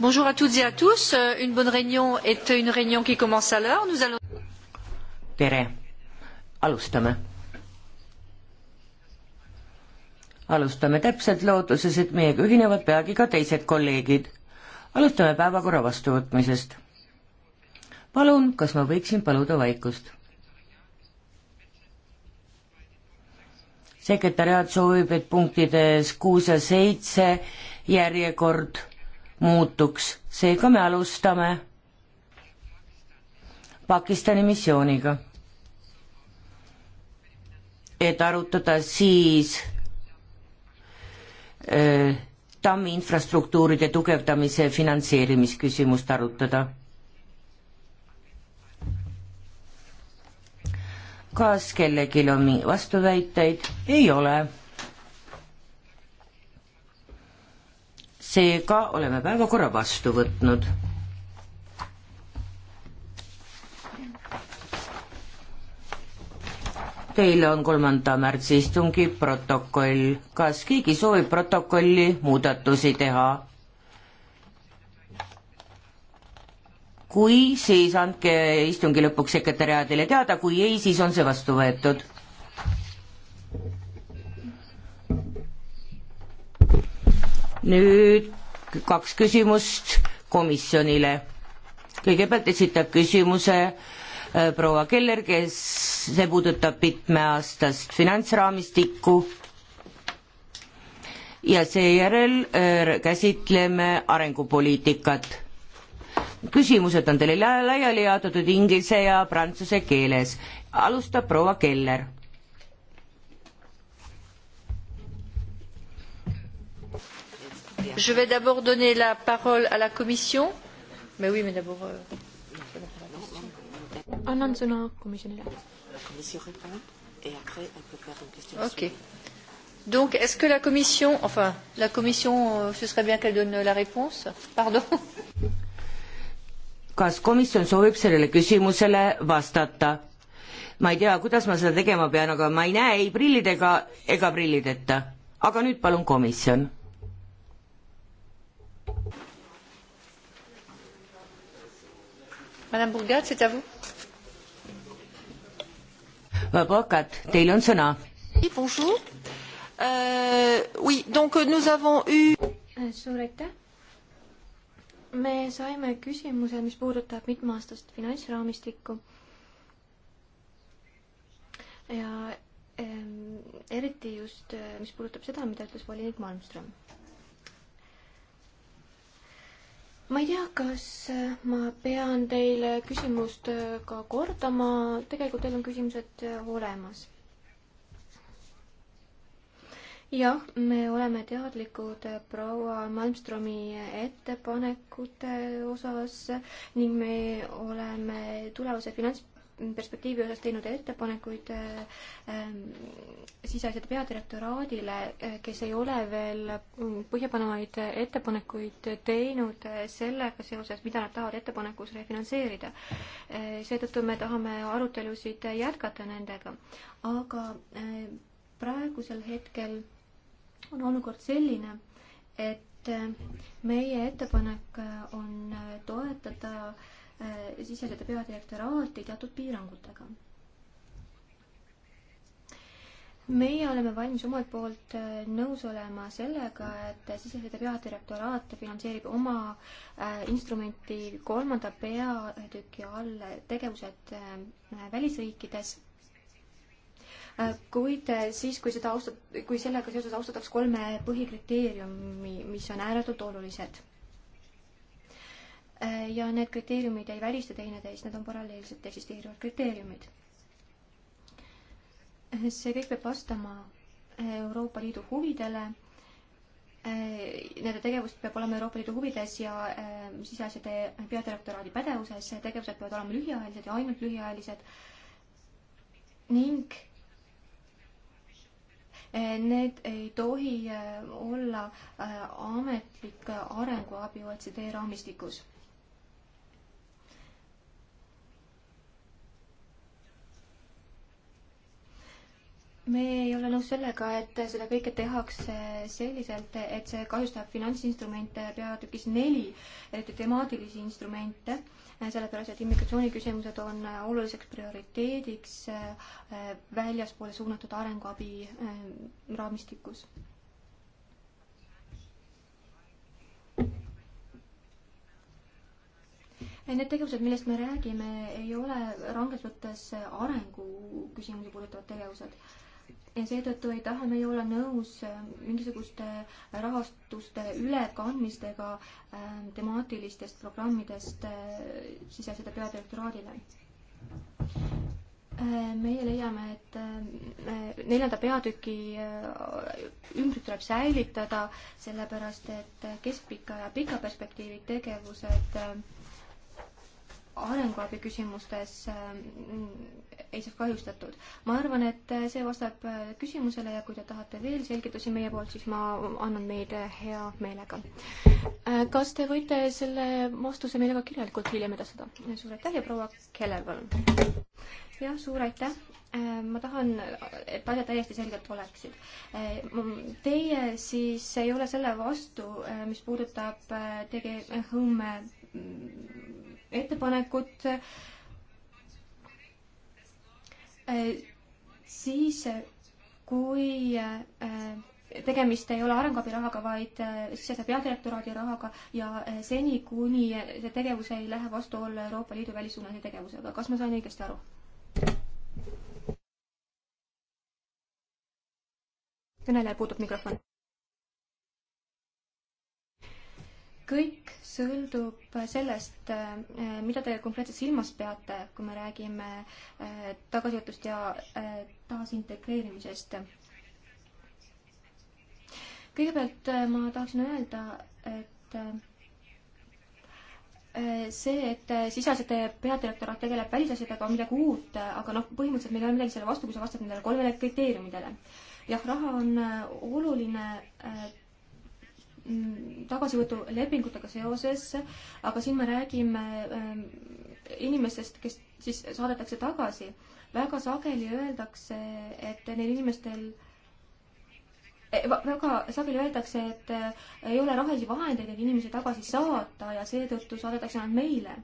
Bonjour à toutes et à tous. Euh, une bonne réunion est une réunion qui commence à l'heure. Nous allons... tere, alustame. alustame täpselt lootuses, et meiega ühinevad peagi ka teised kolleegid. alustame päevakorra vastuvõtmisest. palun, kas ma võiksin paluda vaikust? sekretäriaat soovib, et punktides kuus ja seitse järjekord muutuks, seega me alustame Pakistani missiooniga, et arutada siis öö, äh, tammi infrastruktuuride tugevdamise finantseerimisküsimust arutada. kas kellelgi on vastuväiteid? ei ole seega oleme päevakorra vastu võtnud. Teile on kolmanda märtsi istungi protokoll, kas keegi soovib protokolli muudatusi teha? kui, siis andke istungi lõpuks sekretäriaadile teada, kui ei, siis on see vastu võetud. nüüd kaks küsimust komisjonile. kõigepealt esitab küsimuse äh, proua Keller, kes, see puudutab mitmeaastast finantsraamistikku ja seejärel äh, käsitleme arengupoliitikat. küsimused on teile laiali jaotatud inglise ja prantsuse keeles. alustab proua Keller Je vais d'abord donner la parole à la Commission. Mais oui, mais d'abord. Euh, annan sõna komisjonile. Ok. Donc, est-ce que la Commission, enfin, la Commission, euh, ce serait bien qu'elle donne la réponse Pardon kas komisjon soovib sellele küsimusele vastata? ma ei tea, kuidas ma seda tegema pean, aga ma ei näe ei prillidega ega prillideta. aga nüüd palun komisjon Madame Bourgat, c'est à vous. Euh, Bourgat, teil on sõna. Bonjour. Euh, oui, donc euh, nous avons eu... Äh, suur aitäh. Me saime küsimuse, mis puudutab mitmeaastast finantsraamistikku. Ja ähm, eriti just, äh, mis puudutab seda, mida ütles volinik Malmström. ma ei tea, kas äh, ma pean teile küsimust äh, ka kordama, tegelikult teil on küsimused äh, olemas. jah, me oleme teadlikud proua Malmstromi ettepanekute osas ning me oleme tulevase finants perspektiivi osas teinud ettepanekuid äh, ähm, siseasjade peadirektoraadile, äh, kes ei ole veel äh, põhjapanevaid ettepanekuid teinud sellega seoses, mida nad tahavad ettepanekus refinantseerida. seetõttu me tahame arutelusid jätkata nendega, aga praegusel hetkel on olukord selline, et meie ettepanek on toetada äh, Äh, siseneda peadirektoraati teatud piirangutega. meie oleme valmis omalt poolt äh, nõus olema sellega, et sisesõidu peadirektoraat finantseerib oma äh, instrumenti kolmanda peatüki all tegevused välisriikides kuid siis, kui seda austat-, kui sellega seoses austataks kolme põhikriteeriumi, mis on ääretult olulised. Äh, ja need kriteeriumid ei välista teineteist, need on paralleelselt eksisteerivad kriteeriumid. Äh, see kõik peab vastama äh, Euroopa Liidu huvidele. Nende tegevus peab olema Euroopa Liidu huvides ja siseasjade peadirektoraadi pädevuses, tegevused peavad olema lühiajalised ja ainult lühiajalised ning need ei tohi olla ametlik arenguabi OECD raamistikus me ei ole nõus sellega, et seda kõike tehakse selliselt, et see kahjustab finantsinstrumente peatükis neli, eriti temaatilisi instrumente, sellepärast et immigratsiooniküsimused on oluliseks prioriteediks eh, väljaspoole suunatud arenguabi eh, raamistikus. Need tegevused, millest me räägime, ei ole rangelt võttes arengu küsimusi puudutavad tegevused ja seetõttu ei taha meie olla nõus mingisuguste äh, äh, rahastuste ülekandmistega äh, temaatilistest programmidest siseasjade peadirektoraadile. meie leiame, et neljanda peatüki ümbrus tuleb säilitada, sellepärast et keskpika ja pika perspektiivi tegevused arenguabi küsimustes äh, ei saaks kahjustatud. ma arvan, et see vastab äh, küsimusele ja kui te tahate veel selgitusi meie poolt, siis ma annan neid äh, hea meelega. kas te võite selle vastuse meile ka kirjalikult hiljem edastada? suur aitäh ja proua Keller, palun. jah, suur aitäh. ma tahan, et asjad täiesti selgelt oleksid. Teie siis ei ole selle vastu, mis puudutab tege-, Hõmme ettepanekut, äh, siis kui äh, tegemist ei ole arengabirahaga, vaid äh, sisese peadirektoraadi rahaga ja seni, kuni see tegevus ei lähe vastuollu Euroopa Liidu välissuunalise tegevusega. kas ma sain õigesti aru? kõnelejal puudub mikrofon. kõik sõltub sellest, äh, mida te konkreetselt silmas peate, kui me räägime äh, tagasihoitust ja äh, taasintegreerimisest. kõigepealt ma tahaksin öelda, et see, et siseasjade peadirektoraat tegeleb välisasjadega, on midagi uut, aga noh, põhimõtteliselt meil ei ole midagi selle vastu, kui sa vastad nendele kolmele kriteeriumidele. jah, raha on oluline Mm, tagasivõtulepingutega seoses, aga siin me räägime ähm, inimestest, kes siis saadetakse tagasi. väga sageli öeldakse, et neil inimestel e, väga sageli öeldakse, et äh, ei ole rahalisi vahendeid, et inimesi tagasi saata ja seetõttu saadetakse nad meile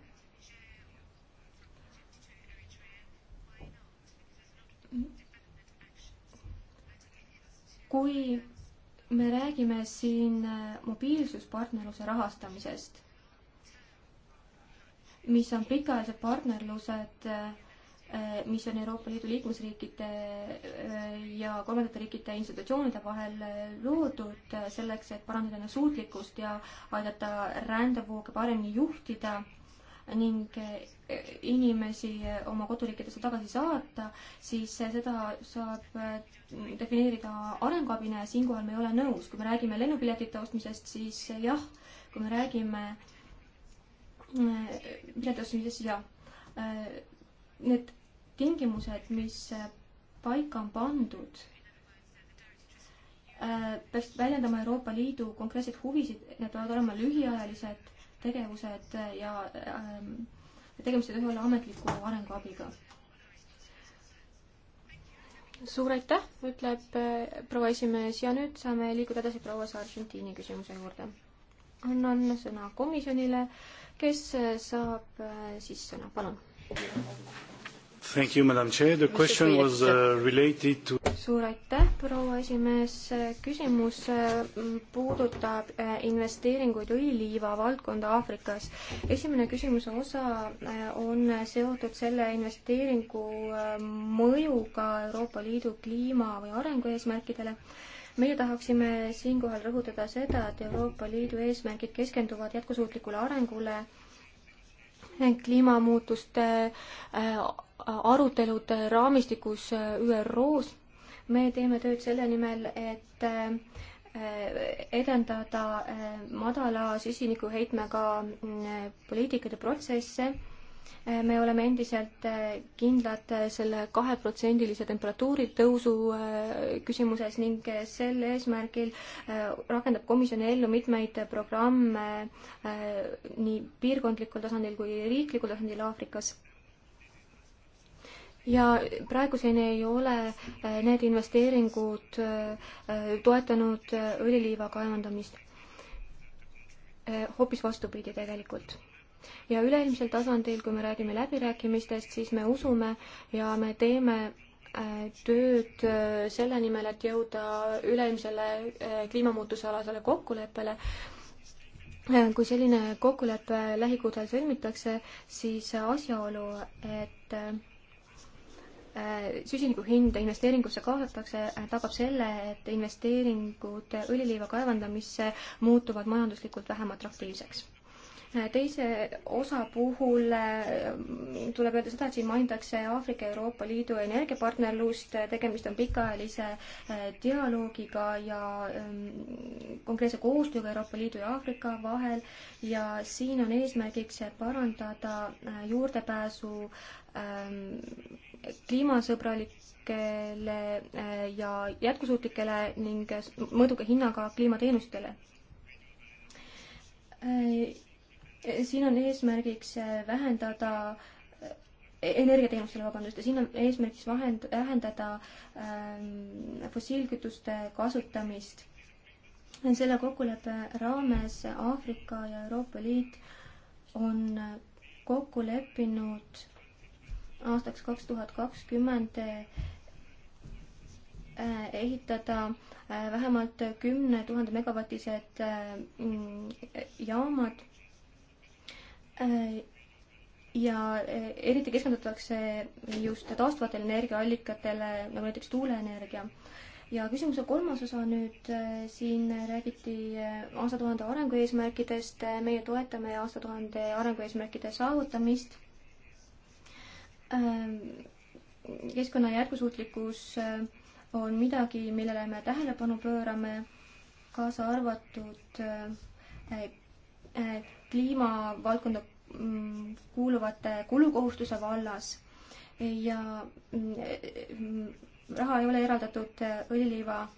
kui me räägime siin äh, mobiilsuspartnerluse rahastamisest, mis on pikaajalised partnerlused, äh, äh, mis on Euroopa Liidu liikmesriikide ja kolmandate riikide institutsioonide vahel loodud selleks, et parandada suutlikkust ja aidata rändevooge paremini juhtida ning eh, inimesi eh, oma koduriikidesse tagasi saata, siis eh, seda saab defineerida arenguabina ja siinkohal me ei ole nõus. kui me räägime lennupiletite ostmisest, siis jah, kui me räägime pileti ostmisest, siis jah. Need tingimused, mis paika on pandud, peaks väljendama Euroopa Liidu konkreetseid huvisid, need peavad olema lühiajalised tegevused ja ähm, tegemist ei tohi olla ametliku arenguabiga. suur aitäh, ütleb äh, proua esimees ja nüüd saame liikuda edasi proua Sargentini küsimuse juurde. annan sõna komisjonile, kes äh, saab äh, siis sõna, palun. Thank you, Madam Chair. The question was uh, related to suur aitäh, proua esimees. küsimus äh, puudutab äh, investeeringuid õliliiva valdkonda Aafrikas. esimene küsimuse osa äh, on seotud selle investeeringu mõjuga Euroopa Liidu kliima või arengueesmärkidele meie tahaksime siinkohal rõhutada seda, et Euroopa Liidu eesmärgid keskenduvad jätkusuutlikule arengule, kliimamuutuste arutelude raamistikus äh, ÜRO-s. me teeme tööd selle nimel, et äh, edendada äh, madala süsinikuheitmega poliitikate protsesse. me oleme endiselt kindlad selle kaheprotsendilise temperatuuri tõusu küsimuses ning sel eesmärgil rakendab komisjon ellu mitmeid programme nii piirkondlikul tasandil kui riiklikul tasandil Aafrikas ja praeguseni ei ole äh, need investeeringud äh, toetanud äh, õliliiva kaevandamist. hoopis vastupidi tegelikult. ja üleilmsel tasandil, kui me räägime läbirääkimistest, siis me usume ja me teeme tööd selle nimel, et jõuda üleilmsele kliimamuutusealasele kokkuleppele kui selline kokkulepe lähikuudel sõlmitakse, siis asjaolu, et Äh, süsiniku hinda investeeringusse kaasatakse, äh, tagab selle, et investeeringud õliliiva kaevandamisse muutuvad majanduslikult vähem atraktiivseks. Äh, teise osa puhul tuleb öelda seda, et siin mainitakse Aafrika ja Euroopa Liidu energiapartnerlust, tegemist on pikaajalise dialoogiga ja ähm, konkreetse koostööga Euroopa Liidu ja Aafrika vahel ja siin on eesmärgiks parandada juurdepääsu ähm, kliimasõbralikele äh, ja jätkusuutlikele ning mõõduka hinnaga kliimateenustele. Äh, siin on eesmärgiks äh, vähendada energiateenustele, vabandust, ja siin on eesmärgiks vahend-, vähendada ähm, fossiilkütuste kasutamist. selle kokkuleppe raames Aafrika ja Euroopa Liit on kokku leppinud aastaks kaks tuhat kakskümmend äh, ehitada äh, vähemalt kümne tuhande megavatised äh, jaamad. ja eriti keskendutakse just taastuvatele energiaallikatele, nagu näiteks tuuleenergia. ja küsimuse kolmas osa nüüd, siin räägiti aastatuhande arengueesmärkidest, meie toetame aastatuhande arengueesmärkide saavutamist Äh, keskkonna jätkusuutlikkus äh, on midagi, millele me tähelepanu pöörame, kaasa arvatud äh, kliimavaldkonda mm, kuuluvate kulukohustuse vallas ja mm, raha ei ole eraldatud õliliiva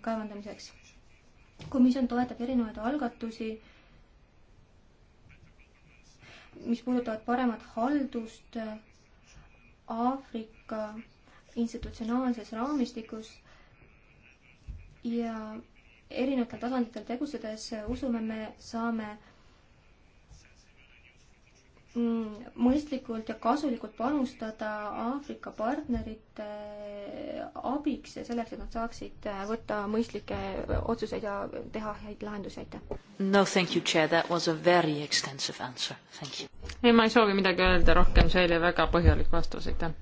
kaevandamiseks. komisjon toetab erinevaid algatusi mis puudutavad paremat haldust äh, Aafrika institutsionaalses raamistikus ja erinevatel tasanditel tegutsedes äh, usume me, saame Mm, mõistlikult ja kasulikult panustada Aafrika partnerite abiks ja selleks, et nad saaksid äh, võtta mõistlikke otsuseid ja teha häid lahendusi, aitäh. no thank you, chair, that was a very extensive answer, thank you. ei, ma ei soovi midagi öelda rohkem, see oli väga põhjalik vastus, aitäh.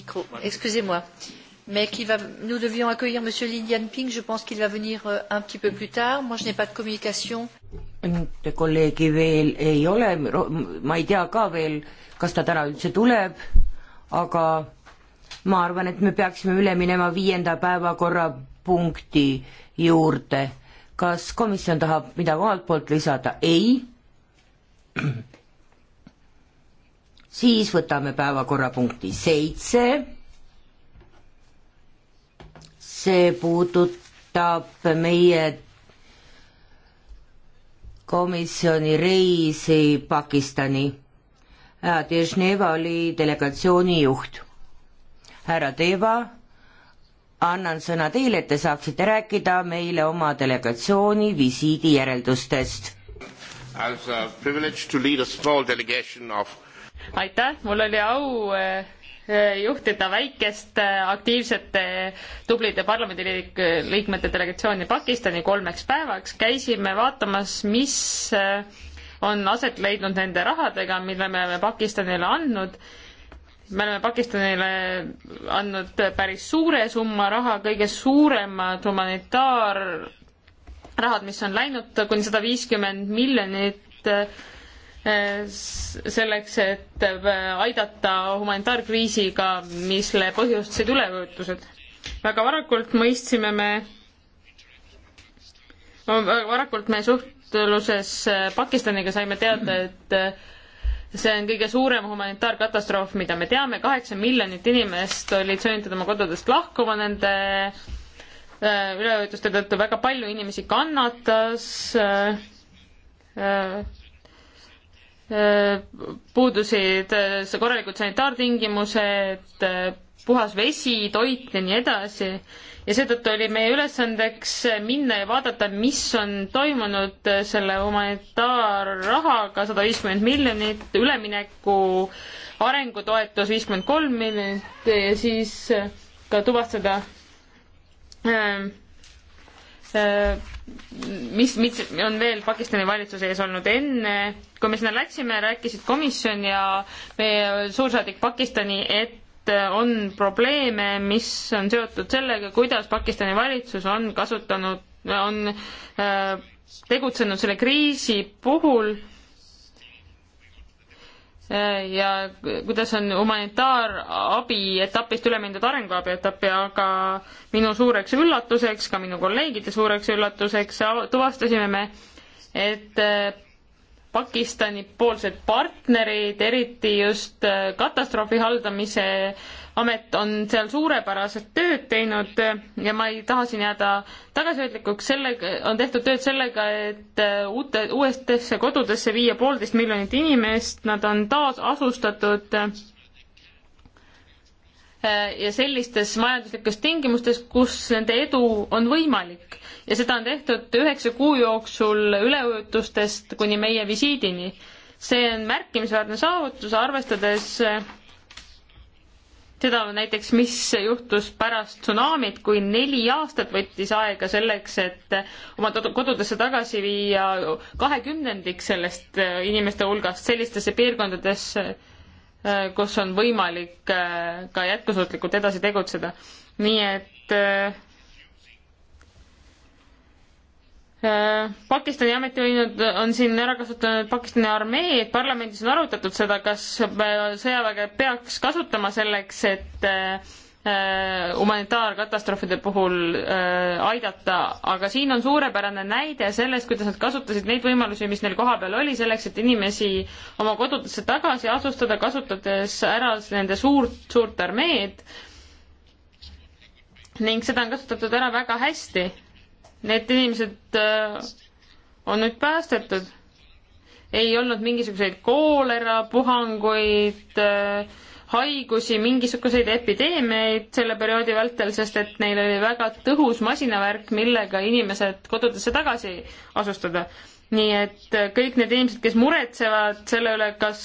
micro. Excusez-moi. Mais qui va, nous devions accueillir Monsieur Li Yanping. Je pense qu'il va venir euh, un petit peu plus tard. Moi, je n'ai pas de communication. kolleegi veel ei ole, ma ei tea ka veel, kas ta täna üldse tuleb, aga ma arvan, et me peaksime üle minema viienda päevakorrapunkti juurde. kas komisjon tahab midagi omalt poolt lisada? ei siis võtame päevakorrapunkti seitse. see puudutab meie komisjoni reisi Pakistani. härra Dežneva oli delegatsiooni juht. härra Deva, annan sõna teile, et te saaksite rääkida meile oma delegatsiooni visiidi järeldustest. As a privilege to lead a small delegation of aitäh, mul oli au eh, eh, juhtida väikest eh, aktiivsete tublide parlamendiliikmete delegatsiooni Pakistani kolmeks päevaks, käisime vaatamas, mis on aset leidnud nende rahadega, mille me oleme Pakistanile andnud. me oleme Pakistanile andnud päris suure summa raha, kõige suuremad humanitaarrahad, mis on läinud kuni sada viiskümmend miljonit selleks, et äh, aidata humanitaarkriisiga, mille põhjustasid üleujutused. väga varakult mõistsime me, väga varakult me suhtluses äh, Pakistaniga saime teada, et äh, see on kõige suurem humanitaarkatastroof, mida me teame, kaheksa miljonit inimest olid sunnitud oma kodudest lahkuma nende üleujutuste tõttu, väga palju inimesi kannatas äh,. Äh, puudusid äh, korralikud sanitaartingimused, äh, puhas vesi, toit ja nii edasi. ja seetõttu oli meie ülesandeks minna ja vaadata, mis on toimunud äh, selle humanitaarrahaga, sada viiskümmend miljonit, ülemineku arengutoetus viiskümmend kolm miljonit ja siis ka tuvastada Äh, mis, mis on veel Pakistani valitsuse ees olnud enne, kui me sinna läksime, rääkisid komisjon ja meie suursaadik Pakistani, et äh, on probleeme, mis on seotud sellega, kuidas Pakistani valitsus on kasutanud, on äh, tegutsenud selle kriisi puhul ja kuidas on humanitaarabi etapist üle mindud arenguabi etappi, aga minu suureks üllatuseks, ka minu kolleegide suureks üllatuseks tuvastasime me, et äh, Pakistani poolsed partnerid, eriti just äh, katastroofi haldamise äh, amet on seal suurepäraselt tööd teinud ja ma ei taha siin jääda tagasihoidlikuks, sellega on tehtud tööd sellega, et äh, uute, uuestesse kodudesse viia poolteist miljonit inimest, nad on taasasustatud äh, ja sellistes majanduslikes tingimustes, kus nende edu on võimalik ja seda on tehtud üheksa kuu jooksul üleujutustest kuni meie visiidini. see on märkimisväärne saavutus, arvestades äh, seda näiteks, mis juhtus pärast tsunamit, kui neli aastat võttis aega selleks, et oma kodudesse tagasi viia kahekümnendik sellest äh, inimeste hulgast sellistesse piirkondadesse, äh, kus on võimalik äh, ka jätkusuutlikult edasi tegutseda. nii et Äh, Pakistani ametivõimud on siin ära kasutanud Pakistani armee, et parlamendis on arutatud seda, kas äh, sõjaväge peaks kasutama selleks, et äh, humanitaarkatastroofide puhul aidata, aga siin on suurepärane näide sellest, kuidas nad kasutasid neid võimalusi, mis neil kohapeal oli, selleks, et inimesi oma kodudesse tagasi asustada, kasutades ära nende suurt, suurt armeed. ning seda on kasutatud ära väga hästi Need inimesed äh, on nüüd päästetud. ei olnud mingisuguseid koolerapuhanguid, äh, haigusi, mingisuguseid epideemiaid selle perioodi vältel, sest et neil oli väga tõhus masinavärk, millega inimesed kodudesse tagasi asustada. nii et äh, kõik need inimesed, kes muretsevad selle üle, kas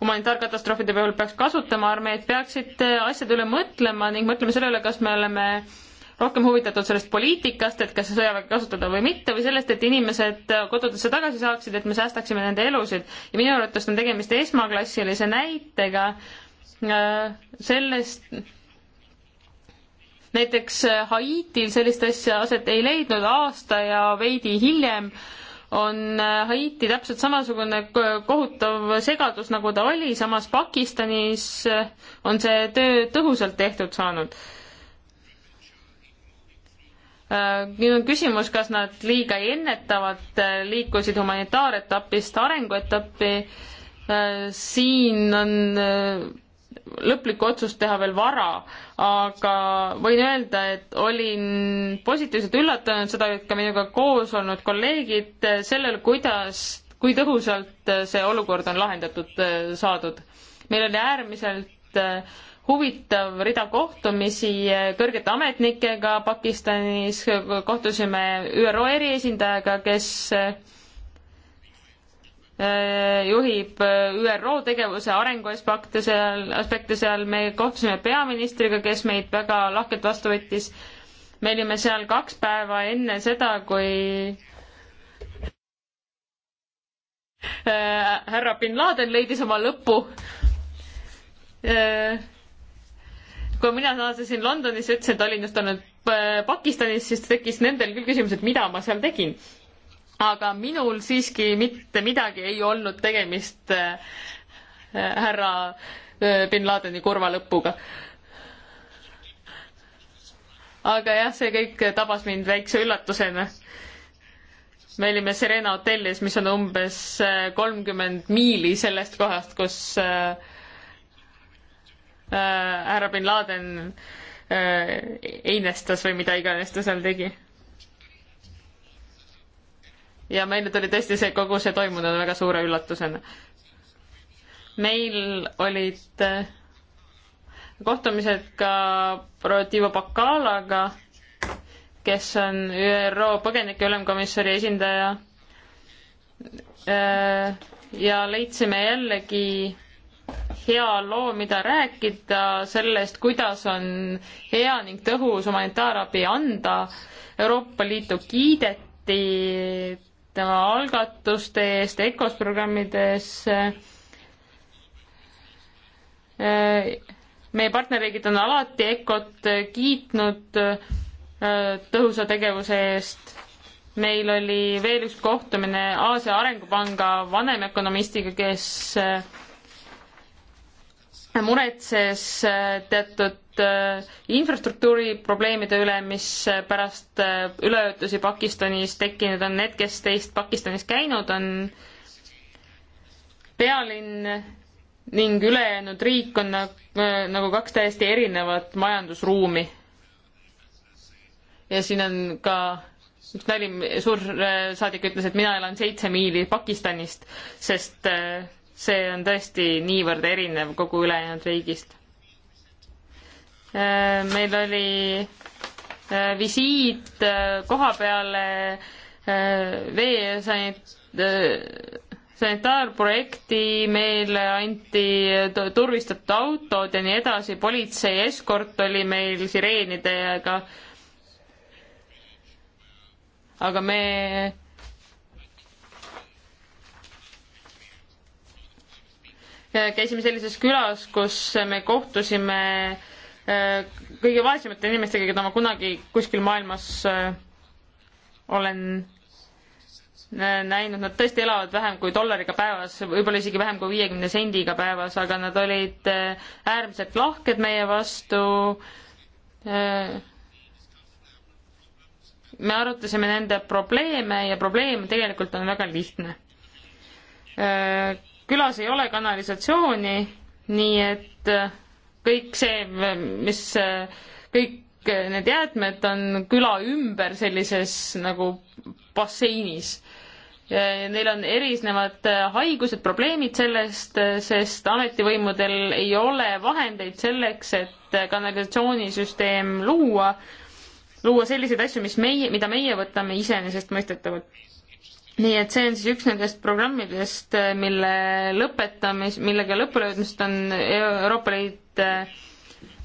humanitaarkatastroofide puhul peaks kasutama armeed, peaksid asjade üle mõtlema ning mõtlema selle üle, kas me oleme äh, rohkem huvitatud sellest poliitikast, et kas sõjaväge kasutada või mitte, või sellest, et inimesed kodudesse tagasi saaksid, et me säästaksime nende elusid. ja minu arvates on tegemist esmaklassilise näitega äh, sellest, näiteks äh, Haitil sellist asja aset ei leidnud aasta ja veidi hiljem on äh, Haiti täpselt samasugune kohutav segadus, nagu ta oli, samas Pakistanis on see töö tõhusalt tehtud saanud Äh, nüüd on küsimus, kas nad liiga ennetavalt äh, liikusid humanitaaretapist arenguetappi. Äh, siin on lõplikku otsust teha veel vara, aga võin öelda, et olin positiivselt üllatunud, seda olid ka minuga koos olnud kolleegid, sellel, kuidas, kui tõhusalt see olukord on lahendatud saadud. meil oli äärmiselt äh, huvitav rida kohtumisi kõrgete ametnikega Pakistanis, kohtusime ÜRO eriesindajaga, kes äh, juhib ÜRO tegevuse arenguaspekte seal, aspekte seal, me kohtusime peaministriga, kes meid väga lahkelt vastu võttis. me olime seal kaks päeva enne seda, kui äh, härra bin Laden leidis oma lõpu äh, kui mina naasesin Londonis ja ütlesin, et olin just olnud äh, Pakistanis, siis tekkis nendel küll küsimus, et mida ma seal tegin. aga minul siiski mitte midagi ei olnud tegemist äh, äh, härra bin Ladeni kurva lõpuga. aga jah, see kõik tabas mind väikse üllatusena. me olime Serena hotellis, mis on umbes kolmkümmend miili sellest kohast, kus äh, Äh, härra bin Laden äh, einestas või mida iganes ta seal tegi. ja meile tuli tõesti see, kogu see toimunud väga suure üllatusena. meil olid äh, kohtumised ka Protivo Bacalaga, kes on ÜRO põgenike ülemkomissari esindaja. ja leidsime jällegi hea loo, mida rääkida sellest, kuidas on hea ning tõhus humanitaarabi anda. Euroopa Liitu kiideti tema algatuste eest EKOS programmides. meie partnerriigid on alati EKOt kiitnud tõhusa tegevuse eest meil oli veel üks kohtumine Aasia Arengupanga vanemökonomistiga, kes muretses äh, teatud äh, infrastruktuuri probleemide üle, mis äh, pärast üleujutusi Pakistanis tekkinud on, need, kes teist Pakistanis käinud on, pealinn ning ülejäänud riik on nagu, nagu kaks täiesti erinevat majandusruumi. ja siin on ka üks nali, suursaadik ütles, et mina elan seitse miili Pakistanist, sest äh, see on tõesti niivõrd erinev kogu ülejäänud riigist. Äh, meil oli äh, visiit äh, koha peale vee sanitaarprojekti, meile anti turvistatud autod ja nii edasi, politsei eskort oli meil sireenidega. aga me käisime sellises külas, kus me kohtusime äh, kõige vaesemate inimestega, keda ma kunagi kuskil maailmas äh, olen äh, näinud, nad tõesti elavad vähem kui dollariga päevas, võib-olla isegi vähem kui viiekümne sendiga päevas, aga nad olid äärmiselt lahked meie vastu. me arutasime nende probleeme ja probleem tegelikult on väga lihtne külas ei ole kanalisatsiooni, nii et äh, kõik see, mis, äh, kõik äh, need jäätmed on küla ümber sellises nagu basseinis. Neil on erinevad haigused, probleemid sellest, sest ametivõimudel ei ole vahendeid selleks, et kanalisatsioonisüsteem luua, luua selliseid asju, mis meie, mida meie võtame iseenesestmõistetavalt nii et see on siis üks nendest programmidest, äh, mille lõpetamis, millega lõpulejõudmist on Euroopa Liit äh,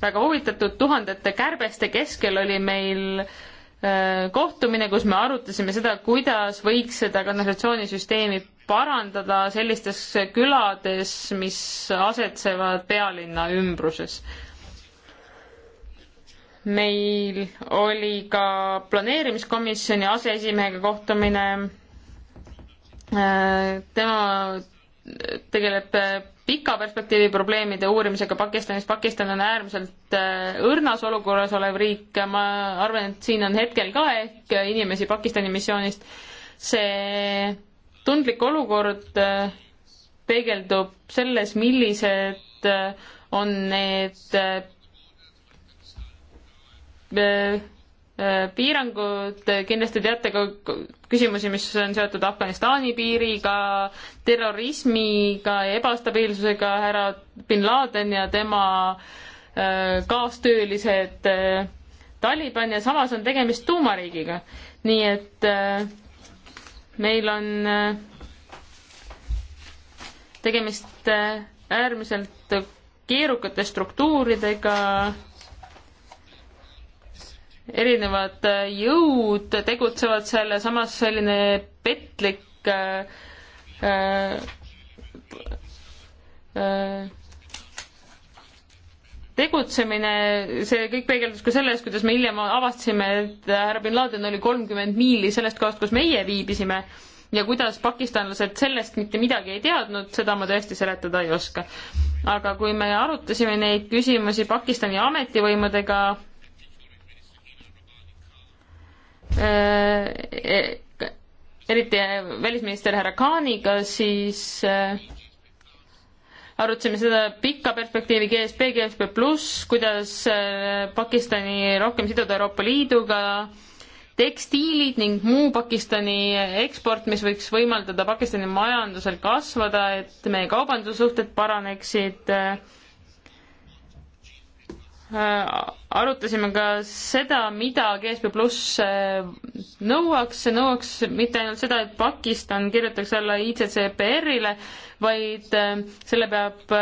väga huvitatud, tuhandete kärbeste keskel oli meil äh, kohtumine, kus me arutasime seda, kuidas võiks seda kanalisatsioonisüsteemi parandada sellistes külades, mis asetsevad pealinna ümbruses meil oli ka planeerimiskomisjoni aseesimehega kohtumine Äh, tema tegeleb äh, pika perspektiivi probleemide uurimisega Pakistanis. Pakistan on äärmiselt äh, õrnas olukorras olev riik, ma arvan, et siin on hetkel ka ehk inimesi Pakistani missioonist. see tundlik olukord peegeldub selles, millised on need Äh, piirangud, kindlasti teate ka küsimusi, mis on seotud Afganistani piiriga, terrorismiga, ebastabiilsusega, härra bin Laden ja tema äh, kaastöölised äh, Taliban ja samas on tegemist tuumariigiga. nii et meil on tegemist äärmiselt keerukate struktuuridega erinevad äh, jõud tegutsevad seal ja samas selline petlik äh, äh, äh, tegutsemine, see kõik peegeldus ka selles, kuidas me hiljem avastasime, et härra bin Laden oli kolmkümmend miili sellest kohast, kus meie viibisime ja kuidas pakistanlased sellest mitte midagi ei teadnud, seda ma tõesti seletada ei oska. aga kui me arutasime neid küsimusi Pakistani ametivõimudega, Äh, e, eriti äh, välisminister härra Kaaniga, siis äh, arutasime seda pikka perspektiivi GSP, GSP pluss, kuidas Pakistani rohkem siduda Euroopa Liiduga, tekstiilid ning muu Pakistani eksport, mis võiks võimaldada Pakistani majandusel kasvada, et meie kaubandussuhted paraneksid äh, Äh, arutasime ka seda, mida GSP pluss äh, nõuaks, see nõuaks mitte ainult seda, et Pakistan kirjutaks alla ICCPR-ile, vaid äh, selle peab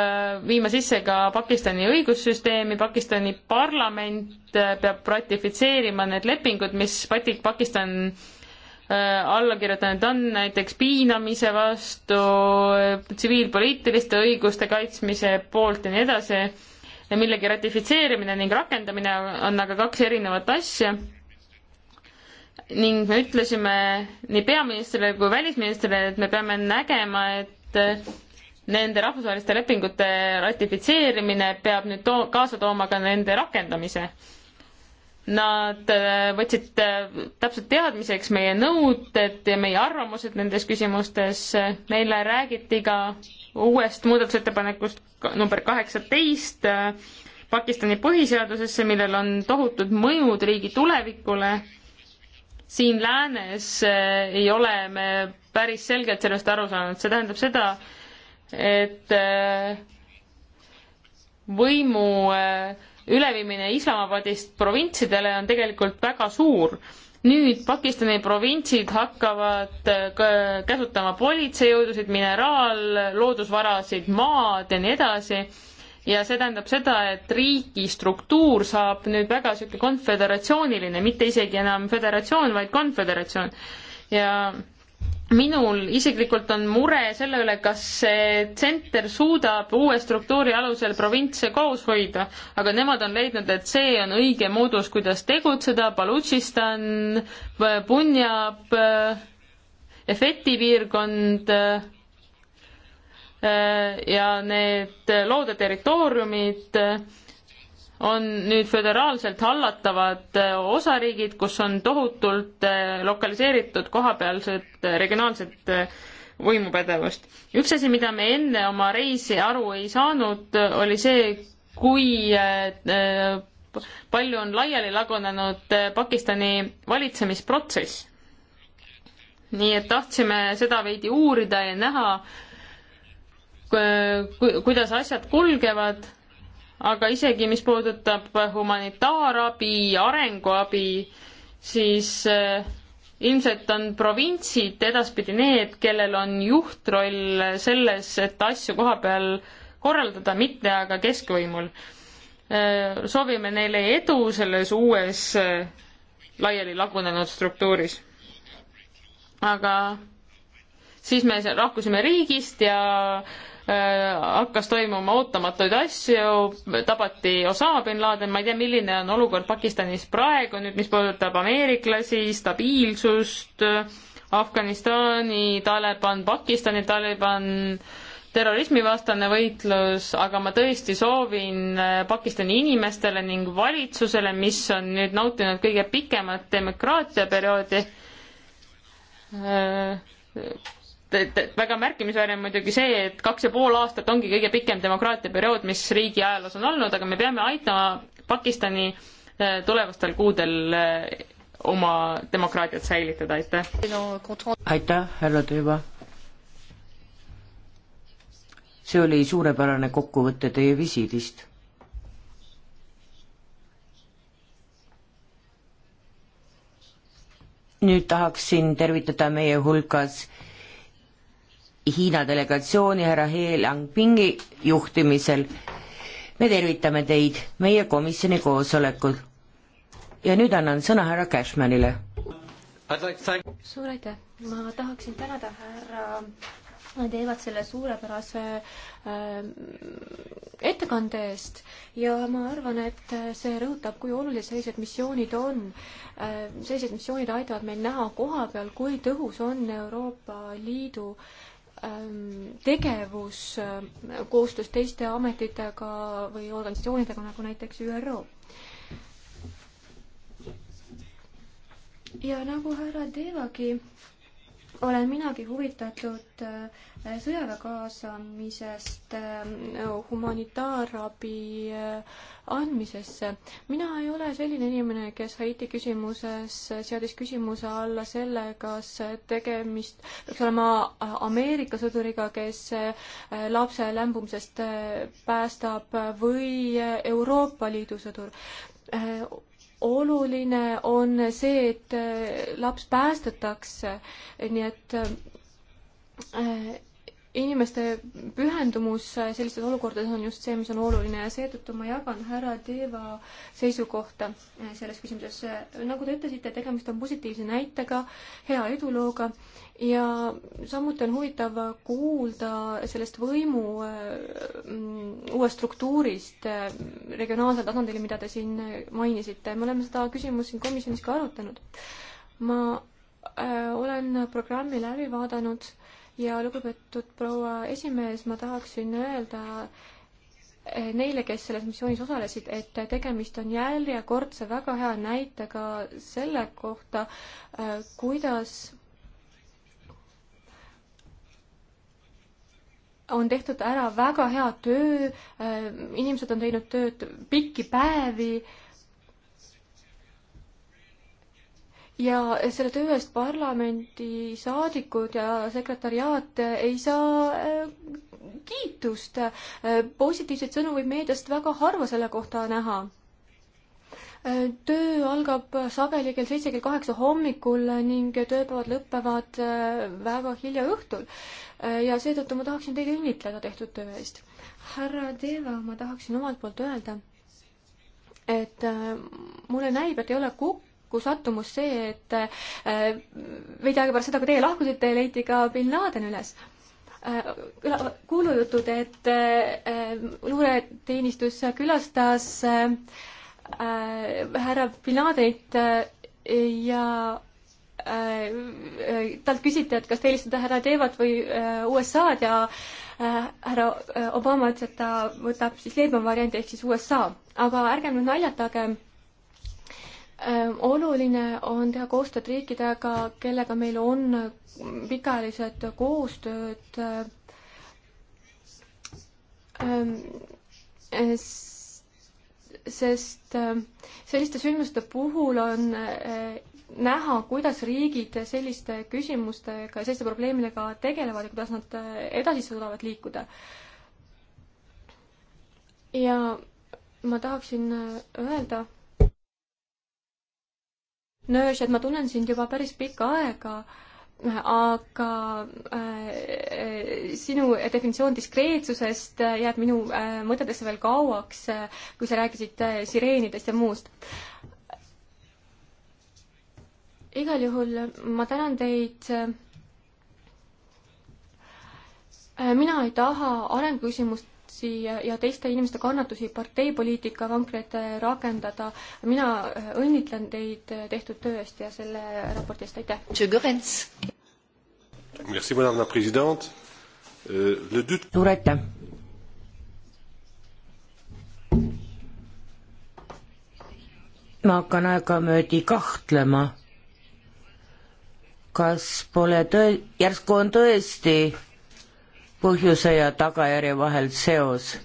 viima sisse ka Pakistani õigussüsteemi, Pakistani parlament peab ratifitseerima need lepingud, mis Pakistan alla kirjutanud on näiteks piinamise vastu, tsiviilpoliitiliste õiguste kaitsmise poolt ja nii edasi ja millegi ratifitseerimine ning rakendamine on aga kaks erinevat asja. ning me ütlesime nii peaministrile kui välisministrile, et me peame nägema, et nende rahvusvaheliste lepingute ratifitseerimine peab nüüd too-, kaasa tooma ka nende rakendamise. Nad äh, võtsid äh, täpselt teadmiseks meie nõuded ja meie arvamused nendes küsimustes, meile räägiti ka uuest muudatusettepanekust number kaheksateist äh, Pakistani põhiseadusesse, millel on tohutud mõjud riigi tulevikule. siin läänes äh, ei ole me päris selgelt sellest aru saanud, see tähendab seda, et äh, võimu üleviimine Islamabadist provintsidele on tegelikult väga suur nüüd Pakistani provintsid hakkavad äh, käsutama politseijõudusid, mineraal, loodusvarasid, maad ja nii edasi. ja see tähendab seda, et riigi struktuur saab nüüd väga niisugune konföderatsiooniline, mitte isegi enam föderatsioon, vaid konföderatsioon. ja minul isiklikult on mure selle üle, kas see tsenter suudab uue struktuuri alusel provintse koos hoida, aga nemad on leidnud, et see on õige moodus, kuidas tegutseda, Balutšistan, Punjab, Efeti piirkond ja need loode territooriumid on nüüd föderaalselt hallatavad eh, osariigid, kus on tohutult eh, lokaliseeritud kohapealset eh, regionaalset võimupädevust. üks asi, mida me enne oma reisi aru ei saanud, oli see, kui palju on laiali lagunenud Pakistani valitsemisprotsess. nii et tahtsime seda veidi uurida ja näha, kuidas asjad kulgevad aga isegi mis puudutab humanitaarabi, arenguabi, siis eh, ilmselt on provintsid edaspidi need, kellel on juhtroll selles, et asju koha peal korraldada, mitte aga keskvõimul. Eh, soovime neile edu selles uues eh, laiali lagunenud struktuuris. aga siis me lahkusime riigist ja äh, Äh, hakkas toimuma ootamatuid asju, tabati Osama bin Laden, ma ei tea, milline on olukord Pakistanis praegu nüüd, mis puudutab ameeriklasi, stabiilsust, Afganistani Taliban, Pakistani Taliban, terrorismivastane võitlus, aga ma tõesti soovin äh, Pakistani inimestele ning valitsusele, mis on nüüd nautinud kõige pikemat demokraatiaperioodi äh,, et, et väga märkimisväärne on muidugi see, et kaks ja pool aastat ongi kõige pikem demokraatia periood, mis riigi ajaloos on olnud, aga me peame aitama Pakistani äh, tulevastel kuudel äh, oma demokraatiat säilitada, aitäh. aitäh, härra Tõiva. see oli suurepärane kokkuvõte teie visiidist nüüd tahaksin tervitada meie hulgas Hiina delegatsiooni härra He Langpingi juhtimisel. me tervitame teid meie komisjoni koosolekul. ja nüüd annan sõna härra Cashmanile. suur aitäh, ma tahaksin tänada härra nad teevad selle suurepärase äh, ettekande eest ja ma arvan, et see rõhutab, kui olulised sellised missioonid on äh,. sellised missioonid aitavad meil näha koha peal, kui tõhus on Euroopa Liidu äh, Ähm, tegevus äh, koostöös teiste ametitega või organisatsioonidega, nagu näiteks ÜRO. ja nagu härra Teevagi olen minagi huvitatud äh, sõjaväe kaasamisest äh, humanitaarabi äh, andmisesse. mina ei ole selline inimene, kes Haiti küsimuses seadis küsimuse alla selle, kas tegemist peaks olema Ameerika sõduriga, kes lapse lämbumisest päästab või Euroopa Liidu sõdur oluline on see, et äh, laps päästetakse, nii et äh, inimeste pühendumus sellistes olukordades on just see, mis on oluline ja seetõttu ma jagan härra Teeva seisukohta äh, selles küsimuses. nagu te ütlesite, tegemist on positiivse näitega, hea edulooga ja samuti on huvitav kuulda sellest võimu äh, mm, uuest struktuurist äh, regionaalsel tasandil, mida te siin mainisite. me oleme seda küsimust siin komisjonis ka arutanud. ma olen programmi läbi vaadanud ja lugupeetud proua esimees, ma tahaksin öelda eh, neile, kes selles missioonis osalesid, et tegemist on järjekordse väga hea näitega selle kohta, eh, kuidas on tehtud ära väga hea töö, eh, inimesed on teinud tööd pikki päevi ja selle töö eest parlamendi saadikud ja sekretariaat ei saa äh, kiitust. Äh, positiivseid sõnu võib meediast väga harva selle kohta näha äh, töö algab sageli kell seitse, kell kaheksa hommikul ning tööpäevad lõpevad väga hilja õhtul. ja seetõttu ma tahaksin teid õnnitleda tehtud töö eest. härra Deva, ma tahaksin omalt poolt öelda, et mulle näib, et ei ole kokku kokku nagu sattumus see, et äh, veidi aega pärast seda, kui teie lahkusite, leiti ka bin Laden üles äh, kuulujutud, et äh, luureteenistus külastas härra bin Ladenit ja talt küsiti, et kas te helistate härra Teevat või USA-d ja härra Obama ütles, et ta võtab siis leebema variandi ehk siis USA. aga ärgem nüüd naljatage Ehm, oluline on teha koostööd riikidega, kellega meil on pikaajalised koostööd. Ehm, sest ehm, selliste sündmuste puhul on eh, näha, kuidas riigid selliste küsimustega, selliste probleemidega tegelevad ja kuidas nad eh, edasi suudavad liikuda. ja ma tahaksin eh, öelda nööš, et ma tunnen sind juba päris pikka aega, aga äh, sinu definitsioon diskreetsusest äh, jääb minu äh, mõtetesse veel kauaks äh,, kui sa rääkisid äh, sireenidest ja muust igal juhul äh, ma tänan teid. Äh, mina ei taha arenguküsimust kannatusi ja, ja teiste inimeste kannatusi parteipoliitika vankrit rakendada. mina äh, õnnitlen teid äh, tehtud töö eest ja selle raporti eest, aitäh! Euh, suur aitäh! ma hakkan aegamöödi kahtlema kas pole tõe, järsku on tõesti põhjuse ja tagajärje vahel seos.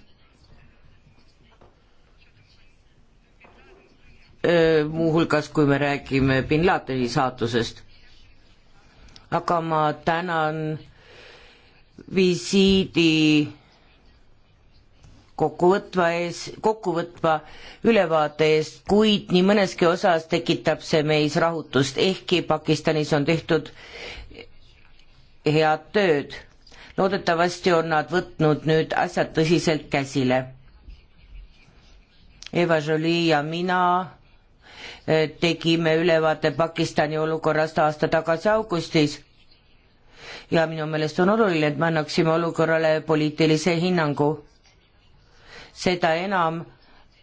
muuhulgas, kui me räägime bin Ladeni saatusest. aga ma tänan visiidi kokkuvõtva ees, kokkuvõtva ülevaate eest, kuid nii mõneski osas tekitab see meis rahutust, ehkki Pakistanis on tehtud head tööd loodetavasti on nad võtnud nüüd asjad tõsiselt käsile. Eva Jolie ja mina eh, tegime ülevaate Pakistani olukorrast aasta tagasi augustis ja minu meelest on oluline, et me annaksime olukorrale poliitilise hinnangu. seda enam,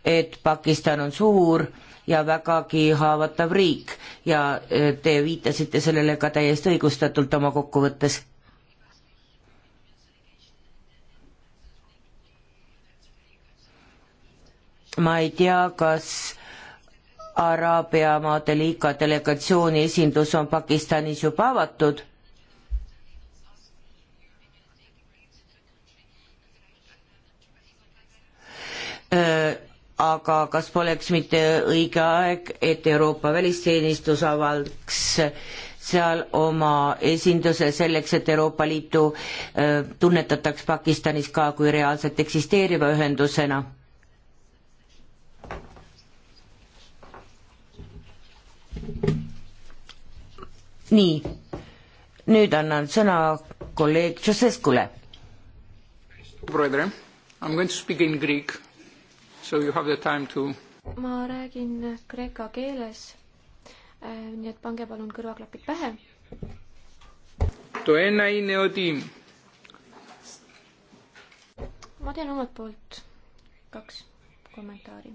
et Pakistan on suur ja vägagi haavatav riik ja eh, te viitasite sellele ka täiesti õigustatult oma kokkuvõttes ma ei tea, kas Araabia maade liiga delegatsiooni esindus on Pakistanis juba avatud. aga kas poleks mitte õige aeg, et Euroopa välisteenistus avaldaks seal oma esinduse selleks, et Euroopa Liitu tunnetataks Pakistanis ka kui reaalselt eksisteeriva ühendusena? nii, nüüd annan sõna kolleeg Joseskule. To... ma räägin kreeka keeles, äh, nii et pange palun kõrvaklapid pähe. ma teen omalt poolt kaks kommentaari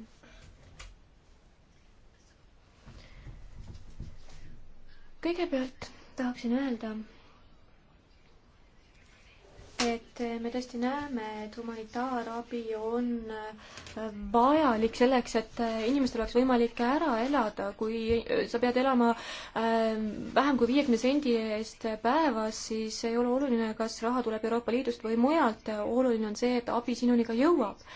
kõigepealt tahaksin öelda, et me tõesti näeme, et humanitaarabi on äh, vajalik selleks, et äh, inimestel oleks võimalik ära elada, kui sa pead elama äh, vähem kui viiekümne sendi eest päevas, siis ei ole oluline, kas raha tuleb Euroopa Liidust või mujalt, oluline on see, et abi sinuni ka jõuab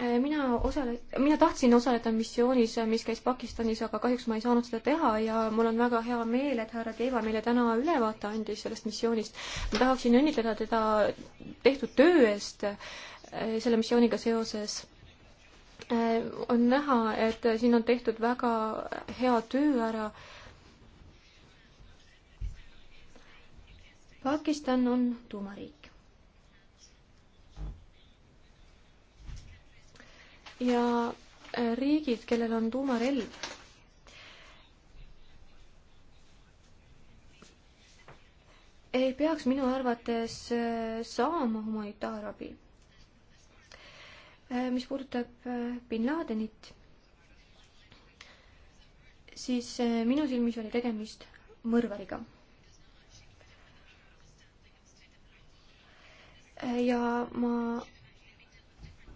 Äh, mina osale-, mina tahtsin osaleda missioonis, äh, mis käis Pakistanis, aga kahjuks ma ei saanud seda teha ja mul on väga hea meel, et härra Deva meile täna ülevaate andis sellest missioonist. ma tahaksin õnnitleda teda tehtud töö eest äh, selle missiooniga seoses. on näha, et siin on tehtud väga hea töö ära. Pakistan on tuumariik. ja äh, riigid, kellel on tuumarelv. ei peaks minu arvates äh, saama humanitaarabi. Äh, mis puudutab bin Ladenit, siis minu silmis oli tegemist mõrvariga ja ma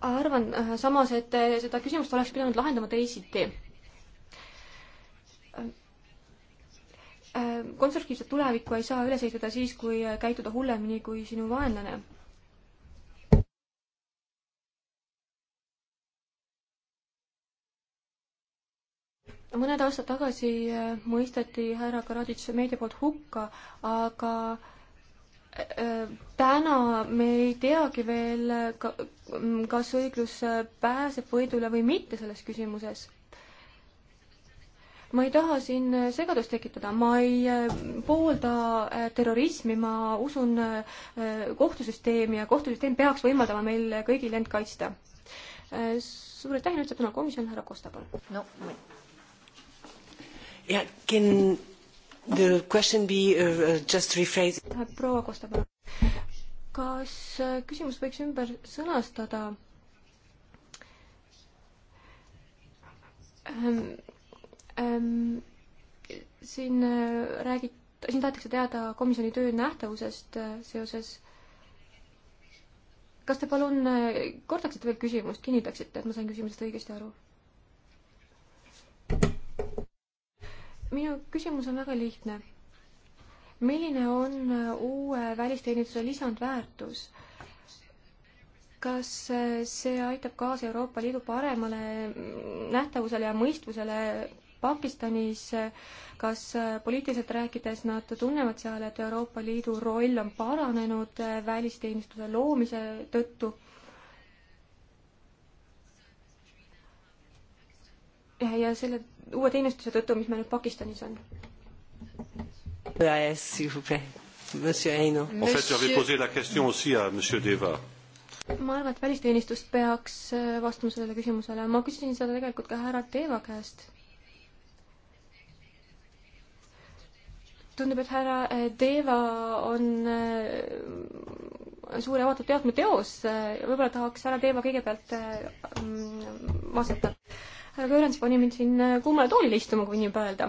arvan äh, samas, et äh, seda küsimust oleks pidanud lahendama teisiti. Äh, konstruktiivset tulevikku ei saa üles ehitada siis, kui käituda hullemini kui sinu vaenlane. mõned aastad tagasi mõisteti härra Karadžitš meedia poolt hukka, aga äh, täna me ei teagi veel, kas õiglus pääseb võidule või mitte selles küsimuses. ma ei taha siin segadust tekitada, ma ei äh, poolda äh, terrorismi, ma usun äh, kohtusüsteemi ja kohtusüsteem peaks võimaldama meil kõigil end kaitsta. suur aitäh, nüüd saab sõna komisjon, härra Kosta, palun. no, ja ken- The question be uh, uh just rephrase. proua Kosta, palun. kas äh, küsimus võiks ümber sõnastada? Ähm, ähm, siin äh, räägid, siin tahetakse teada komisjoni töö nähtavusest äh, seoses. kas te palun kordaksite veel küsimust, kinnitaksite, et ma sain küsimusest õigesti aru? minu küsimus on väga lihtne. milline on äh, uue välisteenistuse lisandväärtus? kas äh, see aitab kaasa Euroopa Liidu paremale mm, nähtavusele ja mõistvusele Pakistanis, kas äh, poliitiliselt rääkides nad tunnevad seal, et Euroopa Liidu roll on paranenud välisteenistuse loomise tõttu? ja selle uue teenistuse tõttu, mis meil nüüd Pakistanis on. ma arvan, et välisteenistus peaks äh, vastama sellele küsimusele, ma küsisin seda tegelikult ka härra Teeva käest. tundub, et härra Teeva äh, on äh, suure avatud teadme teos, võib-olla tahaks härra Teeva kõigepealt mm, vastata härra Kõõrens pani mind siin äh, kummale toolile istuma, kui nii võib öelda.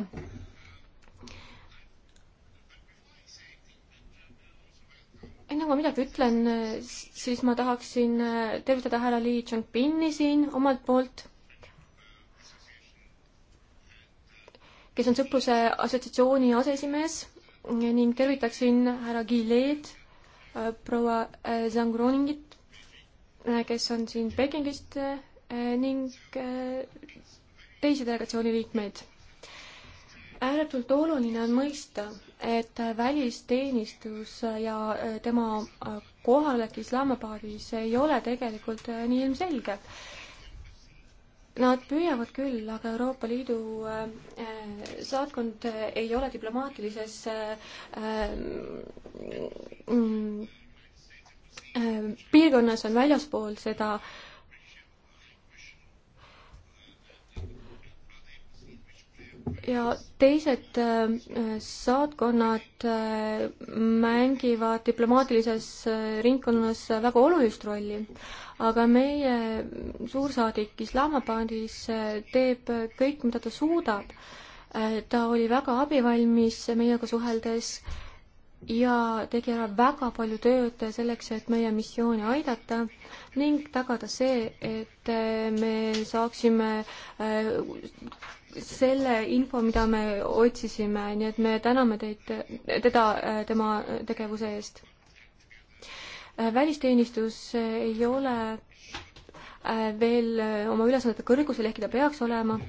enne kui ma midagi ütlen, äh, siis ma tahaksin äh, tervitada härra Li Chongpinni siin omalt poolt, kes on Sõpruse assotsiatsiooni aseesimees ning tervitaksin härra Gilead, proua Zangroningit, kes on siin Pekingist Äh, ning äh, teisi delegatsiooni liikmeid. ääretult oluline on mõista, et välisteenistus ja äh, tema kohalolek Islamabadis ei ole tegelikult nii ilmselge. Nad püüavad küll, aga Euroopa Liidu saatkond ei ole diplomaatilises mm, piirkonnas, on väljaspool seda äh, ja teised äh, saatkonnad äh, mängivad diplomaatilises äh, ringkonnas väga olulist rolli, aga meie suursaadik Islamabadis teeb kõik, mida ta suudab. ta oli väga abivalmis meiega suheldes ja tegi ära väga palju tööd selleks, et meie missiooni aidata ning tagada see, et me saaksime selle info, mida me otsisime, nii et me täname teid, teda tema tegevuse eest. välisteenistus ei ole äh, veel oma ülesannete kõrgusel, ehkki ta peaks olema.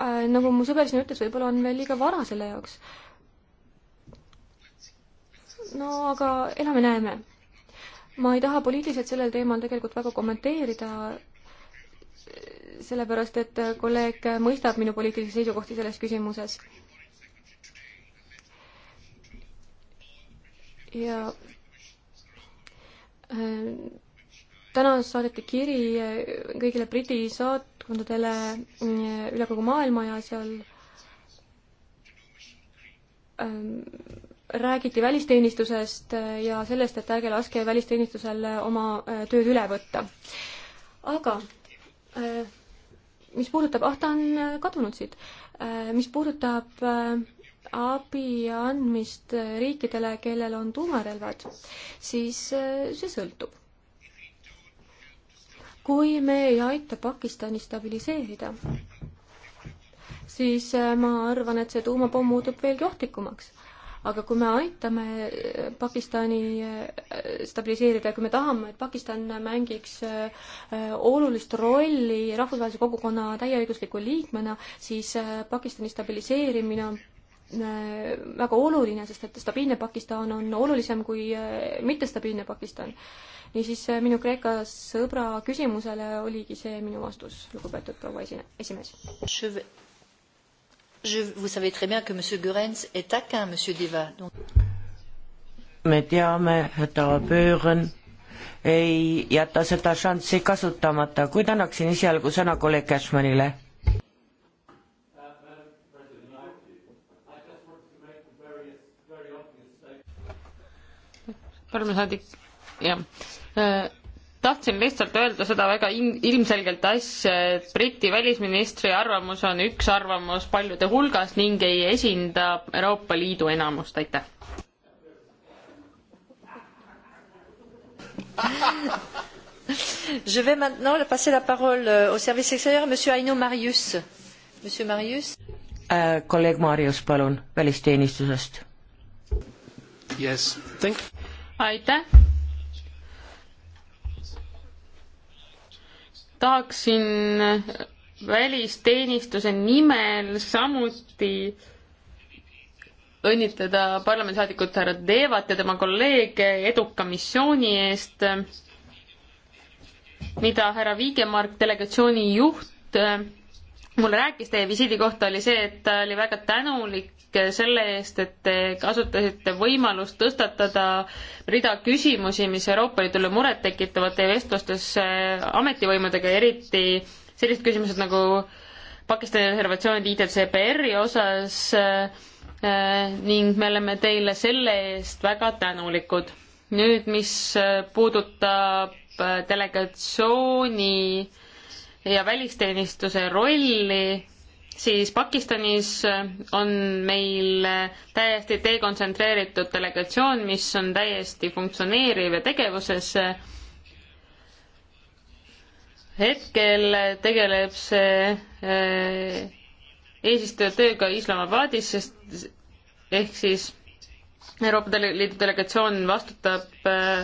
Äh, nagu mu sõber siin ütles, võib-olla on veel liiga vara selle jaoks. no aga elame-näeme. ma ei taha poliitiliselt sellel teemal tegelikult väga kommenteerida sellepärast et kolleeg mõistab minu poliitilisi seisukohti selles küsimuses. ja äh, täna saadeti kiri kõigile Briti saatkondadele äh, üle kogu maailma ja seal äh, räägiti välisteenistusest ja sellest, et ärge laske välisteenistusel oma tööd üle võtta. aga mis puudutab, ah, ta on äh, kadunud siit, äh, mis puudutab äh, abi andmist riikidele, kellel on tuumarelvad, siis see sõltub. kui me ei aita Pakistani stabiliseerida, siis ma arvan, et see tuumapomm muutub veelgi ohtlikumaks aga kui me aitame äh, Pakistani äh, stabiliseerida ja kui me tahame, et Pakistan mängiks äh, olulist rolli rahvusvahelise kogukonna täieõigusliku liikmena, siis Pakistani stabiliseerimine on väga oluline, sest et stabiilne Pakistan on olulisem kui mittestabiilne Pakistan. niisiis minu Kreeka sõbra küsimusele oligi see minu vastus, lugupeetud proua esine-, esimees. Je, vous savez très bien que M. Goerens est taquin, M. Deva. Donc... me teame, et härra Pöören ei jäta seda šanssi kasutamata, kuid annaksin esialgu sõna kolleeg Cashmanile. parlamendisaadik, jah äh, tahtsin lihtsalt öelda seda väga ilmselgelt asja, et Briti välisministri arvamus on üks arvamus paljude hulgas ning ei esinda Euroopa Liidu enamust, aitäh. Je vais maintenant passer la parole euh, au service extérieur, monsieur Aino Marius. Monsieur Marius äh,. kolleeg Marius, palun, välisteenistusest. Yes, thank. aitäh tahaksin välisteenistuse nimel samuti õnnitleda parlamendisaadikut härra Devat ja tema kolleege eduka missiooni eest, mida härra Viigemark, delegatsiooni juht, mulle rääkis teie visiidi kohta, oli see, et ta oli väga tänulik selle eest, et te kasutasite võimalust tõstatada rida küsimusi, mis Euroopa Liidule muret tekitavad teie vestlustes äh, ametivõimudega, eriti sellised küsimused nagu Pakistani reservatsioonid ITCPR-i osas äh, äh, ning me oleme teile selle eest väga tänulikud. nüüd, mis puudutab delegatsiooni äh, ja välisteenistuse rolli, siis Pakistanis on meil täiesti dekontsentreeritud delegatsioon, mis on täiesti funktsioneeriv ja tegevuses. hetkel tegeleb see eh, eesistuja tööga Islamabadis, sest ehk siis Euroopa Liidu delegatsioon vastutab äh,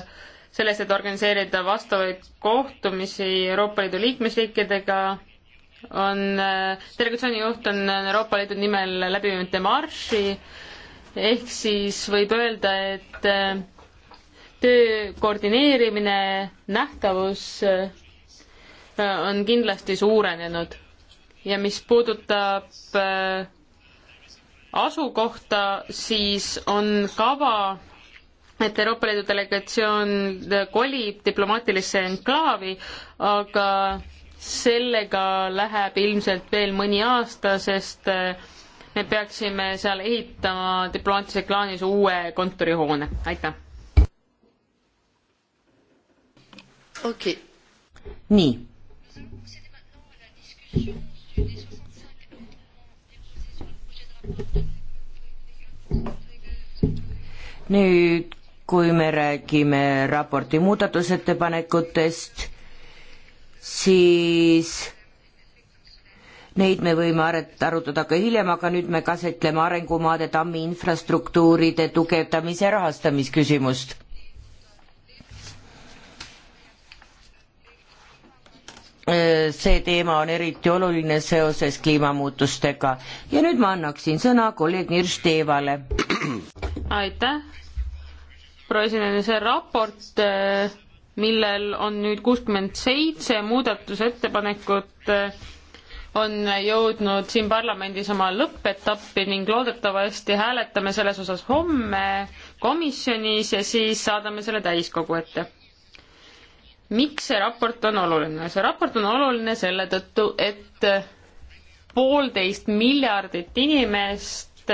sellest, et organiseerida vastavaid kohtumisi Euroopa Liidu liikmesriikidega, on, delegatsiooni juht on Euroopa Liidu nimel läbi viinud demarši, ehk siis võib öelda, et eh, töö koordineerimine, nähtavus eh, on kindlasti suurenenud. ja mis puudutab eh, asukohta, siis on kava et Euroopa Liidu delegatsioon kolib diplomaatilisse enklaavi, aga sellega läheb ilmselt veel mõni aasta, sest eh, me peaksime seal ehitama diplomaatilises klaanis uue kontorihoone, aitäh. okei okay.. nii. nüüd kui me räägime raporti muudatusettepanekutest, siis neid me võime arutada ka hiljem, aga nüüd me käsitleme arengumaade tammi infrastruktuuride tugevdamise rahastamisküsimust. see teema on eriti oluline seoses kliimamuutustega ja nüüd ma annaksin sõna kolleeg Nirš Teevale. aitäh proesineni see raport, eh, millel on nüüd kuuskümmend seitse muudatusettepanekut, eh, on jõudnud siin parlamendis oma lõppetappi ning loodetavasti hääletame selles osas homme komisjonis ja siis saadame selle täiskogu ette. miks see raport on oluline? see raport on oluline selle tõttu, et eh, poolteist miljardit inimest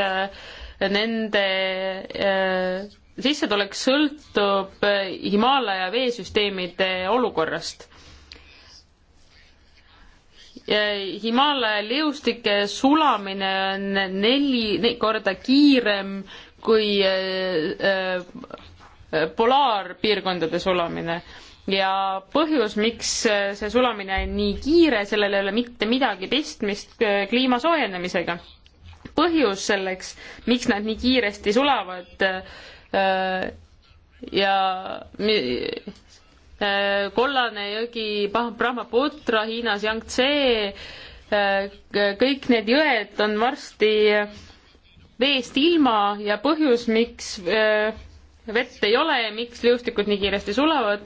nende sissetulek sõltub Himaalaja veesüsteemide olukorrast. Himaalaja liustike sulamine on neli, neli korda kiirem kui äh, äh, polaarpiirkondade sulamine ja põhjus, miks äh, see sulamine on nii kiire, sellel ei ole mitte midagi pistmist äh, kliima soojenemisega. põhjus selleks, miks nad nii kiiresti sulavad äh,, Äh, ja äh, kollane jõgi Brahmaputra Hiinas, Yangtze, äh, kõik need jõed on varsti veest ilma ja põhjus, miks vett ei ole ja miks liustikud nii kiiresti sulavad,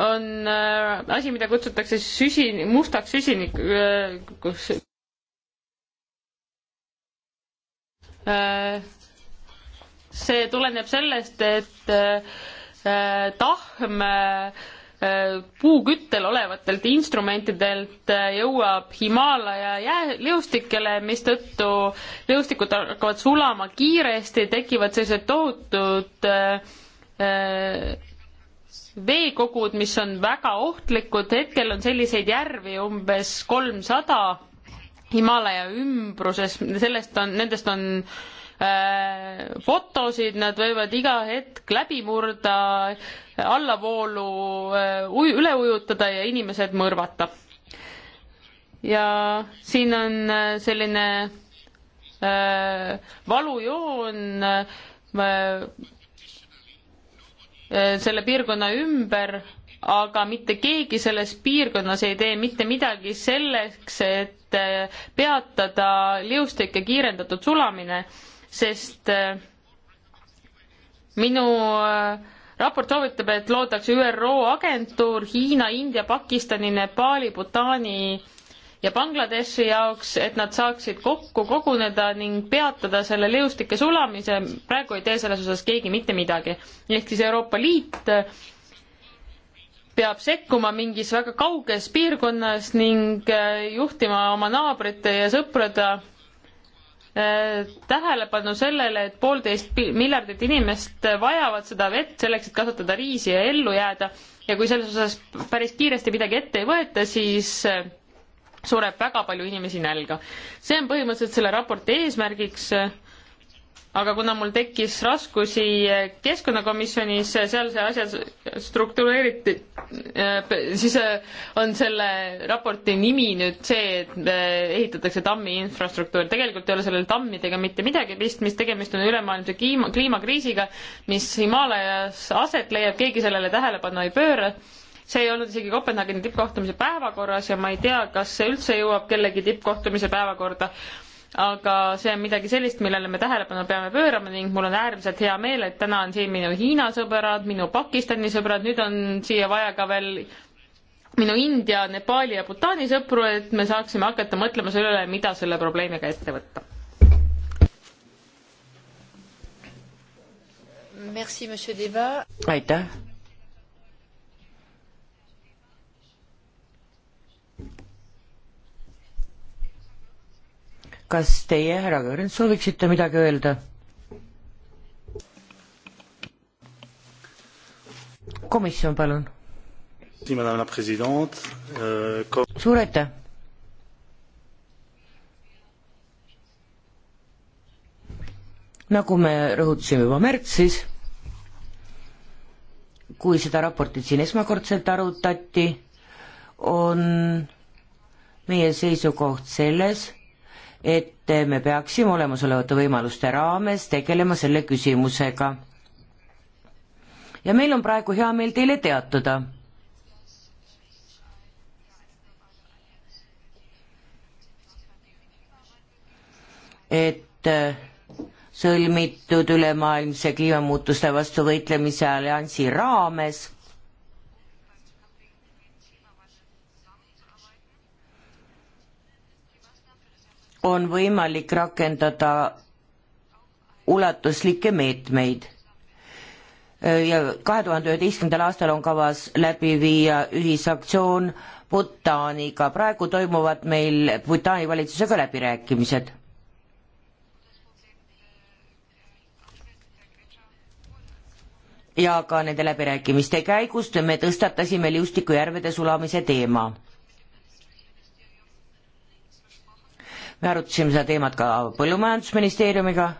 on asi, mida kutsutakse süsin-, mustaks süsinikuks see tuleneb sellest, et äh, tahm äh, puuküttel olevatelt instrumentidelt äh, jõuab Himaalaja jääleustikele, mistõttu leeustikud hakkavad sulama kiiresti, tekivad sellised tohutud veekogud, mis on väga ohtlikud, hetkel on selliseid järvi umbes kolmsada Himaalaja ümbruses, sellest on, nendest on äh, Äh, fotosid, nad võivad iga hetk läbi murda, allavoolu äh, üle ujutada ja inimesed mõrvata. ja siin on äh, selline valujoon selle piirkonna ümber, aga mitte keegi selles piirkonnas ei tee mitte midagi selleks, et peatada liustike kiirendatud sulamine sest äh, minu äh, raport soovitab, et loodaks ÜRO agentuur Hiina, India, Pakistani, Nepaali, Bhutani ja Bangladeshi jaoks, et nad saaksid kokku koguneda ning peatada selle liustike sulamise, praegu ei tee selles osas keegi mitte midagi. ehk siis Euroopa Liit äh, peab sekkuma mingis väga kauges piirkonnas ning juhtima oma naabrite ja sõprade Äh, tähelepanu sellele, et poolteist miljardit inimest vajavad seda vett selleks, et kasutada riisi ja ellu jääda ja kui selles osas päris kiiresti midagi ette ei võeta, siis äh, sureb väga palju inimesi nälga. see on põhimõtteliselt selle raporti eesmärgiks äh, aga kuna mul tekkis raskusi keskkonnakomisjonis, seal see asja struktureeriti, äh, siis äh, on selle raporti nimi nüüd see, et äh, ehitatakse tammi infrastruktuur. tegelikult ei ole sellel tammidega mitte midagi pistmist, tegemist on ülemaailmse kliima, kliimakriisiga, mis Himaalajas aset leiab, keegi sellele tähelepanu ei pööra see ei olnud isegi Kopenhaageni tippkohtumise päevakorras ja ma ei tea, kas see üldse jõuab kellegi tippkohtumise päevakorda aga see on midagi sellist, millele me tähelepanu peame pöörama ning mul on äärmiselt hea meel, et täna on siin minu Hiina sõbrad, minu Pakistani sõbrad, nüüd on siia vaja ka veel minu India, Nepaali ja Bhutani sõpru, et me saaksime hakata mõtlema selle üle, mida selle probleemiga ette võtta. aitäh kas teie, härra Kõõrens, sooviksite midagi öelda? komisjon, palun. Euh, suur aitäh. nagu me rõhutasime juba märtsis, kui seda raportit siin esmakordselt arutati, on meie seisukoht selles, et me peaksime olemasolevate võimaluste raames tegelema selle küsimusega. ja meil on praegu hea meel teile teatada. et sõlmitud ülemaailmse kliimamuutuste vastu võitlemise alliansi raames on võimalik rakendada ulatuslikke meetmeid. ja kahe tuhande üheteistkümnendal aastal on kavas läbi viia ühisaktsioon Bhutaniga, praegu toimuvad meil Bhutani valitsusega läbirääkimised. ja ka nende läbirääkimiste käigus me tõstatasime liustikujärvede sulamise teema me arutasime seda teemat ka Põllumajandusministeeriumiga.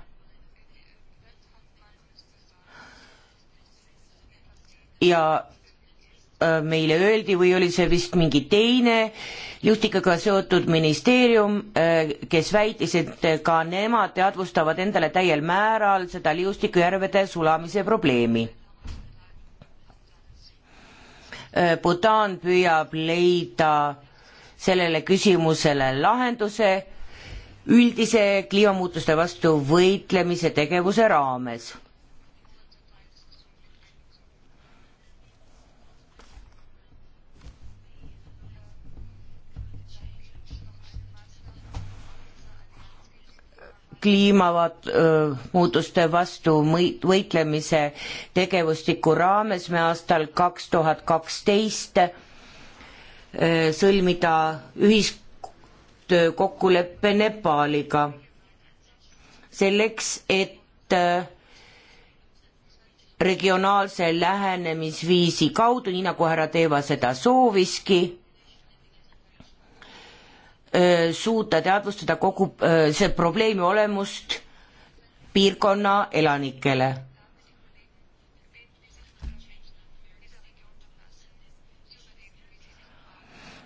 ja äh, meile öeldi või oli see vist mingi teine juhtikaga seotud ministeerium, äh, kes väitis, et ka nemad teadvustavad endale täiel määral seda liustikujärvede sulamise probleemi. Äh, Bhutan püüab leida sellele küsimusele lahenduse üldise kliimamuutuste vastu võitlemise tegevuse raames. kliimamuutuste vastu võitlemise tegevustiku raames me aastal kaks tuhat kaksteist sõlmida ühis, koostöökokkuleppe Nepaliga selleks, et äh, regionaalse lähenemisviisi kaudu, nii nagu härra Teeva seda sooviski, äh, suuta teadvustada kogu äh, see probleemi olemust piirkonna elanikele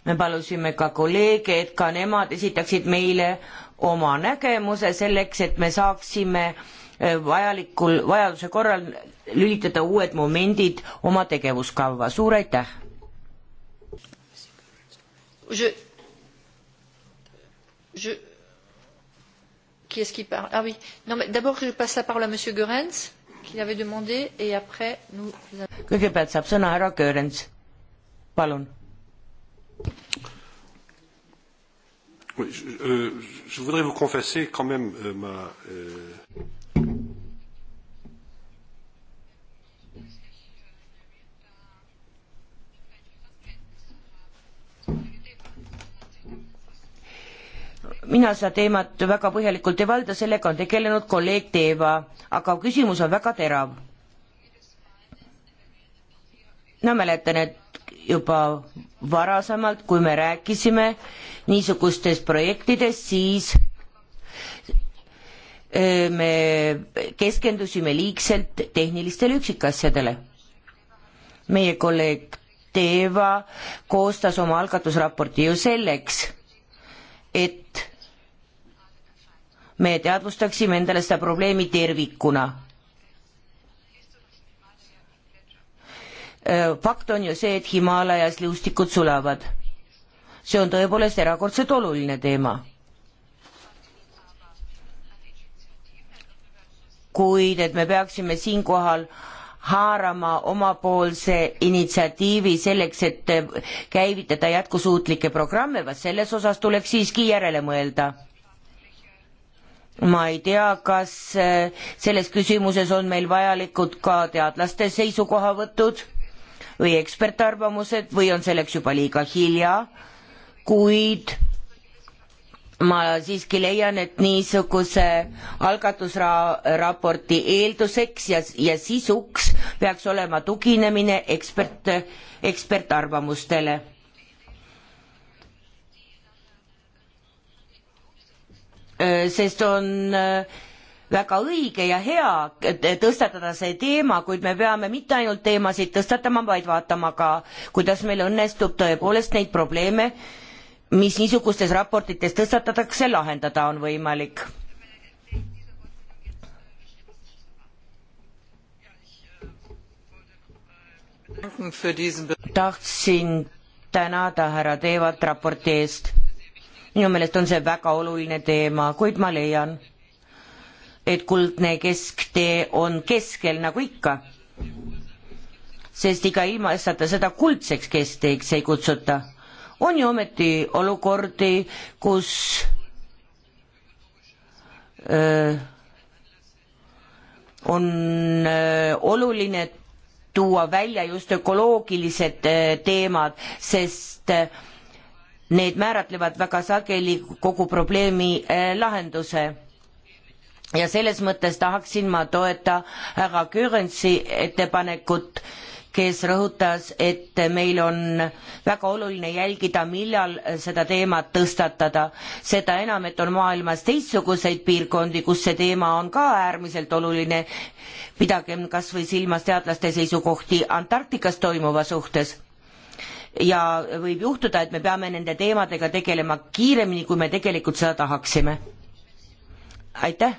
me palusime ka kolleege, et ka nemad esitaksid meile oma nägemuse selleks, et me saaksime eh, vajalikul, vajaduse korral lülitada uued momendid oma tegevuskava, suur aitäh! Je... Je... Qui est-ce qui parle Ah oui. Non, mais d'abord, je passe la parole à Monsieur Goerens, qui l'avait demandé, et après, nous. Kõigepealt saab sõna härra Goerens. Palun Oui, je, euh, je voudrais vous confesser quand même euh, ma. Euh... mina seda teemat väga põhjalikult ei valda, sellega on tegelenud kolleeg Teeva, aga küsimus on väga terav no mäletan, et juba varasemalt, kui me rääkisime niisugustest projektidest, siis me keskendusime liigselt tehnilistele üksikasjadele. meie kolleeg Teeva koostas oma algatusraporti ju selleks, et me teadvustaksime endale seda probleemi tervikuna Äh, fakt on ju see, et Himaalajas liustikud sulavad. see on tõepoolest erakordselt oluline teema. kuid et me peaksime siinkohal haarama omapoolse initsiatiivi selleks, et käivitada jätkusuutlikke programme, vaat selles osas tuleks siiski järele mõelda ma ei tea, kas äh, selles küsimuses on meil vajalikud ka teadlaste seisukohavõtud või ekspertarvamused või on selleks juba liiga hilja, kuid ma siiski leian, et niisuguse algatusraporti eelduseks ja, ja sisuks peaks olema tuginemine ekspert, ekspertarvamustele. sest on äh, väga õige ja hea tõstatada see teema, kuid me peame mitte ainult teemasid tõstatama, vaid vaatama ka, kuidas meil õnnestub tõepoolest neid probleeme, mis niisugustes raportites tõstatatakse, lahendada on võimalik. tahtsin tänada härra Teevat raporti eest. minu meelest on see väga oluline teema, kuid ma leian, et kuldne kesktee on keskel nagu ikka. sest iga ilmaasjata seda kuldseks keskteeks ei kutsuta. on ju ometi olukordi, kus öö, on öö, oluline tuua välja just ökoloogilised öö, teemad, sest öö, need määratlevad väga sageli kogu probleemi lahenduse ja selles mõttes tahaksin ma toeta härra Kürensi ettepanekut, kes rõhutas, et meil on väga oluline jälgida, millal seda teemat tõstatada. seda enam, et on maailmas teistsuguseid piirkondi, kus see teema on ka äärmiselt oluline. pidagem kas või silmas teadlaste seisukohti Antarktikas toimuva suhtes ja võib juhtuda, et me peame nende teemadega tegelema kiiremini, kui me tegelikult seda tahaksime. aitäh!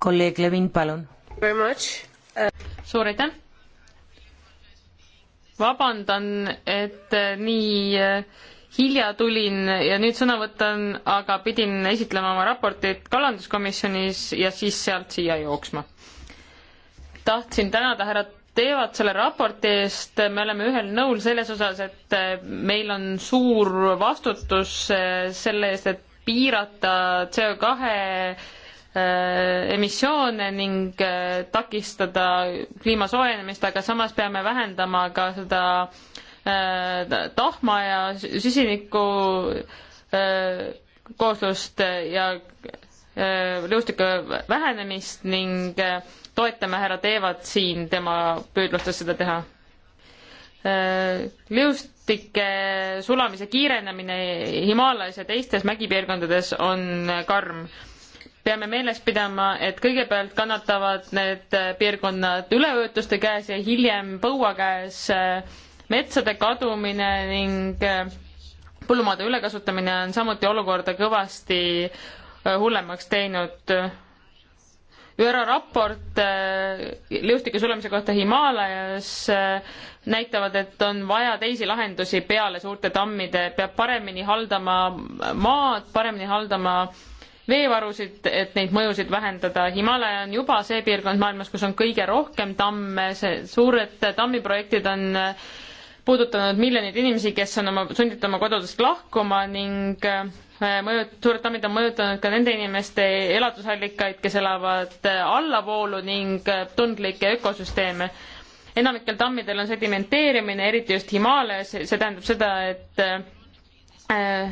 kolleeg Levin, palun. Uh, suur aitäh. vabandan, et äh, nii äh, hilja tulin ja nüüd sõna võtan, aga pidin esitlema oma raportit kalanduskomisjonis ja siis sealt siia jooksma. tahtsin tänada härra teevad selle raporti eest, me oleme ühel nõul selles osas, et äh, meil on suur vastutus selle eest, et piirata CO kahe 2 Äh, emissioone ning äh, takistada kliima soojenemist, aga samas peame vähendama ka seda äh, tahma ja süsiniku kooslust ja liustike vähenemist ning toetame härra Teevat siin tema püüdlustes seda teha. liustike sulamise kiirenemine Himaalajas ja teistes mägipiirkondades on karm peame meeles pidama, et kõigepealt kannatavad need äh, piirkonnad üleujutuste käes ja hiljem põua käes äh, metsade kadumine ning äh, põllumaade ülekasutamine on samuti olukorda kõvasti hullemaks teinud. ÜRO raport liustike sulemise kohta Himaalajas näitavad, et on vaja teisi lahendusi peale suurte tammide, peab paremini haldama maad, paremini haldama äh, veevarusid, et neid mõjusid vähendada. Himalaja on juba see piirkond maailmas, kus on kõige rohkem tamme, see suured tammiprojektid on äh, puudutanud miljoneid inimesi, kes on oma, sunnitud oma kodudest lahkuma ning äh, mõjud, suured tammid on mõjutanud ka nende inimeste elatusallikaid, kes elavad äh, allavoolu ning tundlikke ökosüsteeme. enamikel tammidel on sedimenteerimine, eriti just Himaalajas, see tähendab seda, et äh,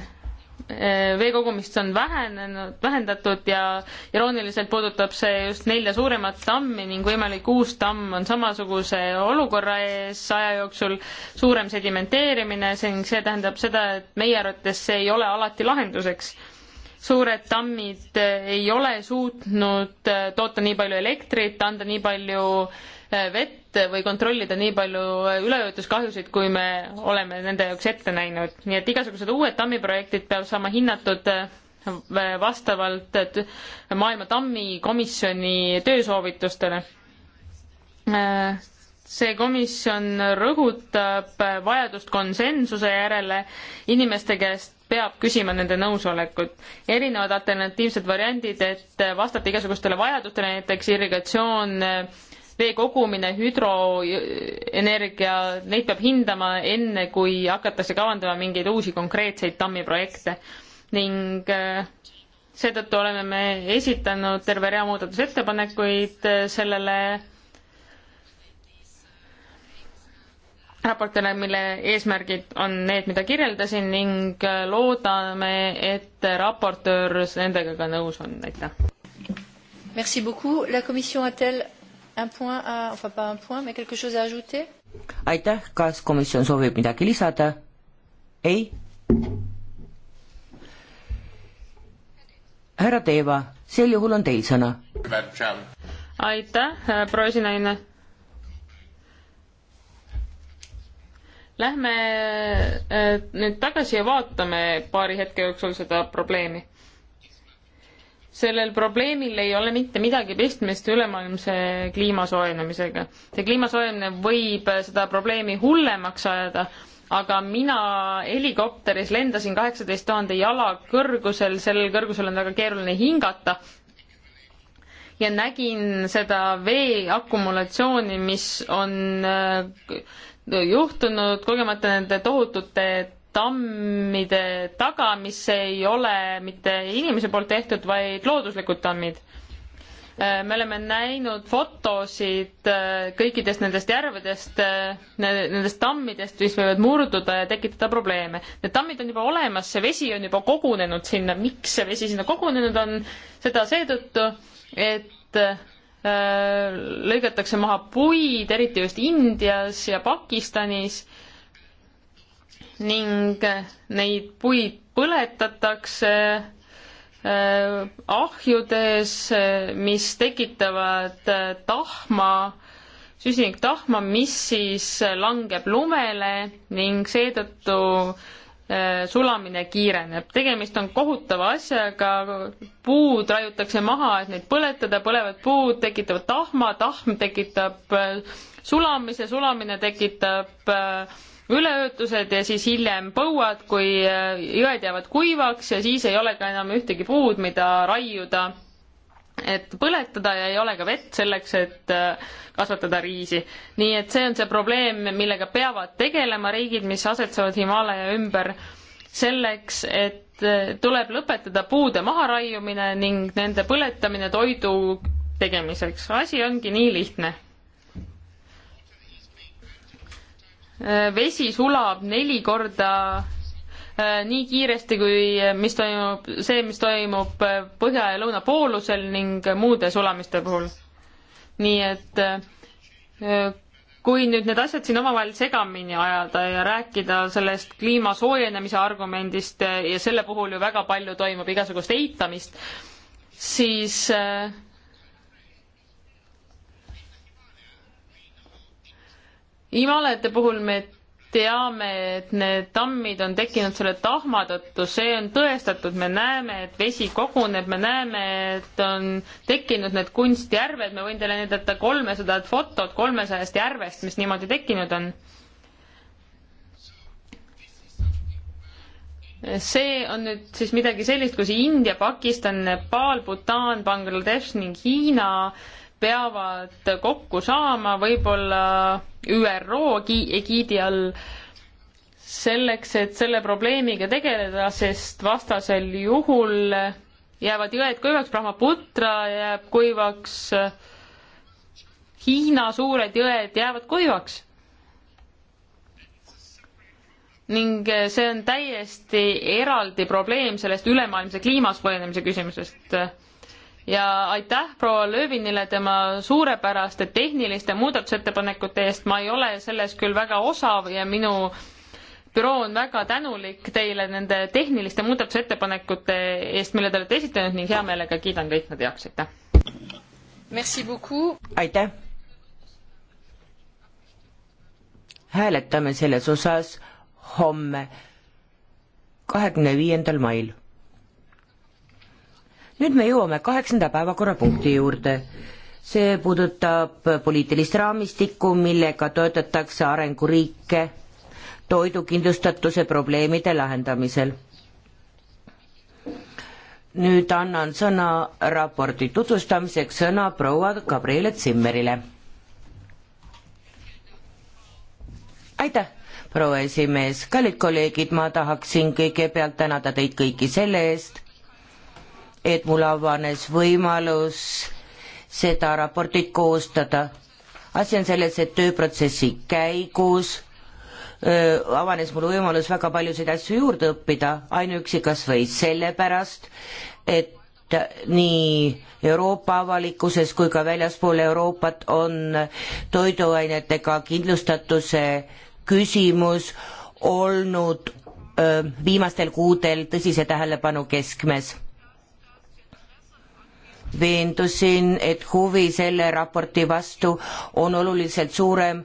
Eh, veekogumist on vähenenud, vähendatud ja irooniliselt puudutab see just nelja suuremat tammi ning võimalik uus tamm on samasuguse olukorra ees aja jooksul, suurem sedimenteerimine, see tähendab seda, et meie arvates see ei ole alati lahenduseks suured tammid eh, ei ole suutnud eh, toota nii palju elektrit, anda nii palju Äh, vett või kontrollida nii palju äh, üleujutuskahjusid, kui me oleme nende jaoks ette näinud. nii et igasugused uued tammiprojektid peavad saama hinnatud äh, vastavalt Maailma Tammikomisjoni töösoovitustele. see komisjon rõhutab vajadust konsensuse järele inimeste käest peab küsima nende nõusolekut. erinevad alternatiivsed variandid, et vastata igasugustele vajadustele, näiteks irrigatsioon, vee kogumine, hüdroenergia, neid peab hindama enne, kui hakatakse kavandama mingeid uusi konkreetseid tammiprojekte ning äh, seetõttu oleme me esitanud terve rea muudatusettepanekuid äh, sellele raportile, mille eesmärgid on need, mida kirjeldasin ning äh, loodame, et raportöör nendega ka nõus on, aitäh. Merci beaucoup, la commission a-t-elle un point à, enfin pas un point, mais quelque chose à ajouter aitäh, kas komisjon soovib midagi lisada? ei? härra Teeva, sel juhul on teil sõna. aitäh, äh, proua esinaine. Lähme äh, nüüd tagasi ja vaatame paari hetke jooksul seda probleemi sellel probleemil ei ole mitte midagi pistmist ülemaailmse kliima soojenemisega. see kliima soojenemine võib seda probleemi hullemaks ajada, aga mina helikopteris lendasin kaheksateist tuhande jala kõrgusel, sellel kõrgusel on väga keeruline hingata, ja nägin seda vee akumulatsiooni, mis on äh, juhtunud kogemata nende tohutute tammide taga, mis ei ole mitte inimese poolt tehtud, vaid looduslikud tammid. Äh, me oleme näinud fotosid äh, kõikidest nendest järvedest, äh, nendest tammidest, mis võivad murduda ja tekitada probleeme. Need tammid on juba olemas, see vesi on juba kogunenud sinna, miks see vesi sinna kogunenud on, seda seetõttu, et lõigatakse maha puid, eriti just Indias ja Pakistanis ning neid puid põletatakse äh, ahjudes, äh, mis tekitavad äh, tahma, süsiniktahma, mis siis langeb lumele ning seetõttu sulamine kiireneb. tegemist on kohutava asjaga, puud raiutakse maha, et neid põletada, põlevad puud tekitavad tahma, tahm tekitab sulamise, sulamine tekitab äh, üleujutused ja siis hiljem põuad, kui äh, jõed jäävad kuivaks ja siis ei ole ka enam ühtegi puud, mida raiuda, et põletada ja ei ole ka vett selleks, et äh, kasvatada riisi. nii et see on see probleem, millega peavad tegelema riigid, mis asetsevad Himaalaja ümber, selleks, et äh, tuleb lõpetada puude maharaiumine ning nende põletamine toidu tegemiseks. asi ongi nii lihtne Äh, vesi sulab neli korda äh, nii kiiresti kui äh, mis toimub, see, mis toimub põhja ja lõuna poolusel ning muude sulamiste puhul. nii et kui nüüd need asjad siin omavahel segamini ajada ja rääkida sellest kliima soojenemise argumendist ja selle puhul ju väga palju toimub igasugust eitamist, siis äh, imalate puhul me teame, et need tammid on tekkinud selle tahma tõttu, see on tõestatud, me näeme, et vesi koguneb, me näeme, et on tekkinud need kunstjärved, ma võin teile näidata kolmesadat fotot kolmesajast järvest, mis niimoodi tekkinud on. see on nüüd siis midagi sellist, kus India, Pakistan, Nepal, Bhutan, Bangladesh ning Hiina äh, peavad kokku saama võib-olla ÜRO egiidi all selleks, et selle probleemiga tegeleda, sest vastasel juhul jäävad jõed kuivaks, Brahmaputra jääb kuivaks, Hiina suured jõed jäävad kuivaks. ning see on täiesti eraldi probleem sellest ülemaailmse kliima soojenemise küsimusest ja aitäh proua Löövinile tema suurepäraste tehniliste muudatusettepanekute eest, ma ei ole selles küll väga osav ja minu büroo on väga tänulik teile nende tehniliste muudatusettepanekute eest, mille te olete esitanud ning hea meelega kiidan kõik nad heaks, aitäh! aitäh! hääletame selles osas homme, kahekümne viiendal mail nüüd me jõuame kaheksanda päevakorrapunkti juurde. see puudutab poliitilist raamistikku, millega toetatakse arenguriike toidukindlustatuse probleemide lahendamisel. nüüd annan sõna raporti tutvustamiseks sõna proua Gabriele Zimmerile. aitäh proua esimees, kallid kolleegid, ma tahaksin kõigepealt tänada teid kõiki selle eest, et mul avanes võimalus seda raportit koostada. asi on selles, et tööprotsessi käigus öö, avanes mul võimalus väga paljusid asju juurde õppida, ainuüksi kas või sellepärast, et nii Euroopa avalikkuses kui ka väljaspool Euroopat on toiduainetega kindlustatuse küsimus olnud öö, viimastel kuudel tõsise tähelepanu keskmes veendusin, et huvi selle raporti vastu on oluliselt suurem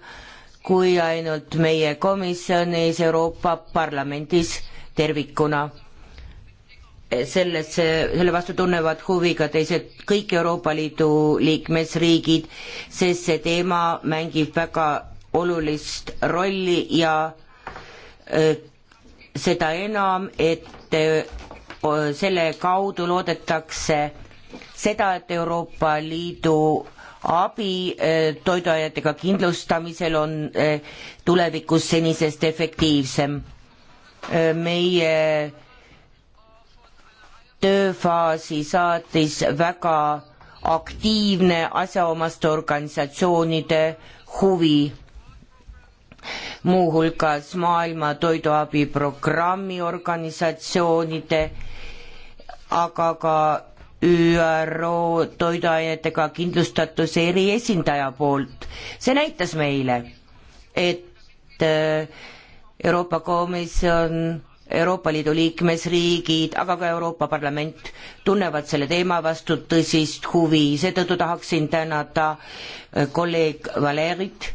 kui ainult meie komisjonis Euroopa Parlamendis tervikuna. sellesse, selle vastu tunnevad huvi ka teised, kõik Euroopa Liidu liikmesriigid, sest see teema mängib väga olulist rolli ja öö, seda enam, et öö, selle kaudu loodetakse seda, et Euroopa Liidu abi eh, toiduainetega kindlustamisel on eh, tulevikus senisest efektiivsem. Eh, meie tööfaasi saatis väga aktiivne asjaomaste organisatsioonide huvi, muuhulgas Maailma Toiduabiprogrammi organisatsioonide, aga ka ÜRO toiduainetega kindlustatuse eriesindaja poolt. see näitas meile, et äh, Euroopa Komisjon, Euroopa Liidu liikmesriigid, aga ka Euroopa Parlament tunnevad selle teema vastu tõsist huvi, seetõttu tahaksin tänada äh, kolleeg Valerit,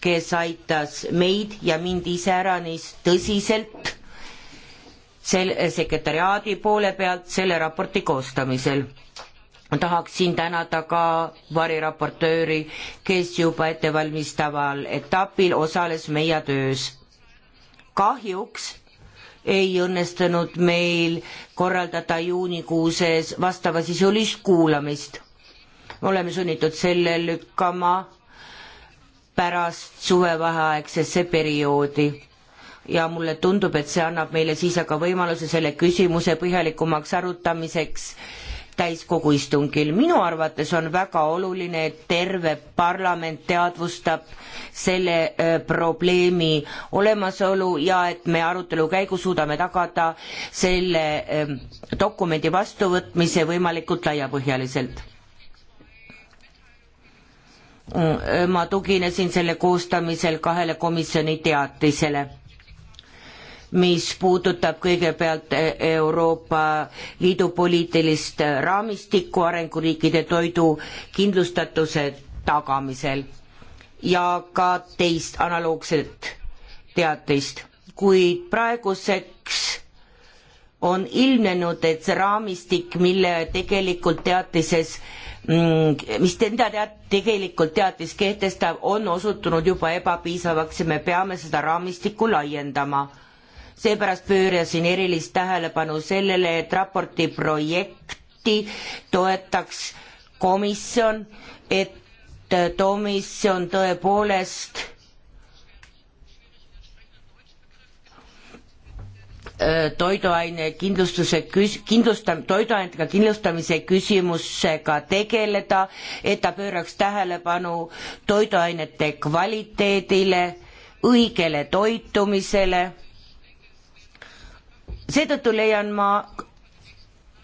kes aitas meid ja mind iseäranis tõsiselt sel-, sekretäriaadi poole pealt selle raporti koostamisel. tahaksin tänada ka variraportööri, kes juba ettevalmistaval etapil osales meie töös. kahjuks ei õnnestunud meil korraldada juunikuuses vastavasisulist kuulamist. oleme sunnitud selle lükkama pärast suvevaheaegsesse perioodi ja mulle tundub, et see annab meile siis aga võimaluse selle küsimuse põhjalikumaks arutamiseks täiskogu istungil. minu arvates on väga oluline, et terve parlament teadvustab selle äh, probleemi olemasolu ja et me arutelu käigus suudame tagada selle äh, dokumendi vastuvõtmise võimalikult laiapõhjaliselt mm, äh, ma tuginesin selle koostamisel kahele komisjoni teatisele mis puudutab kõigepealt e-, Euroopa Liidu poliitilist raamistikku arenguriikide toidukindlustatuse tagamisel ja ka teist analoogset teatist, kuid praeguseks on ilmnenud, et see raamistik, mille tegelikult teatises mm, mis te, mida tead, tegelikult teatis kehtestab, on osutunud juba ebapiisavaks ja me peame seda raamistikku laiendama seepärast pöörasin erilist tähelepanu sellele, et raporti projekti toetaks komisjon, et komisjon tõepoolest äh, toiduaine kindlustuse küs-, kindlustam-, toiduainetega kindlustamise küsimusega tegeleda, et ta pööraks tähelepanu toiduainete kvaliteedile, õigele toitumisele seetõttu leian ma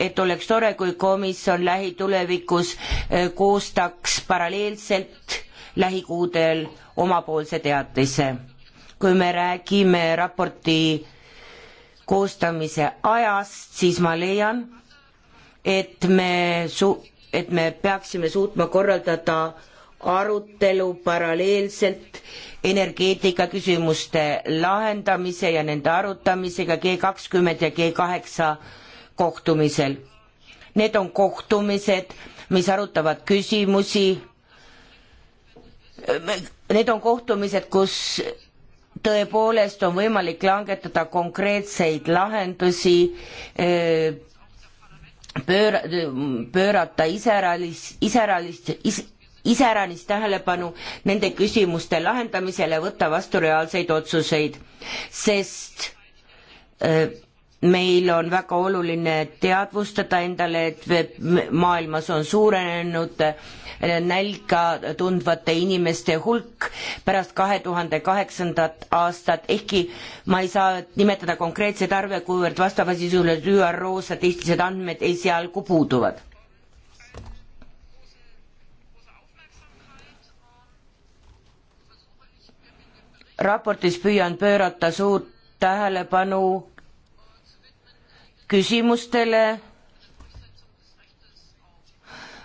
et oleks tore, kui komisjon lähitulevikus eh, koostaks paralleelselt lähikuudel omapoolse teatise. kui me räägime raporti koostamise ajast, siis ma leian, et me su-, et me peaksime suutma korraldada arutelu paralleelselt energeetika küsimuste lahendamise ja nende arutamisega G kakskümmend ja G kaheksa kohtumisel. Need on kohtumised, mis arutavad küsimusi. Need on kohtumised, kus tõepoolest on võimalik langetada konkreetseid lahendusi, pööra-, pöörata iseäralis-, iseäralis-, is-, iseäranis tähelepanu nende küsimuste lahendamisele, võtta vastu reaalseid otsuseid, sest äh, meil on väga oluline teadvustada endale, et maailmas on suurenenud äh, nälga tundvate inimeste hulk pärast kahe tuhande kaheksandat aastat, ehkki ma ei saa nimetada konkreetseid arve, kuivõrd vastavasisulised ÜRO statistilised andmed esialgu puuduvad raportis püüan pöörata suurt tähelepanu küsimustele,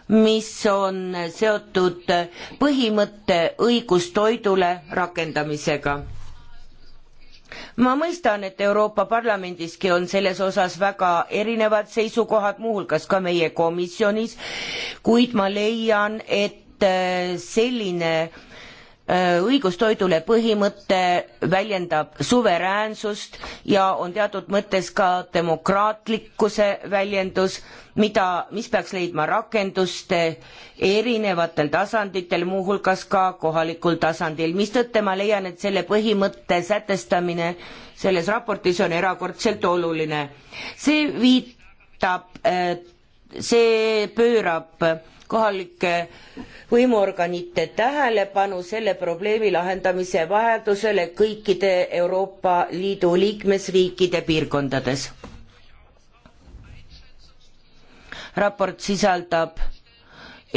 mis on seotud põhimõtte õigus toidule rakendamisega. ma mõistan, et Euroopa Parlamendiski on selles osas väga erinevad seisukohad, muuhulgas ka meie komisjonis, kuid ma leian, et selline äh, Äh, õigus toidule põhimõte väljendab suveräänsust ja on teatud mõttes ka demokraatlikkuse väljendus, mida, mis peaks leidma rakendust erinevatel tasanditel, muuhulgas ka kohalikul tasandil, mistõttu ma leian, et selle põhimõtte sätestamine selles raportis on erakordselt oluline. see viitab, äh, see pöörab kohalike võimuorganite tähelepanu selle probleemi lahendamise vajadusele kõikide Euroopa Liidu liikmesriikide piirkondades. raport sisaldab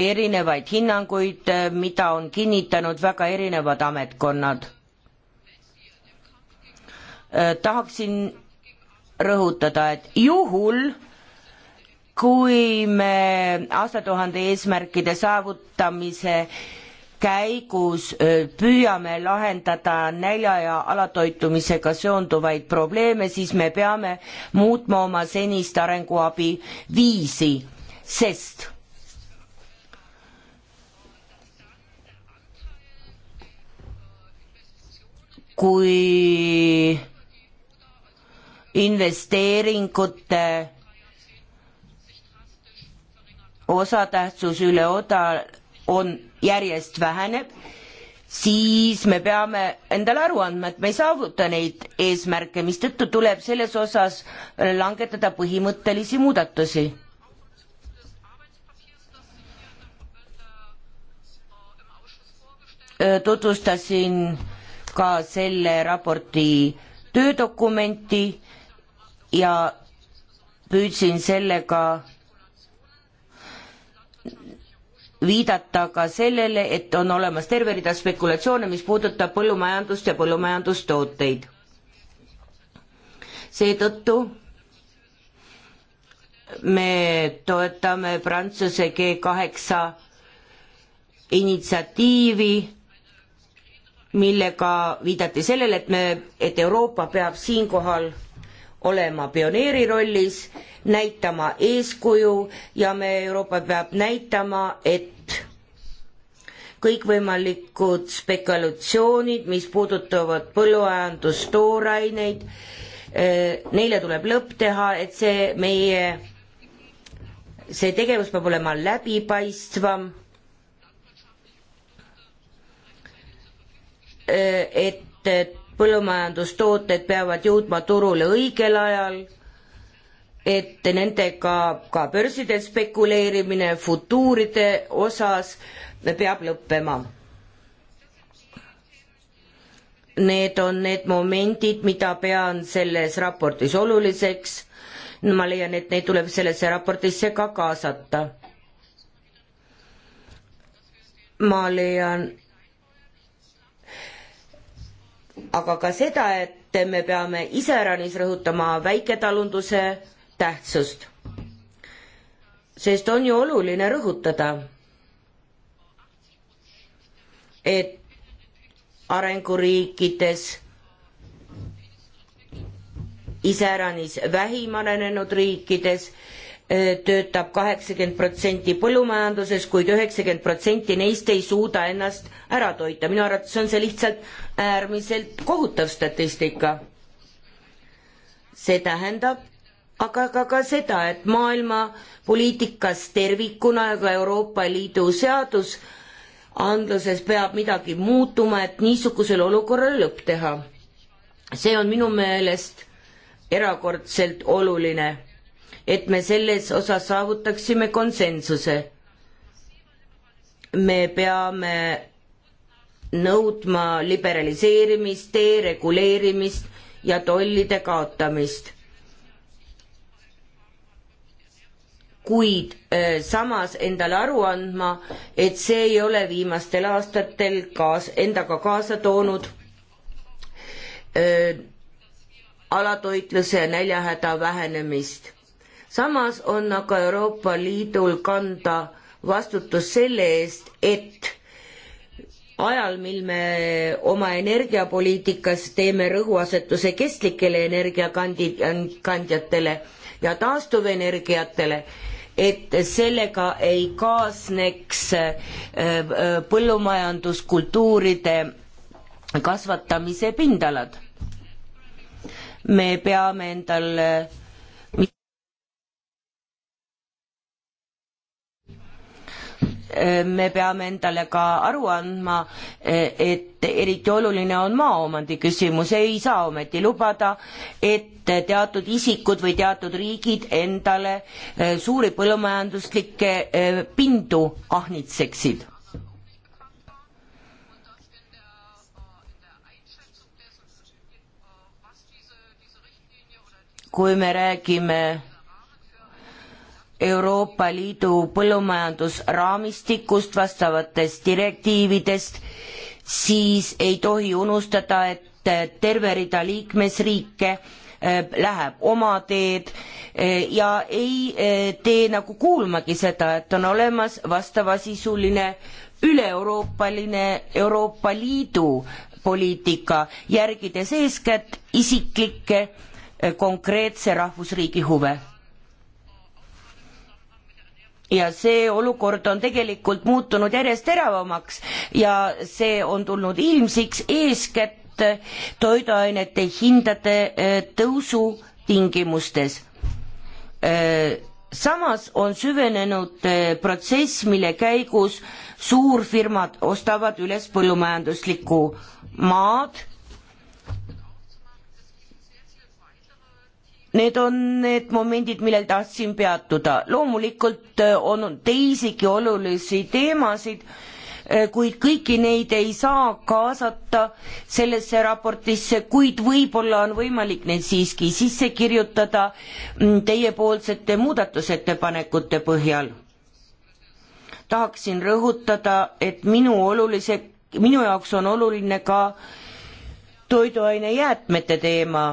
erinevaid hinnanguid, mida on kinnitanud väga erinevad ametkonnad. tahaksin rõhutada, et juhul kui me aastatuhande eesmärkide saavutamise käigus püüame lahendada nälja ja alatoitumisega seonduvaid probleeme, siis me peame muutma oma senist arenguabi viisi, sest kui investeeringute osatähtsus üle oda on, järjest väheneb, siis me peame endale aru andma, et me ei saavuta neid eesmärke, mistõttu tuleb selles osas langetada põhimõttelisi muudatusi. tutvustasin ka selle raporti töödokumenti ja püüdsin sellega viidata ka sellele, et on olemas terve rida spekulatsioone, mis puudutab põllumajandust ja põllumajandustooteid. seetõttu me toetame Prantsuse G kaheksa initsiatiivi, millega viidati sellele, et me, et Euroopa peab siinkohal olema pioneeri rollis, näitama eeskuju ja me, Euroopa peab näitama, et kõikvõimalikud spekulatsioonid, mis puudutavad põllumajandustooraineid, äh, neile tuleb lõpp teha, et see meie, see tegevus peab olema läbipaistvam, äh, et põllumajandustooted peavad jõudma turule õigel ajal et nendega ka, ka börsidel spekuleerimine futuuride osas peab lõppema. Need on need momendid, mida pean selles raportis oluliseks. ma leian, et neid tuleb sellesse raportisse ka kaasata. ma leian aga ka seda, et me peame iseäranis rõhutama väiketalunduse tähtsust. sest on ju oluline rõhutada et arenguriikides, iseäranis vähim arenenud riikides töötab kaheksakümmend protsenti põllumajanduses kuid, kuid üheksakümmend protsenti neist ei suuda ennast ära toita. minu arvates on see lihtsalt äärmiselt kohutav statistika. see tähendab aga ka, ka seda, et maailma poliitikas tervikuna ja ka Euroopa Liidu seadus äh, andluses peab midagi muutuma, et niisugusele olukorrale lõpp teha. see on minu meelest erakordselt oluline, et me selles osas saavutaksime konsensuse. me peame nõudma liberaliseerimist, dereguleerimist ja tollide kaotamist. kuid äh, samas endale aru andma, et see ei ole viimastel aastatel kaas-, endaga kaasa toonud öö, äh, alatoitluse ja näljahäda vähenemist. samas on aga Euroopa Liidul kanda vastutus selle eest, et ajal, mil me oma energiapoliitikas teeme rõhuasetuse kestlikele energiakandjatele ja taastuvenergiatele, et sellega ei kaasneks äh, äh, põllumajanduskultuuride kasvatamise pindalad. me peame endal äh, Äh, me peame endale ka aru andma, äh, et eriti oluline on maaomandi küsimus, ei saa ometi lubada, et teatud isikud või teatud riigid endale äh, suuri põllumajanduslikke pindu ahnitseksid kui me räägime Euroopa Liidu põllumajandusraamistikust, vastavatest direktiividest, siis ei tohi unustada, et terve rida liikmesriike äh, läheb oma teed äh, ja ei äh, tee nagu kuulmagi seda, et on olemas vastavasisuline üle-euroopaline Euroopa Liidu poliitika, järgides eeskätt isiklikke konkreetse rahvusriigi huve ja see olukord on tegelikult muutunud järjest teravamaks ja see on tulnud ilmsiks eeskätt toiduainete hindade äh, tõusu tingimustes. Äh, samas on süvenenud äh, protsess, mille käigus suurfirmad ostavad üles põllumajanduslikku maad Need on need momendid, millel tahtsin peatuda. loomulikult äh, on teisigi olulisi teemasid, äh, kuid kõiki neid ei saa kaasata sellesse raportisse, kuid võib-olla on võimalik neid siiski sisse kirjutada mm, teiepoolsete muudatusettepanekute põhjal. tahaksin rõhutada, et minu olulise, minu jaoks on oluline ka toiduainejäätmete teema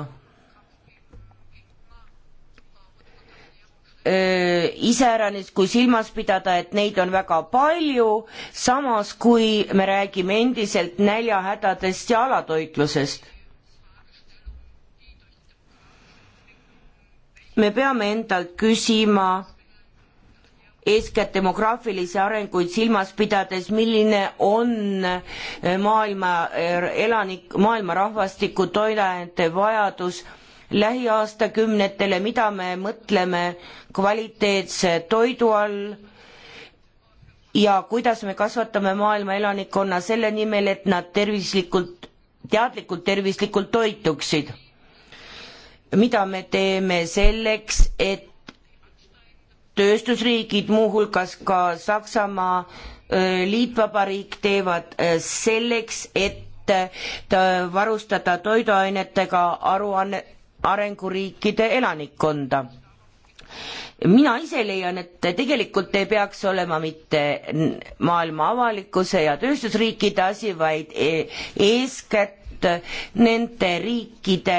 Äh, iseäranis, kui silmas pidada, et neid on väga palju, samas kui me räägime endiselt näljahädadest ja alatoitlusest. me peame endalt küsima, eeskätt demograafilisi arenguid silmas pidades, milline on äh, maailma äh, elanik, maailma rahvastiku toiduainete vajadus lähiaastakümnetele, mida me mõtleme kvaliteetse toidu all ja kuidas me kasvatame maailma elanikkonna selle nimel, et nad tervislikult, teadlikult tervislikult toituksid. mida me teeme selleks, et tööstusriigid, muuhulgas ka Saksamaa liitvabariik teevad selleks, et äh, varustada toiduainetega aruanne, arenguriikide elanikkonda mina ise leian, et tegelikult ei peaks olema mitte maailma avalikkuse ja tööstusriikide asi, vaid e-, eeskätt nende riikide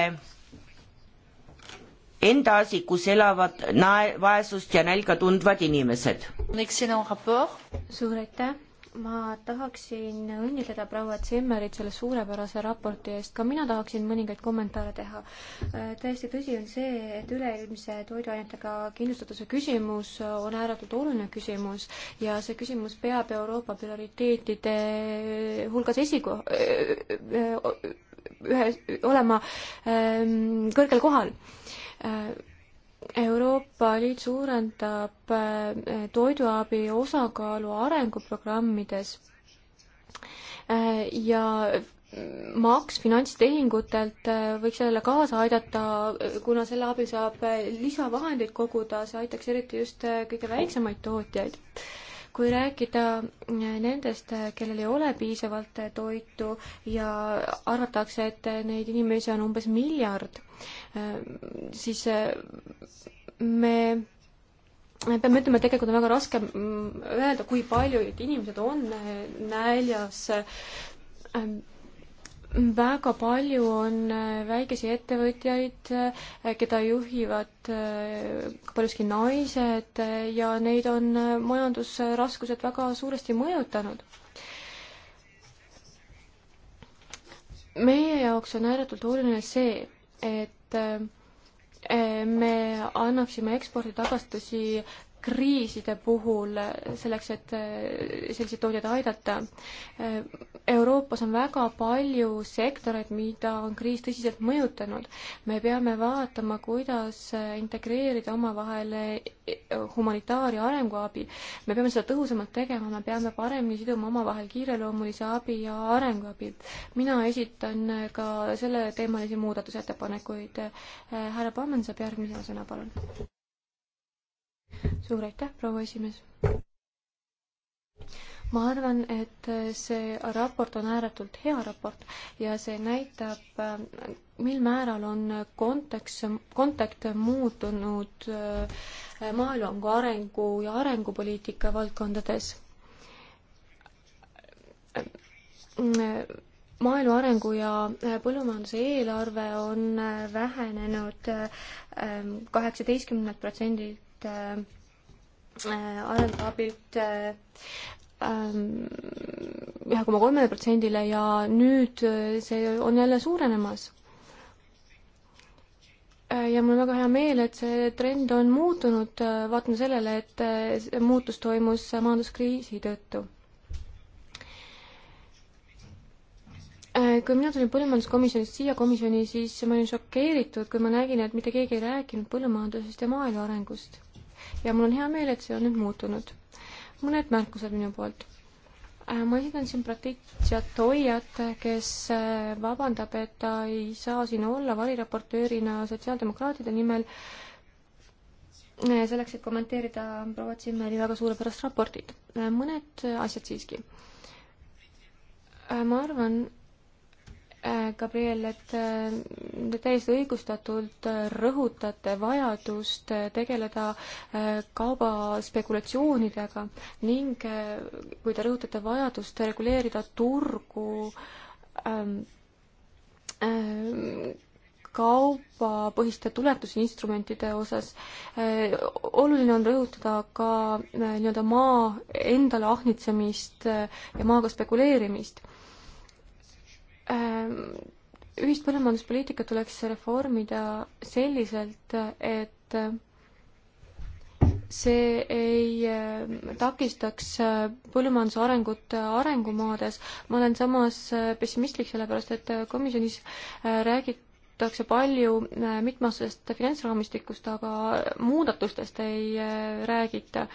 enda asi, kus elavad nae-, vaesust ja nälga tundvad inimesed. suur aitäh ma tahaksin õnnitleda proua Zimmerit selle suurepärase raporti eest, ka mina tahaksin mõningaid kommentaare teha. Äh, täiesti tõsi on see, et üleilmse toiduainetega kindlustatuse küsimus on ääretult oluline küsimus ja see küsimus peab Euroopa prioriteetide hulgas esiko-, äh, äh, ühe, olema ähm, kõrgel kohal Euroopa Liit suurendab äh, toiduabi osakaalu arenguprogrammides äh, ja maks finantstehingutelt äh, võiks sellele kaasa aidata, kuna selle abil saab lisavahendeid koguda, see aitaks eriti just kõige väiksemaid tootjaid kui rääkida äh, nendest, äh, kellel ei ole piisavalt äh, toitu ja arvatakse, et neid inimesi on umbes miljard, siis me me peame ütlema, et tegelikult on väga raske mm, öelda, kui paljud inimesed on näljas väga palju on äh, väikesi ettevõtjaid, äh, keda juhivad äh, paljuski naised ja neid on majandusraskused väga suuresti mõjutanud. meie jaoks on ääretult oluline see, et me annaksime eksporditagastusi kriiside puhul selleks, et äh, selliseid tootjaid aidata. Äh, Euroopas on väga palju sektoreid, mida on kriis tõsiselt mõjutanud. me peame vaatama, kuidas äh, integreerida omavahel humanitaar- ja arenguabi. me peame seda tõhusamalt tegema, me peame paremini siduma omavahel kiireloomulise abi ja arenguabi. mina esitan ka selleteemalisi muudatusettepanekuid. härra Pammen saab järgmisena sõna, palun suur aitäh, proua esimees! ma arvan, et see raport on ääretult hea raport ja see näitab, mil määral on kontekst, kontakt muutunud äh, maailma arengu ja arengupoliitika valdkondades. maaelu arengu ja põllumajanduse eelarve on vähenenud äh, kaheksateistkümnelt protsendilt Äh, arengu abilt äh, ähm, ühe koma kolmele protsendile ja nüüd äh, see on jälle suurenemas. ja mul on väga hea meel, et see trend on muutunud, vaatame sellele, et see muutus toimus majanduskriisi tõttu. kui mina tulin põllumajanduskomisjonist siia komisjoni, siis ma olin šokeeritud, kui ma nägin, et mitte keegi ei rääkinud põllumajandusest ja maaelu arengust ja mul on hea meel, et see on nüüd muutunud. mõned märkused minu poolt äh, ma esindan siin Pratitsia Toiat, kes äh, vabandab, et ta ei saa siin olla variraportöörina sotsiaaldemokraatide nimel, äh, selleks, et kommenteerida proua Zimmeri väga suurepärast raportit. mõned asjad siiski. ma arvan, Äh, Gabriel, et äh, te täiesti õigustatult äh, rõhutate vajadust tegeleda kaubaspekulatsioonidega ning kui te rõhutate vajadust reguleerida turgu ähm, kaubapõhiste tuletusinstrumentide osas, oluline on rõhutada ka nii-öelda maa endale ahnitsemist ja maaga spekuleerimist Ehm, ühist põllumajanduspoliitikat tuleks reformida selliselt, et see ei ehm, takistaks ehm, põllumajanduse arengut arengumaades. ma olen samas pessimistlik, sellepärast et komisjonis räägitakse palju mitmeaastasest finantsraamistikust, aga muudatustest ei räägita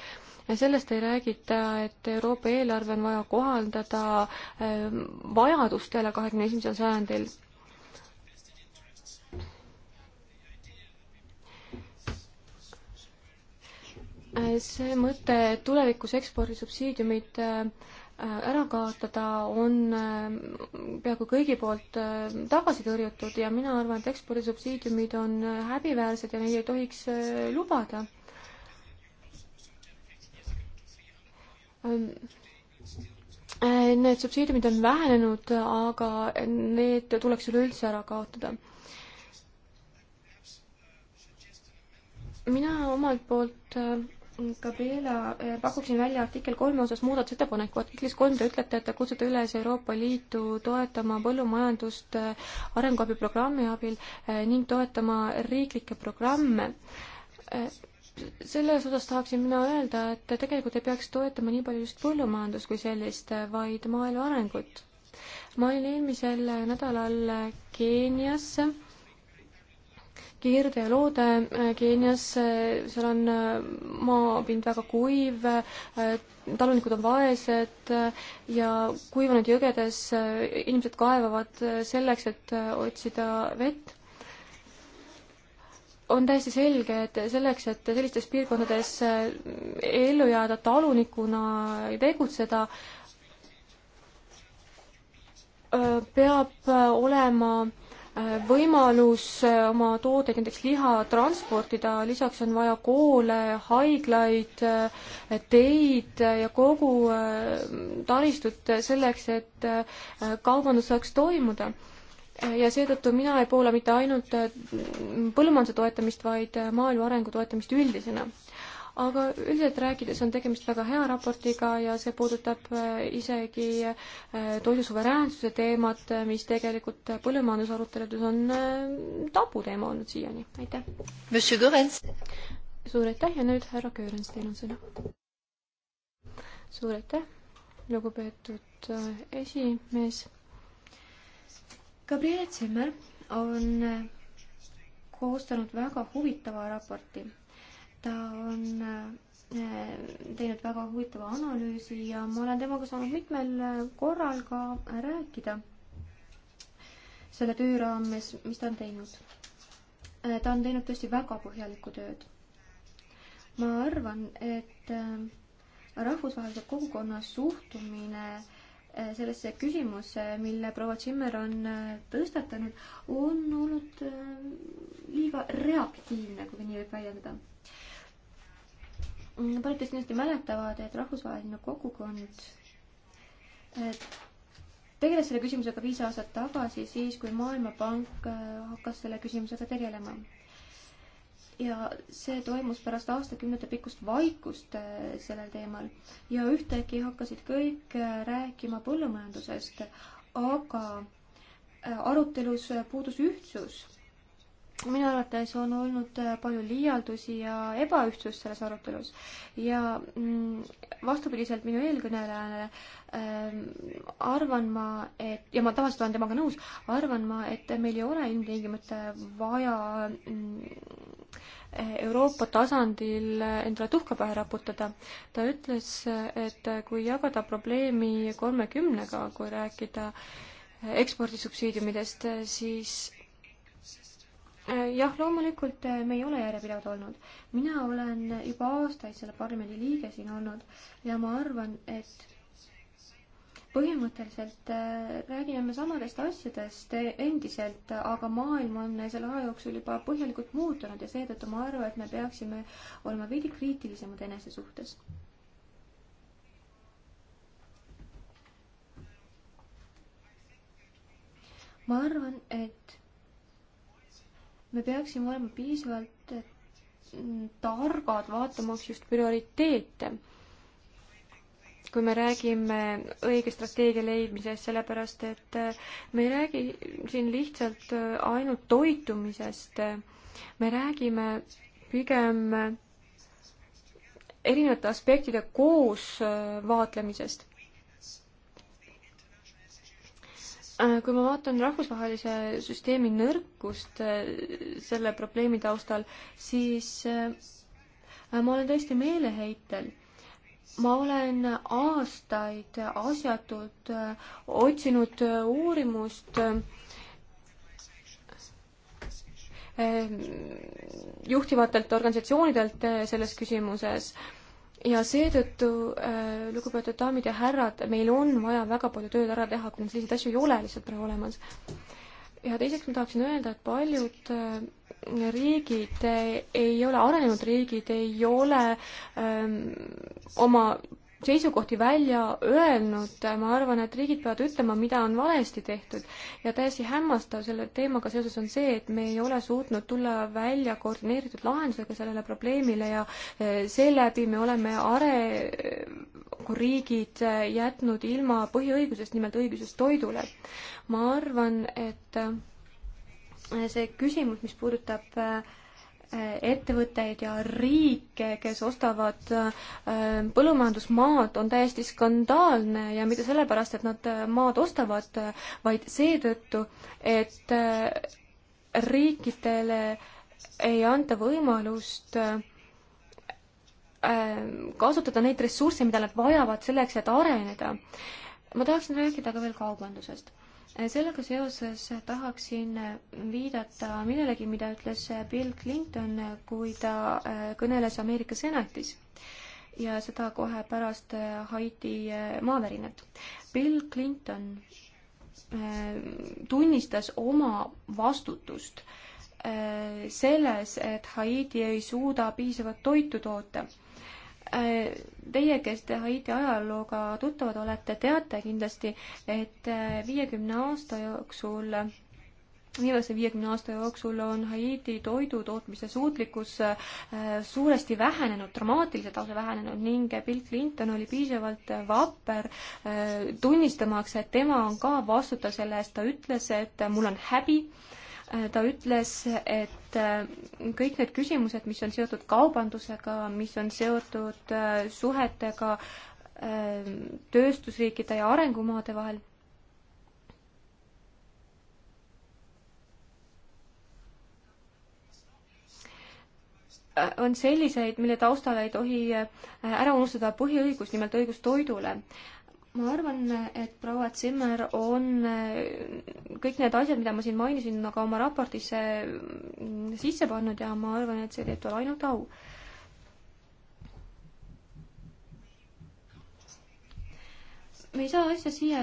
sellest ei räägita, et Euroopa eelarve on vaja kohaldada ähm, vajadustele kahekümne esimesel sajandil äh, see mõte, et tulevikus ekspordisubsiidiumid äh, ära kaotada, on ähm, peaaegu kõigi poolt äh, tagasi tõrjutud ja mina arvan, et ekspordisubsiidiumid on häbiväärsed ja neid ei tohiks lubada. Ähm, äh, need subsiidiumid on vähenenud, aga need tuleks üleüldse ära kaotada. mina omalt poolt äh, Gabriela, äh, pakuksin välja artikkel kolme osas muudatusettepaneku. artiklis kolm te ütlete, et te kutsute üles Euroopa Liitu toetama põllumajandust arenguabiprogrammi abil ning toetama riiklikke programme selles osas tahaksin mina öelda, et tegelikult ei peaks toetama nii palju just põllumajandust kui sellist, vaid maaelu arengut. ma olin eelmisel nädalal Keenias, Kirde ja Loode Keenias, seal on maapind väga kuiv, talunikud on vaesed ja kuivanud jõgedes inimesed kaevavad selleks, et otsida vett on täiesti selge, et selleks, et sellistes piirkondades äh, ellu jääda talunikuna ja tegutseda, äh, peab äh, olema võimalus oma tooteid, näiteks liha, transportida, lisaks on vaja koole, haiglaid, teid ja kogu taristut selleks, et kaubandus saaks toimuda ja seetõttu mina ei poola mitte ainult äh, põllumajanduse toetamist, vaid äh, maaelu arengu toetamist üldisena. aga üldiselt rääkides on tegemist väga hea raportiga ja see puudutab äh, isegi toidusuveräänsuse teemat, mis tegelikult põllumajandusaruteludes on tabuteema olnud siiani. aitäh! suur aitäh ja nüüd härra Köörens, teil on sõna. suur aitäh, lugupeetud esimees Gabriele Zimmer on koostanud väga huvitava raporti. ta on äh, teinud väga huvitava analüüsi ja ma olen temaga saanud mitmel korral ka rääkida selle töö raames, mis ta on teinud. Äh, ta on teinud tõesti väga põhjalikku tööd. ma arvan, et äh, rahvusvahelise kogukonna suhtumine äh, Äh, sellesse küsimusse, mille proua Zimmer on äh, tõstatanud, on olnud äh, liiga reaktiivne, kui nii võib väljendada. Mm, paljud teist kindlasti mäletavad, et rahvusvaheline kogukond tegeles selle küsimusega viis aastat tagasi, siis kui Maailmapank hakkas selle küsimusega tegelema ja see toimus pärast aastakümnete pikkust vaikust äh, sellel teemal ja ühtäkki hakkasid kõik äh, rääkima põllumajandusest, aga äh, arutelus puudus ühtsus minu arvates on olnud äh, palju liialdusi ja ebaühtsust selles arutelus ja mm, vastupidiselt minu eelkõnelejale ähm, arvan ma, et ja ma tavaliselt olen temaga nõus, arvan ma, et meil ei ole ilmtingimata vaja mm, Euroopa tasandil äh, endale tuhka pähe raputada. ta ütles, et kui jagada probleemi kolmekümnega, kui rääkida äh, ekspordisubsiidiumidest, siis Äh, jah, loomulikult äh, me ei ole järjepidevad olnud. mina olen juba aastaid selle parlamendi liige siin olnud ja ma arvan, et põhimõtteliselt äh, räägime me samadest asjadest endiselt, aga maailm on selle aja jooksul juba põhjalikult muutunud ja seetõttu ma arvan, et me peaksime olema veidi kriitilisemad enese suhtes ma arvan, et me peaksime olema piisavalt mm, targad, vaatamaks just prioriteete. kui me räägime õige strateegia leidmisest, sellepärast et äh, me ei räägi siin lihtsalt äh, ainult toitumisest, me räägime pigem äh, erinevate aspektide koos vaatlemisest. Äh, kui ma vaatan rahvusvahelise süsteemi nõrkust äh, selle probleemi taustal, siis äh, ma olen tõesti meeleheitel. ma olen aastaid asjatult otsinud uurimust juhtivatelt organisatsioonidelt selles küsimuses ja seetõttu, äh, lugupeetud daamid ja härrad, meil on vaja väga palju tööd ära teha, kuna selliseid asju ei ole lihtsalt praegu olemas. ja teiseks ma tahaksin öelda, et paljud äh, riigid äh, ei ole, arenenud riigid ei ole öö, ähm, oma seisukohti välja öelnud, ma arvan, et riigid peavad ütlema, mida on valesti tehtud. ja täiesti hämmastav selle teemaga seoses on see, et me ei ole suutnud tulla välja koordineeritud lahendusega sellele probleemile ja eh, seeläbi me oleme arenguriigid eh, eh, jätnud ilma põhiõigusest, nimelt õigusest toidule. ma arvan, et see küsimus, mis puudutab äh, ettevõtteid ja riike, kes ostavad äh, põllumajandusmaad, on täiesti skandaalne ja mitte sellepärast, et nad äh, maad ostavad, vaid seetõttu, et äh, riikidele ei anta võimalust kasutada neid ressursse, mida nad vajavad selleks, et areneda. ma tahaksin rääkida ka veel kaubandusest sellega seoses tahaksin viidata millelegi, mida ütles Bill Clinton, kui ta äh, kõneles Ameerika senatis ja seda kohe pärast äh, Haiti äh, maavärinat. Bill Clinton tunnistas oma vastutust selles, et Haiti ei suuda piisavalt toitu toota Äh, teie, kes te Haiti ajalooga tuttavad olete, teate kindlasti, et äh, viiekümne aasta jooksul viimase viiekümne aasta jooksul on Haiti toidutootmise suutlikkus äh, suuresti vähenenud, dramaatiliselt lausa vähenenud ning Bill Clinton oli piisavalt vapper tunnistamaks, et tema on ka vastutav selle eest, ta ütles, et mul on häbi äh, Äh, ta ütles, et äh, kõik need küsimused, mis on seotud kaubandusega, mis on seotud äh, suhetega tööstusriikide ja arengumaade vahel, on selliseid, mille taustal ei tohi ära unustada põhiõigus, nimelt õigus toidule ma arvan, et proua Zimmer on äh, kõik need asjad, mida ma siin mainisin, aga oma raportisse äh, sisse pannud ja ma arvan, et see teeb talle ainult au. me ei saa asja siia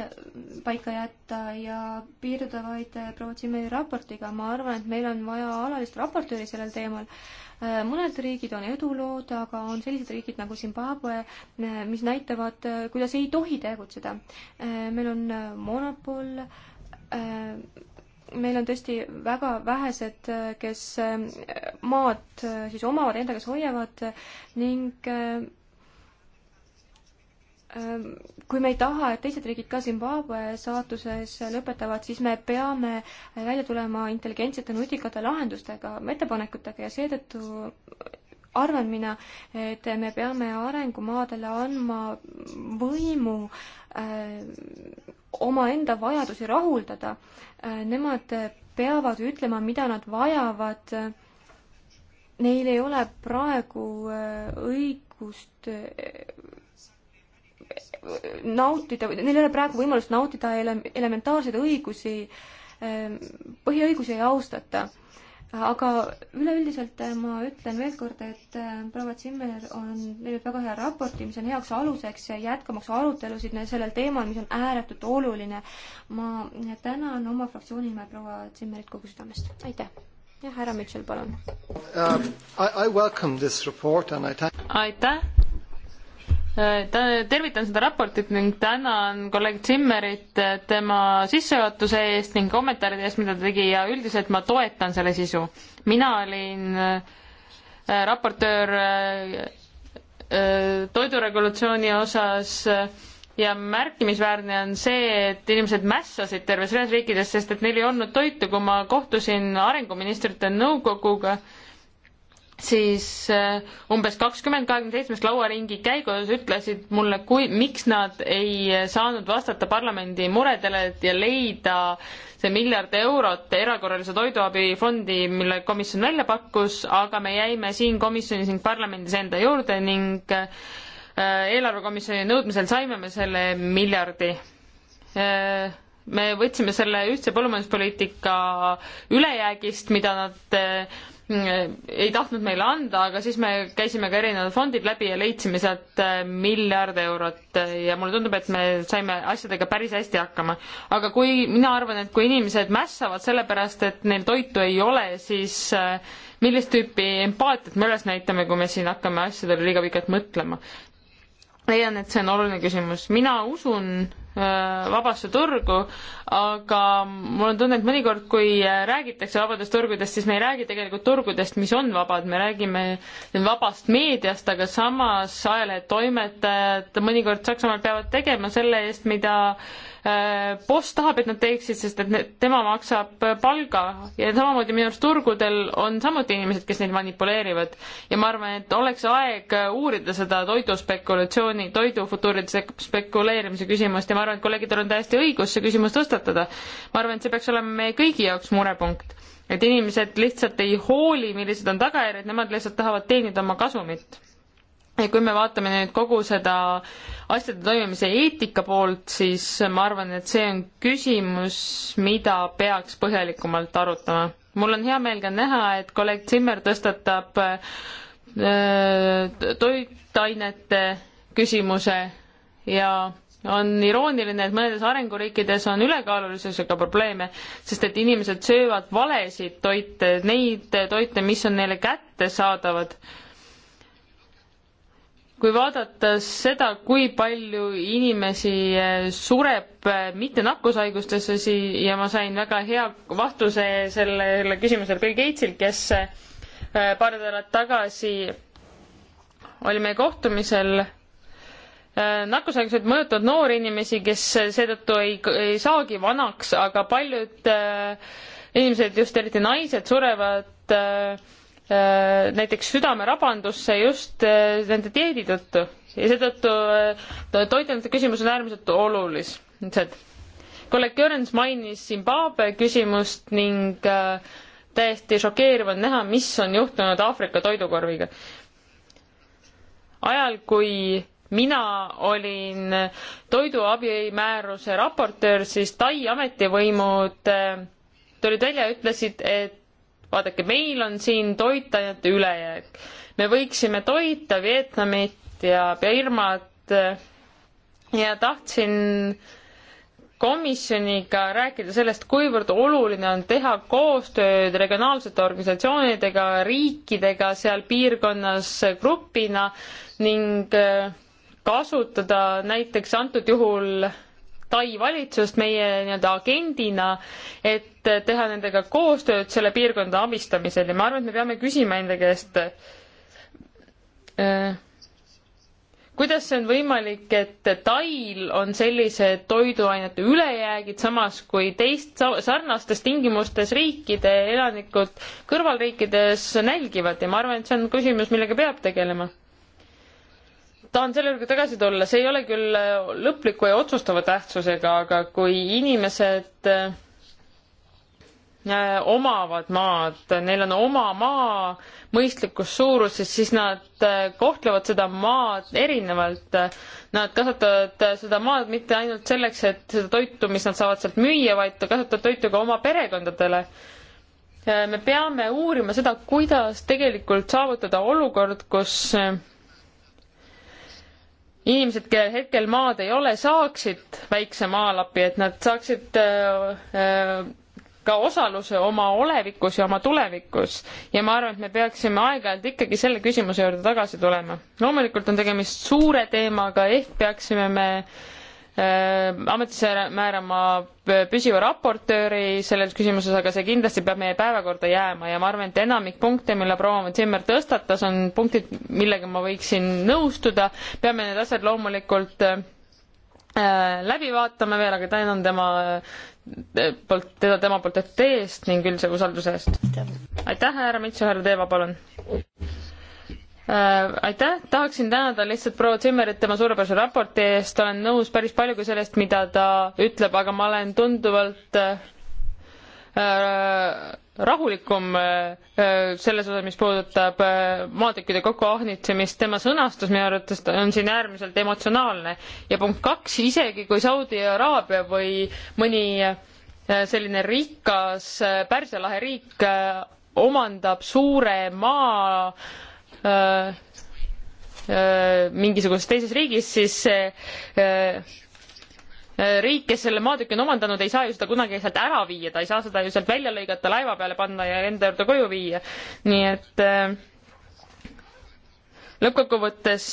paika jätta ja piirduda vaid äh, proua Zimmeri raportiga, ma arvan, et meil on vaja alalist raportööri sellel teemal Äh, mõned riigid on edulood, aga on sellised riigid nagu Zimbabwe, äh, mis näitavad, äh, kuidas ei tohi tegutseda. meil on monopol, meil on tõesti väga vähesed, kes maad siis omavad, enda käes hoiavad ning Ehm, kui me ei taha, et teised riigid ka Zimbabwe saatuses lõpetavad, siis me peame välja tulema intelligentsete nutikate lahendustega, ettepanekutega ja seetõttu arvan mina, et me peame arengumaadele andma võimu äh, omaenda vajadusi rahuldada äh,. Nemad peavad ütlema, mida nad vajavad. Neil ei ole praegu äh, õigust äh, nautida, neil ei ole praegu võimalust nautida ele-, elementaarseid õigusi, ehm, põhiõigusi ei austata. aga üleüldiselt eh, ma ütlen veel kord, et eh, proua Zimmer on teinud väga hea raporti, mis on heaks aluseks jätkamaks arutelusid sellel teemal, mis on ääretult oluline. ma tänan oma fraktsiooni nimel proua Zimmerit kogu südamest, aitäh! jah, härra Mitchell, palun um,. aitäh! tervitan seda raportit ning tänan kolleeg Zimmerit tema sissejuhatuse eest ning kommentaaride eest, mida ta tegi ja üldiselt ma toetan selle sisu. mina olin äh, raportöör äh, äh, toiduregulatsiooni osas ja märkimisväärne on see, et inimesed mässasid terves reas riikides, sest et neil ei olnud toitu, kui ma kohtusin arenguministrite nõukoguga siis äh, umbes kakskümmend kahekümne seitsmest lauaringi käigus ütlesid mulle, kui, miks nad ei saanud vastata parlamendi muredele ja leida see miljard eurot erakorralise toiduabifondi, mille komisjon välja pakkus, aga me jäime siin komisjonis ning parlamendis enda juurde ning äh, eelarvekomisjoni nõudmisel saime me selle miljardi äh, me võtsime selle ühtse põllumajanduspoliitika ülejäägist, mida nad ei tahtnud meile anda, aga siis me käisime ka erinevad fondid läbi ja leidsime sealt äh, miljard eurot ja mulle tundub, et me saime asjadega päris hästi hakkama. aga kui, mina arvan, et kui inimesed mässavad sellepärast, et neil toitu ei ole, siis äh, millist tüüpi empaatiat me üles näitame, kui me siin hakkame asjadele liiga pikalt mõtlema? leian, et see on oluline küsimus. mina usun Äh, vabasse turgu, aga mul on tunne, et mõnikord, kui äh, räägitakse vabadest turgudest, siis me ei räägi tegelikult turgudest, mis on vabad, me räägime vabast meediast, aga samas ajalehed, toimetajad mõnikord Saksamaal peavad tegema selle eest, mida Äh, boss tahab, et nad teeksid, sest et tema maksab äh, palga ja samamoodi minu arust turgudel on samuti inimesed, kes neid manipuleerivad. ja ma arvan, et oleks aeg äh, uurida seda toiduspekulatsiooni, toidufutuuride spekuleerimise küsimust ja ma arvan, et kolleegidel on täiesti õigus see küsimus tõstatada. ma arvan, et see peaks olema meie kõigi jaoks murepunkt. et inimesed lihtsalt ei hooli, millised on tagajärjed, nemad lihtsalt tahavad teenida oma kasumit ja kui me vaatame nüüd kogu seda äh, asjade toimimise eetika poolt, siis ma arvan, et see on küsimus, mida peaks põhjalikumalt arutama. mul on hea meel ka näha, et kolleeg Zimmer tõstatab äh, toitainete küsimuse ja on irooniline, et mõnedes arenguriikides on ülekaalulisusega probleeme, sest et inimesed söövad valesid toite, neid toite, mis on neile kättesaadavad kui vaadata seda, kui palju inimesi eh, sureb eh, mitte nakkushaigustesse sii- ja ma sain väga hea vastuse sellele küsimusele Bill Gatesil, kes eh, paar nädalat tagasi oli meie kohtumisel nakkushaigused mõjutavad noori inimesi, kes seetõttu ei, ei saagi vanaks, aga paljud äh, inimesed, just eriti naised, surevad äh, Äh, näiteks südamerabandusse just äh, nende dieedi tõttu ja seetõttu äh, toitlemise küsimus on äärmiselt olulised. kolleeg Jörens mainis Zimbabwe küsimust ning täiesti šokeeriv on näha, mis on juhtunud Aafrika toidukorviga. ajal, kui mina olin toiduabimääruse raportöör, siis Tai ametivõimud tulid välja ja ütlesid, et vaadake, meil on siin toitajate ülejääk. me võiksime toita Vietnamit ja Birmat ja tahtsin komisjoniga rääkida sellest, kuivõrd oluline on teha koostööd regionaalsete organisatsioonidega, riikidega seal piirkonnas grupina ning äh, kasutada näiteks antud juhul Tai valitsust meie nii-öelda agendina, et teha nendega koostööd selle piirkonda abistamisel ja ma arvan, et me peame küsima enda käest äh,, kuidas see on võimalik, et Tail on sellised toiduainete ülejäägid, samas kui teist sarnastes tingimustes riikide elanikud kõrvalriikides nälgivad ja ma arvan, et see on küsimus, millega peab tegelema tahan selle juurde tagasi tulla, see ei ole küll äh, lõpliku ja otsustava tähtsusega, aga kui inimesed äh, äh, omavad maad, neil on oma maa mõistlikus suuruses, siis nad kohtlevad seda maad erinevalt. Nad kasutavad seda maad mitte ainult selleks, et seda toitu, mis nad saavad sealt müüa, vaid kasutavad toitu ka oma perekondadele. me peame uurima seda, kuidas tegelikult saavutada olukord, kus inimesed, kellel hetkel maad ei ole, saaksid väikse maalapi, et nad saaksid äh, äh, ka osaluse oma olevikus ja oma tulevikus. ja ma arvan, et me peaksime aeg-ajalt ikkagi selle küsimuse juurde tagasi tulema. loomulikult on tegemist suure teemaga, ehk peaksime me äh, Äh, ametisse määrama püsiva raportööri selles küsimuses, aga see kindlasti peab meie päevakorda jääma ja ma arvan, et enamik punkte, mille proua Zimmer tõstatas, on punktid, millega ma võiksin nõustuda. peame need asjad loomulikult äh, läbi vaatama veel, aga tänan tema äh, poolt, teda tema poolt tehtud eest ning üldse usalduse eest. aitäh, härra Mitsu, härra Teeva, palun. Äh, aitäh, tahaksin tänada lihtsalt proua Zimmerit tema suurepärase raporti eest, olen nõus päris paljuga sellest, mida ta ütleb, aga ma olen tunduvalt äh, rahulikum äh, selles osas, mis puudutab äh, maatükkide kokkuahnitsemist, tema sõnastus minu arvates on siin äärmiselt emotsionaalne ja punkt kaks, isegi kui Saudi Araabia või mõni äh, selline rikas äh, Pärsia lahe riik omandab suure maa Äh, äh, mingisuguses teises riigis, siis see äh, riik, kes selle maatüki on omandanud, ei saa ju seda kunagi sealt ära viia, ta ei saa seda ju sealt välja lõigata, laeva peale panna ja enda juurde koju viia. nii et lõppkokkuvõttes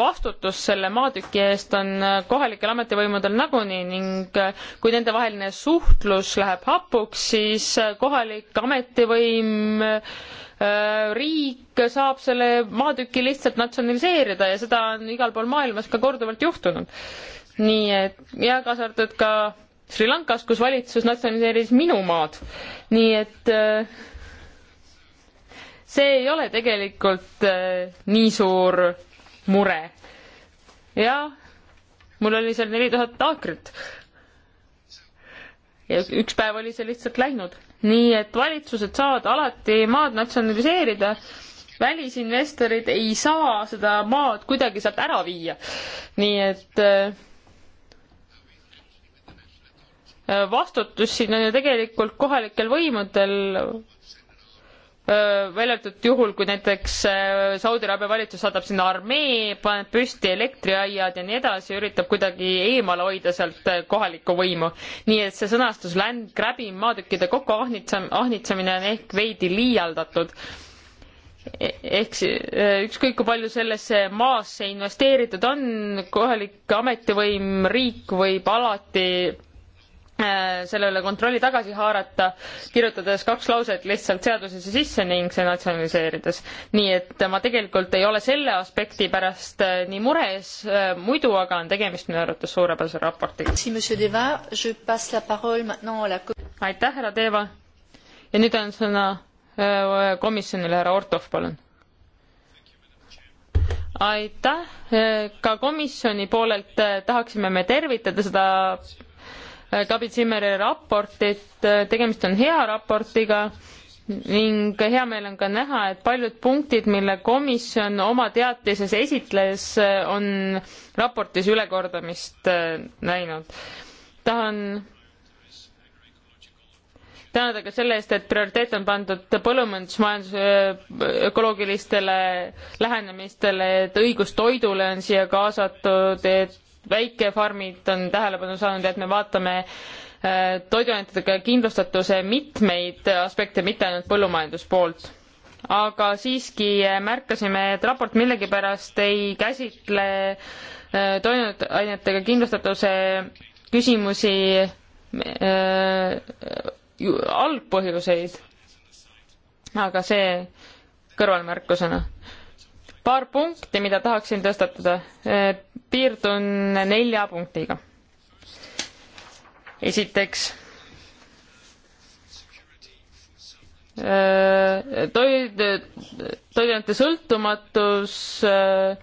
vastutus selle maatüki eest on kohalikel ametivõimudel nagunii ning kui nendevaheline suhtlus läheb hapuks, siis kohalik ametivõim äh, Äh, riik saab selle maatüki lihtsalt natsionaliseerida ja seda on igal pool maailmas ka korduvalt juhtunud. nii et ja kaasa arvatud ka Sri Lankas, kus valitsus natsionaliseeris minu maad. nii et äh, see ei ole tegelikult äh, nii suur mure. jah, mul oli seal neli tuhat aakrit. ja üks päev oli see lihtsalt läinud nii et valitsused saavad alati maad natsionaliseerida, välisinvestorid ei saa seda maad kuidagi sealt ära viia. nii et äh, vastutus siin on ju tegelikult kohalikel võimudel välja arvatud juhul, kui näiteks Saudi Araabia valitsus saadab sinna armee, paneb püsti elektriaiad ja nii edasi, üritab kuidagi eemale hoida sealt kohalikku võimu. nii et see sõnastus land grabbing, maatükkide kokku ahnitsam-, ahnitsamine on ehk veidi liialdatud e-, ehk ükskõik kui palju sellesse maasse investeeritud on, kohalik ametivõim, riik võib alati Äh, selle üle kontrolli tagasi haarata, kirjutades kaks lauset lihtsalt seadusesse sisse ning see natsionaliseerides. nii et ma tegelikult ei ole selle aspekti pärast äh, nii mures, äh, muidu aga on tegemist minu arvates suurepärase raportiga. aitäh, härra Deva. ja nüüd on sõna komisjonile, härra Ortov, palun aitäh, ka komisjoni poolelt tahaksime me tervitada seda Gabi äh, Zimmeri raportit, äh, tegemist on hea raportiga ning hea meel on ka näha, et paljud punktid, mille komisjon oma teatises esitles, äh, on raportis ülekordamist näinud. tahan tänada ka selle eest, et prioriteet on pandud põllumajandusmajanduse ökoloogilistele lähenemistele, et õigus toidule on siia kaasatud, et väikefarmid on tähelepanu saanud ja et me vaatame äh, toiduainetega kindlustatuse mitmeid aspekte, mitte ainult põllumajanduspoolt. aga siiski äh, märkasime, et raport millegipärast ei käsitle äh, toiduainetega kindlustatuse küsimusi äh, algpõhjuseid. aga see kõrvalmärkusena paar punkti, mida tahaksin tõstatada. Äh, piirdun nelja punktiga. esiteks äh, toid, toiduainete sõltumatus äh,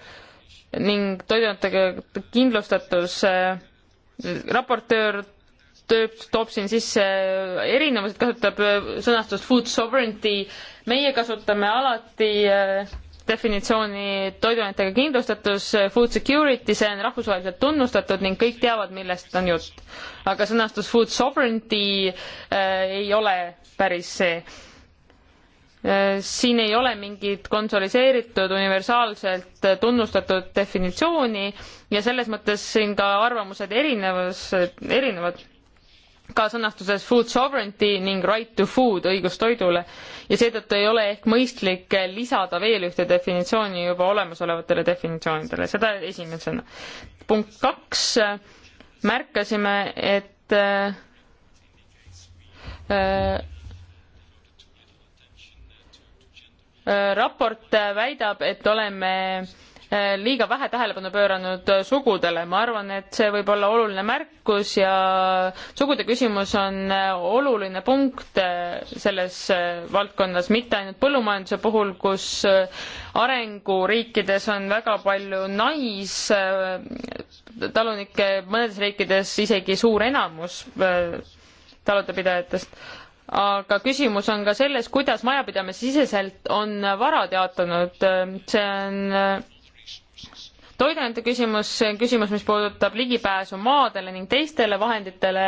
ning toiduainetega kindlustatus. raportöör tööb, toob siin sisse erinevused, kasutab sõnastust food sovereignty. meie kasutame alati definitsiooni toiduainetega kindlustatus, food security, see on rahvusvaheliselt tunnustatud ning kõik teavad, millest on jutt. aga sõnastus food sovereignty äh, ei ole päris see äh,. siin ei ole mingit konsoliseeritud, universaalselt tunnustatud definitsiooni ja selles mõttes siin ka arvamused erinevas, erinevad ka sõnastuses food sovereignty ning right to food õigus toidule ja seetõttu ei ole ehk mõistlik lisada veel ühte definitsiooni juba olemasolevatele definitsioonidele, seda esimesena. punkt kaks, märkasime, et äh, äh, raport väidab, et oleme äh, Eh, liiga vähe tähelepanu pööranud sugudele. ma arvan, et see võib olla oluline märkus ja sugude küsimus on eh, oluline punkt eh, selles valdkonnas, mitte ainult põllumajanduse puhul, kus arenguriikides on väga palju naistalunikke, mõnedes riikides isegi suur enamus taludepidajatest aga küsimus on ka selles, kuidas majapidamissisiselt on varad jaotunud. see on toiduainete küsimus, küsimus, mis puudutab ligipääsu maadele ning teistele vahenditele,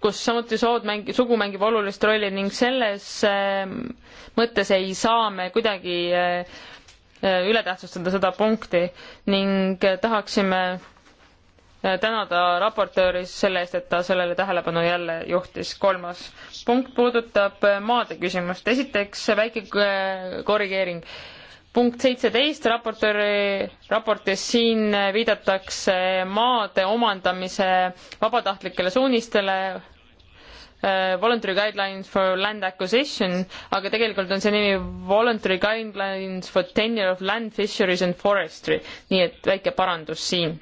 kus samuti sood mängi-, sugu mängib olulist rolli ning selles ähm, mõttes ei saa me kuidagi äh, äh, üle tähtsustada seda punkti ning äh, tahaksime tänada raportööri selle eest, et ta sellele tähelepanu jälle juhtis. kolmas punkt puudutab maade küsimust. esiteks väike korrigeering punkt seitseteist raportööri raportis, siin viidatakse maade omandamise vabatahtlikele suunistele, äh, Voluntary Guidelines for Land Acquisition, aga tegelikult on see nimi Voluntary Guidelines for Tenure of Land Fisheries and Forestry, nii et väike parandus siin.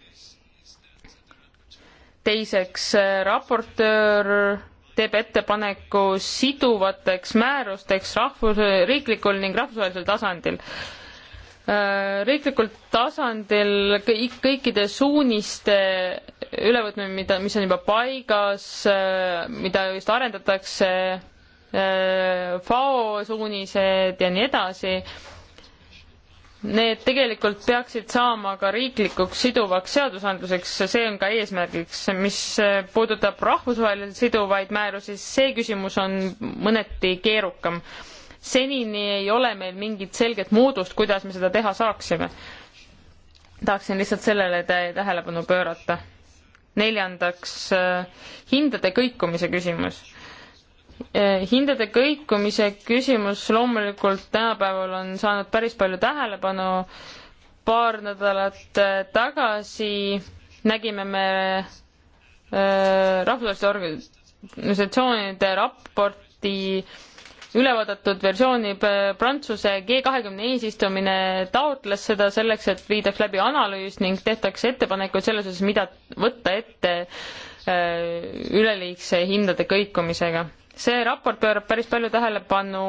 teiseks, äh, raportöör teeb ettepaneku siduvateks määrusteks rahvus, riiklikul ning rahvusvahelisel tasandil. Äh, riiklikul tasandil kõik, kõikide suuniste ülevõtmine, mida, mis on juba paigas, äh, mida just arendatakse, äh, FAO suunised ja nii edasi need tegelikult peaksid saama ka riiklikuks siduvaks seadusandluseks, see on ka eesmärgiks. mis puudutab rahvusvaheliselt siduvaid määrusi, siis see küsimus on mõneti keerukam. senini ei ole meil mingit selget moodust, kuidas me seda teha saaksime. tahaksin lihtsalt sellele tähelepanu pöörata. neljandaks, hindade kõikumise küsimus Eh, hindade kõikumise küsimus loomulikult tänapäeval on saanud päris palju tähelepanu. paar nädalat eh, tagasi nägime me eh, rahvusvaheliste organisatsioonide raporti ülevaadatud versiooni Prantsuse G kahekümne eesistumine taotles seda selleks, et viidaks läbi analüüs ning tehtaks ettepanekuid selles osas, mida võtta ette üleliigse hindade kõikumisega see raport pöörab päris palju tähelepanu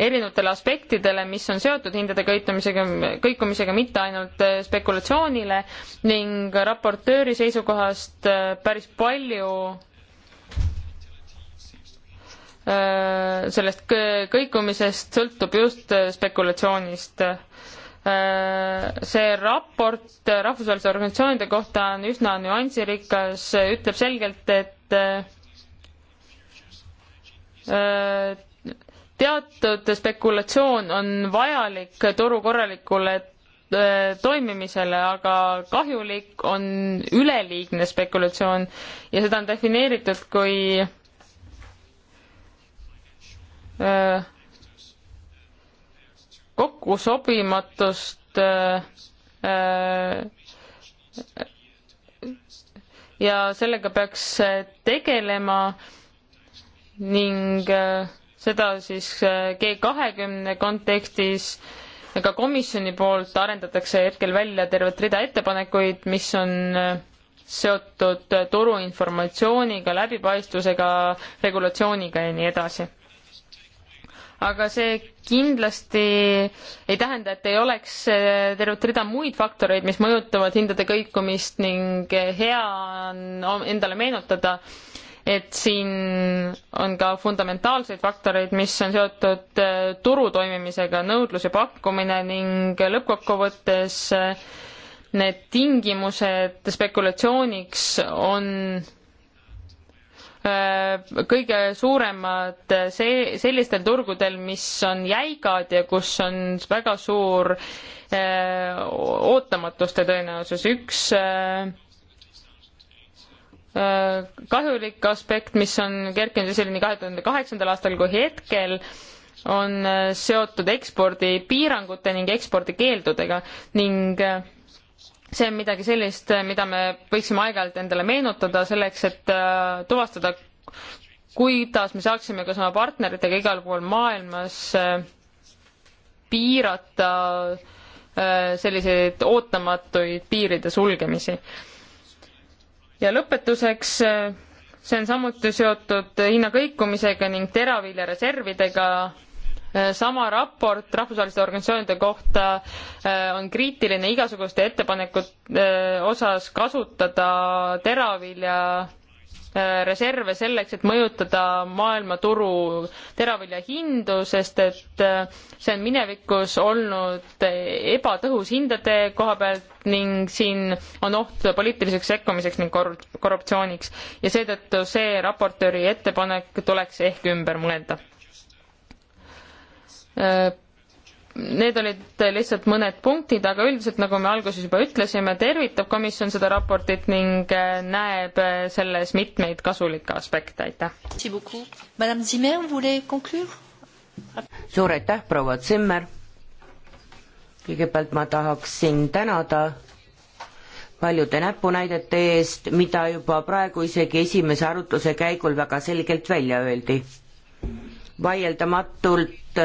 erinevatele aspektidele, mis on seotud hindade kõitumisega, kõikumisega, mitte ainult eh, spekulatsioonile ning raportööri seisukohast eh, päris palju eh, sellest kõikumisest sõltub just spekulatsioonist. see raport rahvusvaheliste organisatsioonide kohta on üsna nüansirikas, ütleb selgelt, et teatud spekulatsioon on vajalik turu korralikule äh, toimimisele, aga kahjulik on üleliigne spekulatsioon ja seda on defineeritud kui äh, kokkusobimatust äh, ja sellega peaks tegelema ning äh, seda siis äh, G kahekümne kontekstis ka komisjoni poolt arendatakse hetkel välja tervet rida ettepanekuid, mis on äh, seotud turuinformatsiooniga, läbipaistvusega, regulatsiooniga ja nii edasi. aga see kindlasti ei tähenda, et ei oleks tervet rida muid faktoreid, mis mõjutavad hindade kõikumist ning hea on endale meenutada, et siin on ka fundamentaalseid faktoreid, mis on seotud äh, turu toimimisega, nõudlus ja pakkumine ning lõppkokkuvõttes äh, need tingimused spekulatsiooniks on äh, kõige suuremad see, sellistel turgudel, mis on jäigad ja kus on väga suur ootamatuste tõenäosus. üks Äh, kahjulik aspekt, mis on kerkinud esile nii kahe tuhande kaheksandal aastal kui hetkel, on äh, seotud ekspordipiirangute ning ekspordikeeldudega ning äh, see on midagi sellist, mida me võiksime aeg-ajalt endale meenutada selleks, et tuvastada, kuidas me saaksime koos oma partneritega igal pool maailmas piirata selliseid ootamatuid piiride sulgemisi ja lõpetuseks, äh, see on samuti seotud hinna kõikumisega ning teraviljareservidega. Äh, sama raport rahvusvaheliste organisatsioonide kohta äh, on kriitiline igasuguste ettepanekute osas kasutada teravilja Äh, reserve selleks, et mõjutada maailmaturu teravilja hindu, sest et äh, see on minevikus olnud ebatõhus hindade koha pealt ning siin on oht poliitiliseks sekkumiseks ning kor-, korruptsiooniks. ja seetõttu see raportööri ettepanek tuleks ehk ümber mõelda äh, Need olid lihtsalt mõned punktid, aga üldiselt, nagu me alguses juba ütlesime, tervitab komisjon seda raportit ning äh, näeb äh, selles mitmeid kasulikke aspekte, aitäh. suur aitäh, proua Zimmer. kõigepealt ma tahaksin tänada paljude näpunäidete eest, mida juba praegu isegi esimese arutluse käigul väga selgelt välja öeldi vaieldamatult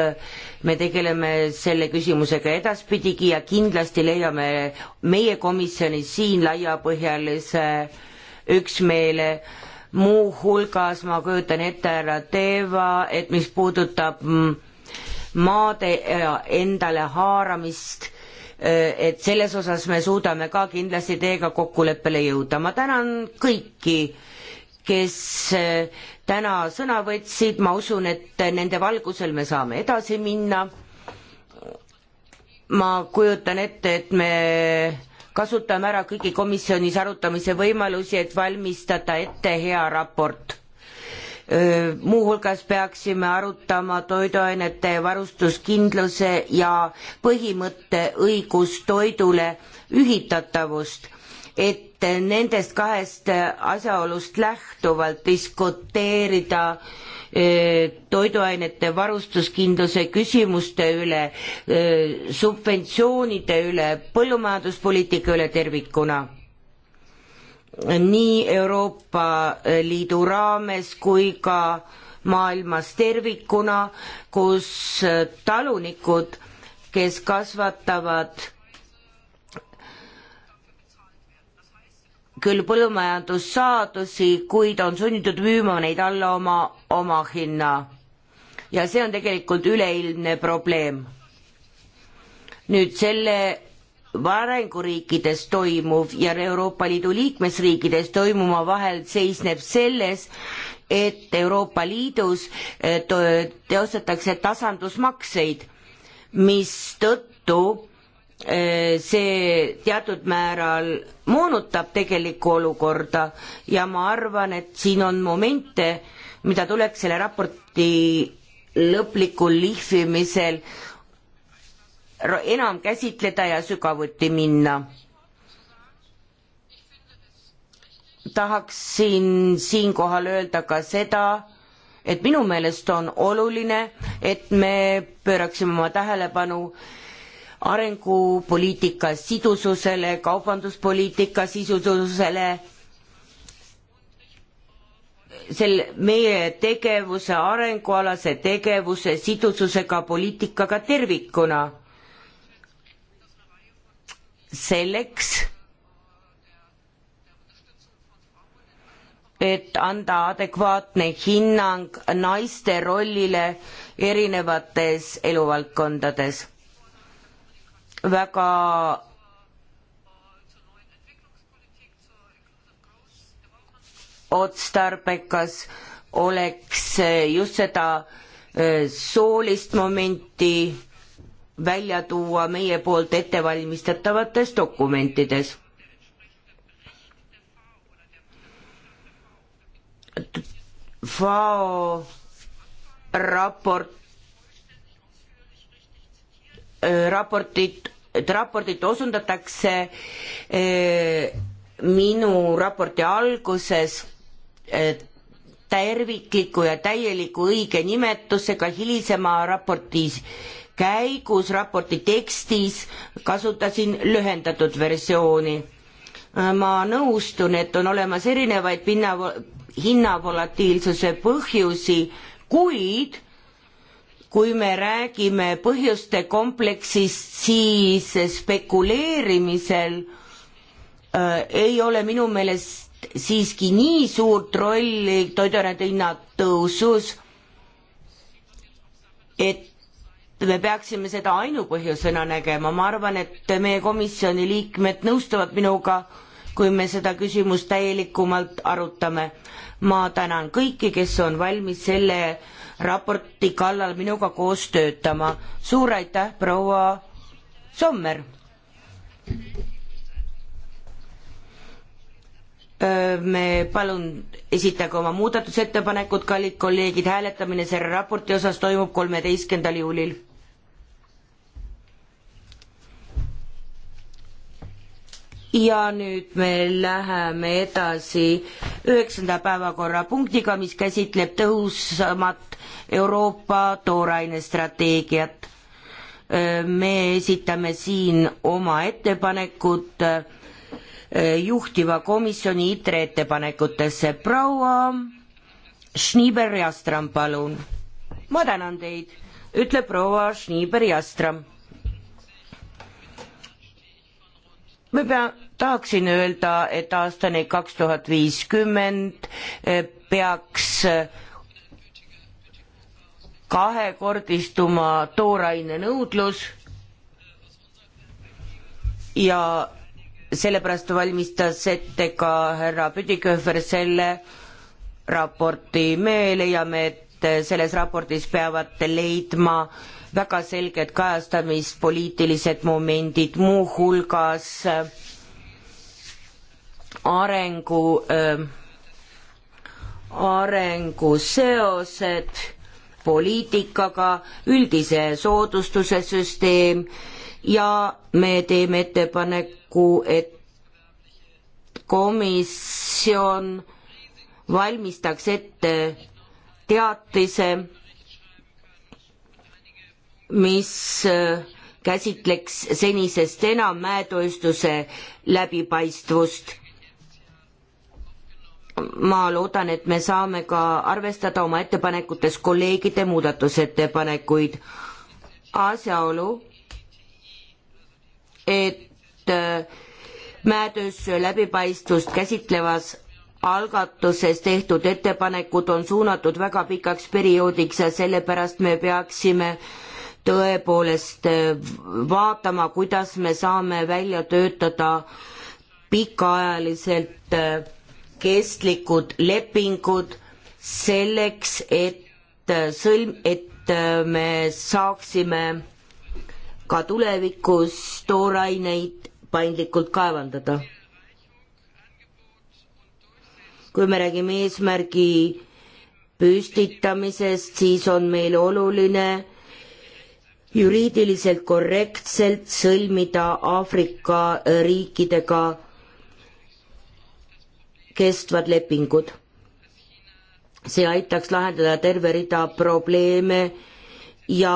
me tegeleme selle küsimusega edaspidigi ja kindlasti leiame meie komisjonis siin laiapõhjalise üksmeele. muuhulgas ma kujutan ette härra Teeva, et mis puudutab maade endale haaramist, et selles osas me suudame ka kindlasti teiega kokkuleppele jõuda. ma tänan kõiki kes eh, täna sõna võtsid, ma usun, et nende valgusel me saame edasi minna. ma kujutan ette, et me kasutame ära kõiki komisjonis arutamise võimalusi, et valmistada ette hea raport. muuhulgas peaksime arutama toiduainete varustuskindluse ja põhimõtte õigus toidule ühitatavust, et nendest kahest äh, asjaolust lähtuvalt diskuteerida äh, toiduainete varustuskindluse küsimuste üle, äh, subventsioonide üle, põllumajanduspoliitika üle tervikuna nii Euroopa Liidu raames kui ka maailmas tervikuna, kus talunikud, kes kasvatavad küll põllumajandussaadusi, kuid on sunnitud müüma neid alla oma omahinna. ja see on tegelikult üleilmne probleem. nüüd selle arenguriikides toimuv ja Euroopa Liidu liikmesriikides toimuma vahel seisneb selles, et Euroopa Liidus eh, teostatakse tasandusmakseid, mistõttu Äh, see teatud määral moonutab tegelikku olukorda ja ma arvan, et siin on momente, mida tuleks selle raporti lõplikul lihvimisel enam käsitleda ja sügavuti minna. tahaksin siinkohal öelda ka seda, et minu meelest on oluline, et me pööraksime oma tähelepanu äh, arengupoliitika sidususele, kaubanduspoliitika sisususele, sel-, meie tegevuse, arengualase tegevuse sidususega poliitikaga tervikuna. selleks, et anda adekvaatne hinnang naiste rollile erinevates eluvaldkondades väga otstarbekas oleks just seda äh, soolist momenti välja tuua meie poolt ettevalmistatavates dokumentides. FAO raport, äh, raportit et raportit osundatakse eh, minu raporti alguses eh, tervikliku ja täieliku õige nimetusega hilisema raportis käigus raporti tekstis kasutasin lühendatud versiooni. ma nõustun, et on olemas erinevaid pinna, hinnavolatiilsuse põhjusi, kuid kui me räägime põhjuste kompleksist, siis spekuleerimisel äh, ei ole minu meelest siiski nii suurt rolli toiduainete hinna tõusus, et me peaksime seda ainupõhjusena nägema, ma arvan, et meie komisjoni liikmed nõustuvad minuga, kui me seda küsimust täielikumalt arutame. ma tänan kõiki, kes on valmis selle äh, raporti kallal minuga koos töötama. suur aitäh, proua Sommer! me palun esitage oma muudatusettepanekud, kallid kolleegid, hääletamine selle raporti osas toimub kolmeteistkümnendal juulil ja nüüd me läheme edasi üheksanda päevakorrapunktiga, mis käsitleb tõhusamat Euroopa toorainestrateegiat. me esitame siin oma ettepanekud juhtiva komisjoni ITRE ettepanekutesse. proua Schnieber-Jastram, palun. ma tänan teid, ütleb proua Schnieber-Jastram me pea-, tahaksin öelda, et aastani kaks tuhat viiskümmend eh, peaks eh, kahekordistuma tooraine nõudlus ja sellepärast valmistas ette ka härra Püdiköhver selle raporti. me leiame, et selles raportis peavad leidma äh, väga selged kajastamist, poliitilised momendid, muuhulgas äh, arengu, äh, arenguseosed poliitikaga, üldise soodustuse süsteem ja me teeme ettepaneku, et komisjon valmistaks ette teatise mis äh, käsitleks senisest enam mäetööstuse läbipaistvust. ma loodan, et me saame ka arvestada oma ettepanekutes kolleegide muudatusettepanekuid. asjaolu, et äh, mäetööstuse läbipaistvust käsitlevas algatuses tehtud ettepanekud on suunatud väga pikaks perioodiks ja sellepärast me peaksime äh, tõepoolest eh, vaatama, kuidas me saame välja töötada pikaajaliselt eh, kestlikud lepingud selleks, et eh, sõlm, et me saaksime ka tulevikus tooraineid paindlikult kaevandada. kui me räägime eesmärgi püstitamisest, siis on meil oluline juriidiliselt korrektselt sõlmida Aafrika äh, riikidega kestvad lepingud. see aitaks lahendada terve rida probleeme ja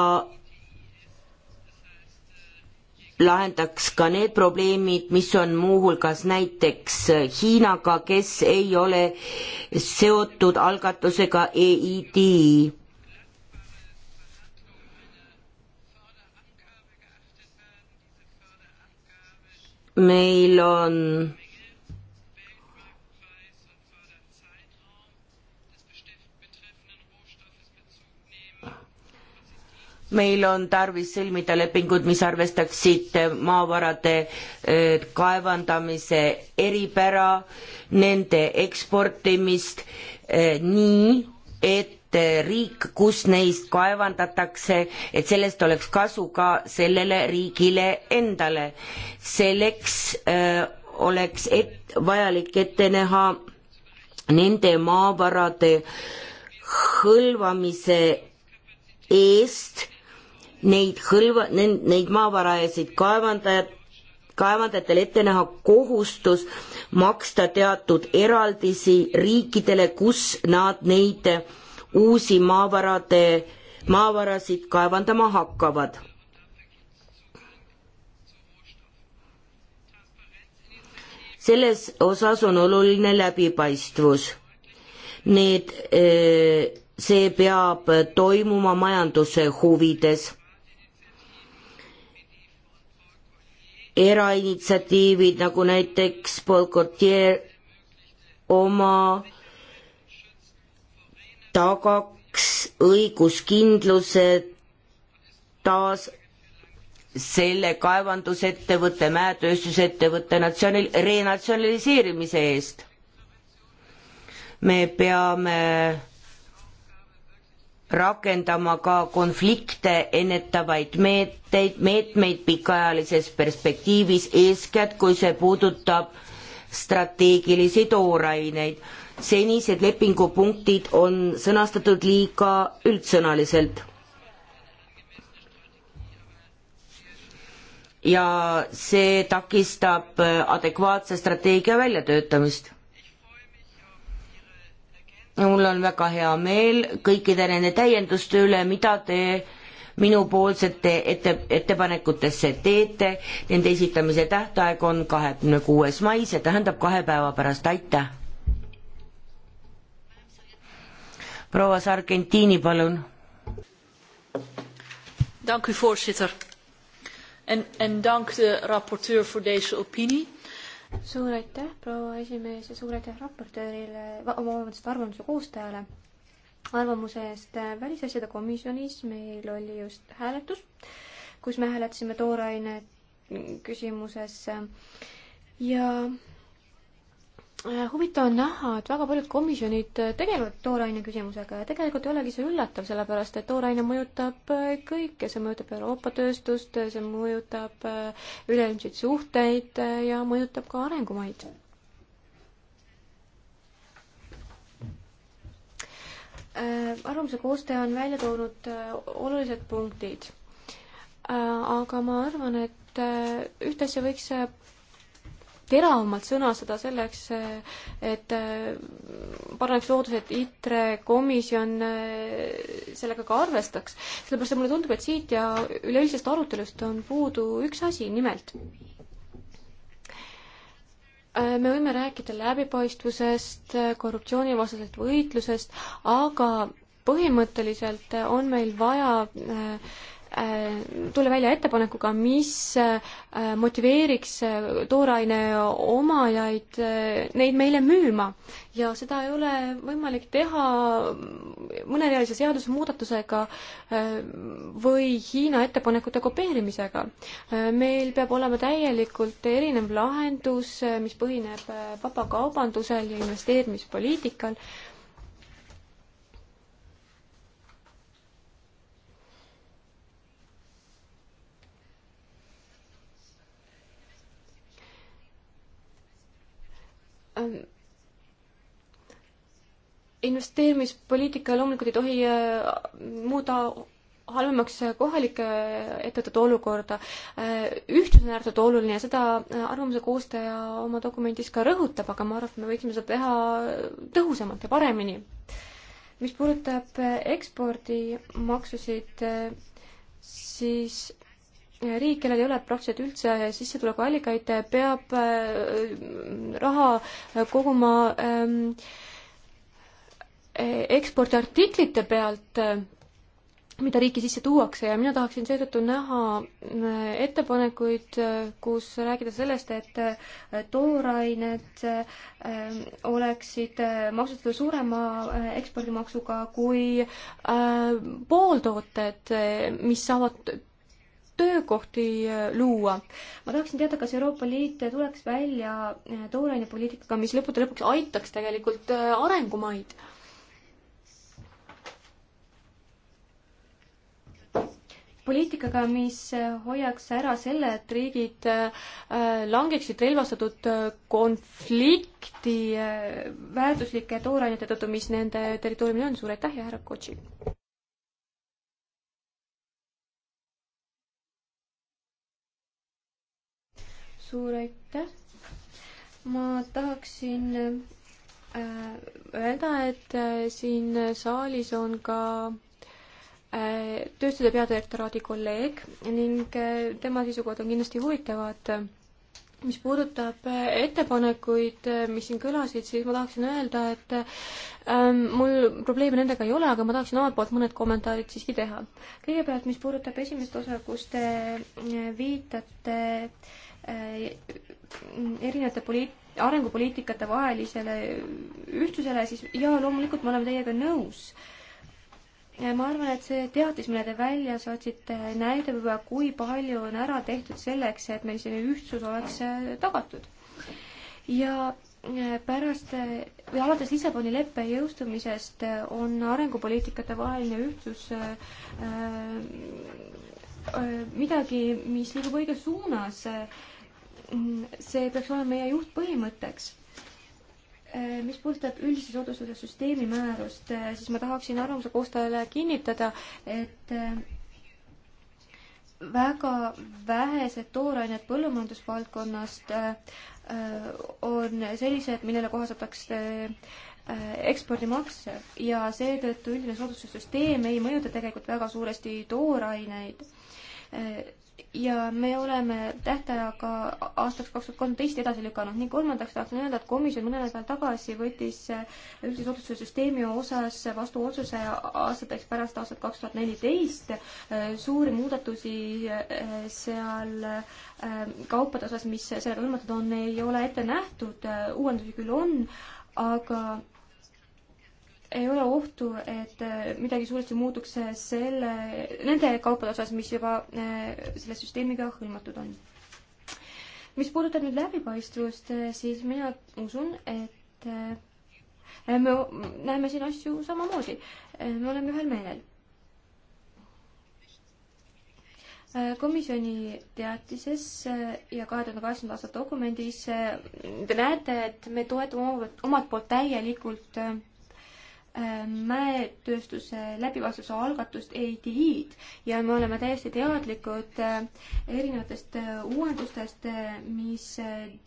lahendaks ka need probleemid, mis on muuhulgas näiteks Hiinaga, kes ei ole seotud algatusega EIDI. meil on meil on tarvis sõlmida lepingud, mis arvestaksid maavarade eh, kaevandamise eripära, nende eksportimist eh, nii, et riik, kus neist kaevandatakse, et sellest oleks kasu ka sellele riigile endale. selleks öö, äh, oleks et, vajalik ette näha nende maavarade hõlvamise eest, neid hõlva, neid maavarajasid kaevandajad, kaevandajatel ette näha kohustus maksta teatud eraldisi riikidele, kus nad neid äh, uusi maavarade, maavarasid kaevandama hakkavad. selles osas on oluline läbipaistvus. Need, eh, see peab toimuma majanduse huvides erainitsiatiivid nagu näiteks Paul Gaultier oma tagaks õiguskindluse taas selle kaevandusettevõtte, mäetööstusettevõtte natsional-, renatsionaliseerimise eest. me peame rakendama ka konflikte ennetavaid meetmeid, meetmeid pikaajalises perspektiivis, eeskätt kui see puudutab strateegilisi tooraineid senised lepingupunktid on sõnastatud liiga üldsõnaliselt. ja see takistab äh, adekvaatse strateegia väljatöötamist. mul on väga hea meel kõikide nende täienduste üle, mida te minupoolsete ette, ettepanekutesse teete, nende esitamise tähtaeg on kahekümne kuues mai, see tähendab kahe päeva pärast, aitäh! proua Sargentini, palun. Dank u voorzitter en, en dank de rapporteur voor deze opinie suur aitäh, proua esimees ja suur aitäh raportöörile, vabandust, arvamuse koostajale arvamuse eest. Äh, välisasjade komisjonis meil oli just hääletus, kus me hääletasime tooraine küsimuses äh, ja Äh, huvitav on näha, et väga paljud komisjonid äh, tegelevad tooraine küsimusega ja tegelikult ei olegi see üllatav, sellepärast et tooraine mõjutab äh, kõike, see mõjutab Euroopa tööstust, see mõjutab üleilmseid suhteid ja mõjutab ka arengumaid. arvamuse koostaja on välja toonud olulised punktid. aga ma arvan, et ühte asja võiks teravamalt sõnastada selleks, et äh, paraneks loodus, et ITRE komisjon äh, sellega ka arvestaks. sellepärast, et mulle tundub, et siit ja üleüldisest arutelust on puudu üks asi, nimelt äh, me võime rääkida läbipaistvusest, korruptsioonivastasest võitlusest, aga põhimõtteliselt on meil vaja äh, Äh, tulla välja ettepanekuga, mis äh, motiveeriks äh, tooraine omajaid neid meile müüma ja seda ei ole võimalik teha mõnerealise seadusemuudatusega või Hiina ettepanekute kopeerimisega. meil peab olema täielikult erinev lahendus, mis põhineb vabakaubandusel ja investeerimispoliitikal Ähm, investeerimispoliitika loomulikult ei tohi äh, muuda halvemaks kohalike ettevõtete olukorda. Äh, ühtsus on ääretult oluline ja seda äh, arvamuse koostaja oma dokumendis ka rõhutab, aga ma arvan, et me võiksime seda teha tõhusamalt ja paremini. mis puudutab ekspordimaksusid, siis riik, kellel ei ole praktiliselt üldse sissetulekuallikaid, peab äh, raha koguma ähm, ekspordiartiklite pealt, äh, mida riiki sisse tuuakse ja mina tahaksin seetõttu näha äh, ettepanekuid, kus rääkida sellest, et toorained oleksid maksustatud suurema ekspordimaksuga kui pooltooted, mis saavad töökohti äh, luua. ma tahaksin teada, kas Euroopa Liit tuleks välja äh, toorainepoliitikaga, mis lõppude lõpuks aitaks tegelikult äh, arengumaid? poliitikaga, mis hoiaks ära selle, et riigid langeksid relvastatud konflikti väärtuslike toorainete tõttu, mis nende territooriumil on. suur aitäh ja härra Kotši! suur aitäh! ma tahaksin äh, öelda, et äh, siin saalis on ka äh, tööstuse peadirektoraadi kolleeg ning tema seisukohad on kindlasti huvitavad. mis puudutab ettepanekuid, mis siin kõlasid, siis ma tahaksin öelda, et ähm, mul probleeme nendega ei ole, aga ma tahaksin omalt poolt mõned kommentaarid siiski teha. kõigepealt, mis puudutab esimest osa, kus te viitate äh, Äh, erinevate poliit-, arengupoliitikate vahelisele ühtsusele, siis jaa, loomulikult me oleme teiega nõus. ma arvan, et see teatis, mille te välja saatsite, näitab juba, kui palju on ära tehtud selleks, et meil selline ühtsus oleks äh, tagatud. ja äh, pärast või alates Lissaboni leppe jõustumisest on arengupoliitikate vaheline ühtsus äh, midagi, mis liigub õiges suunas äh, see peaks olema meie juhtpõhimõtteks. Äh, mis puudutab üldise soodustuse süsteemi määrust, äh, siis ma tahaksin arvamuse koostajale kinnitada, et äh, väga vähesed toorained põllumajandusvaldkonnast on sellised, millele kohastatakse ekspordimakse ja seetõttu üldine soodustussüsteem ei mõjuta tegelikult väga suuresti tooraineid ja me oleme tähtajaga aastaks kaks tuhat kolmteist edasi lükanud ning kolmandaks tahaksin öelda, et komisjon mõne nädala tagasi võttis äh, üldise otsustussüsteemi osas vastu otsuse aastateks pärast aastat kaks tuhat neliteist. Äh, suuri muudatusi äh, seal kaupade osas, mis sellega hõlmatud on, ei ole ette nähtud, uuendusi küll on, aga ei ole ohtu, et äh, midagi suuresti muutuks selle, nende kaupade osas, mis juba äh, selle süsteemiga hõlmatud on. mis puudutab nüüd läbipaistvust, äh, siis mina usun, et me näeme siin asju samamoodi. me oleme ühel meelel. komisjoni teatises ja kahe tuhande kaheksanda aasta dokumendis te näete, et me toetame omalt poolt täielikult äh, Äh, mäetööstuse läbivalvsuse algatust ATI-d ja me oleme täiesti teadlikud äh, erinevatest äh, uuendustest, mis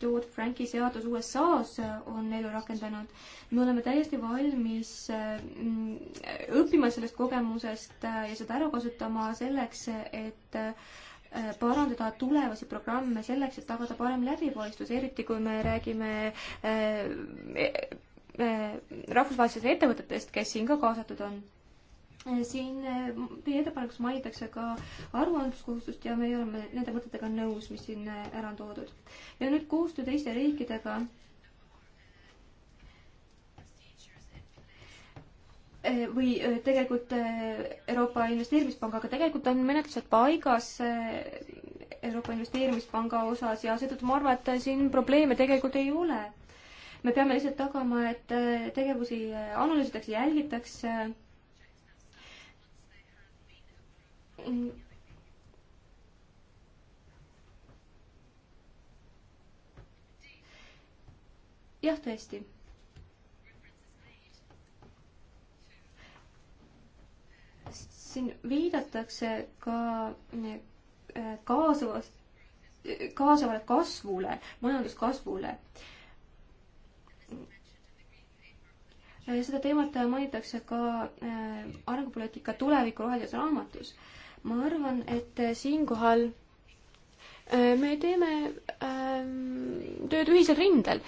Dodd-Franki seadus USA-s on ellu rakendanud. me oleme täiesti valmis õppima sellest kogemusest ja seda ära kasutama selleks, et parandada tulevasi programme selleks, et tagada parem läbipaistvus, eriti kui me räägime Äh, rahvusvahelistest ettevõtetest, kes siin ka kaasatud on. Äh, siin äh, teie ettepanekus mainitakse ka aruandluskohustust ja me oleme nende mõtetega nõus, mis siin ära on toodud. ja nüüd koostöö teiste riikidega. või tegelikult Euroopa Investeerimispangaga, tegelikult on menetlused paigas Euroopa Investeerimispanga osas ja seetõttu ma arvan, et siin probleeme tegelikult ei ole me peame lihtsalt tagama, et äh, tegevusi äh, analüüsitakse, jälgitakse. jah, tõesti siin viidatakse ka äh, kaasavast, kaasavale kasvule, majanduskasvule. seda teemat mainitakse ka äh, arengupoliitika tuleviku rohelises raamatus. ma arvan, et äh, siinkohal äh, me teeme tööd ühisel rindel.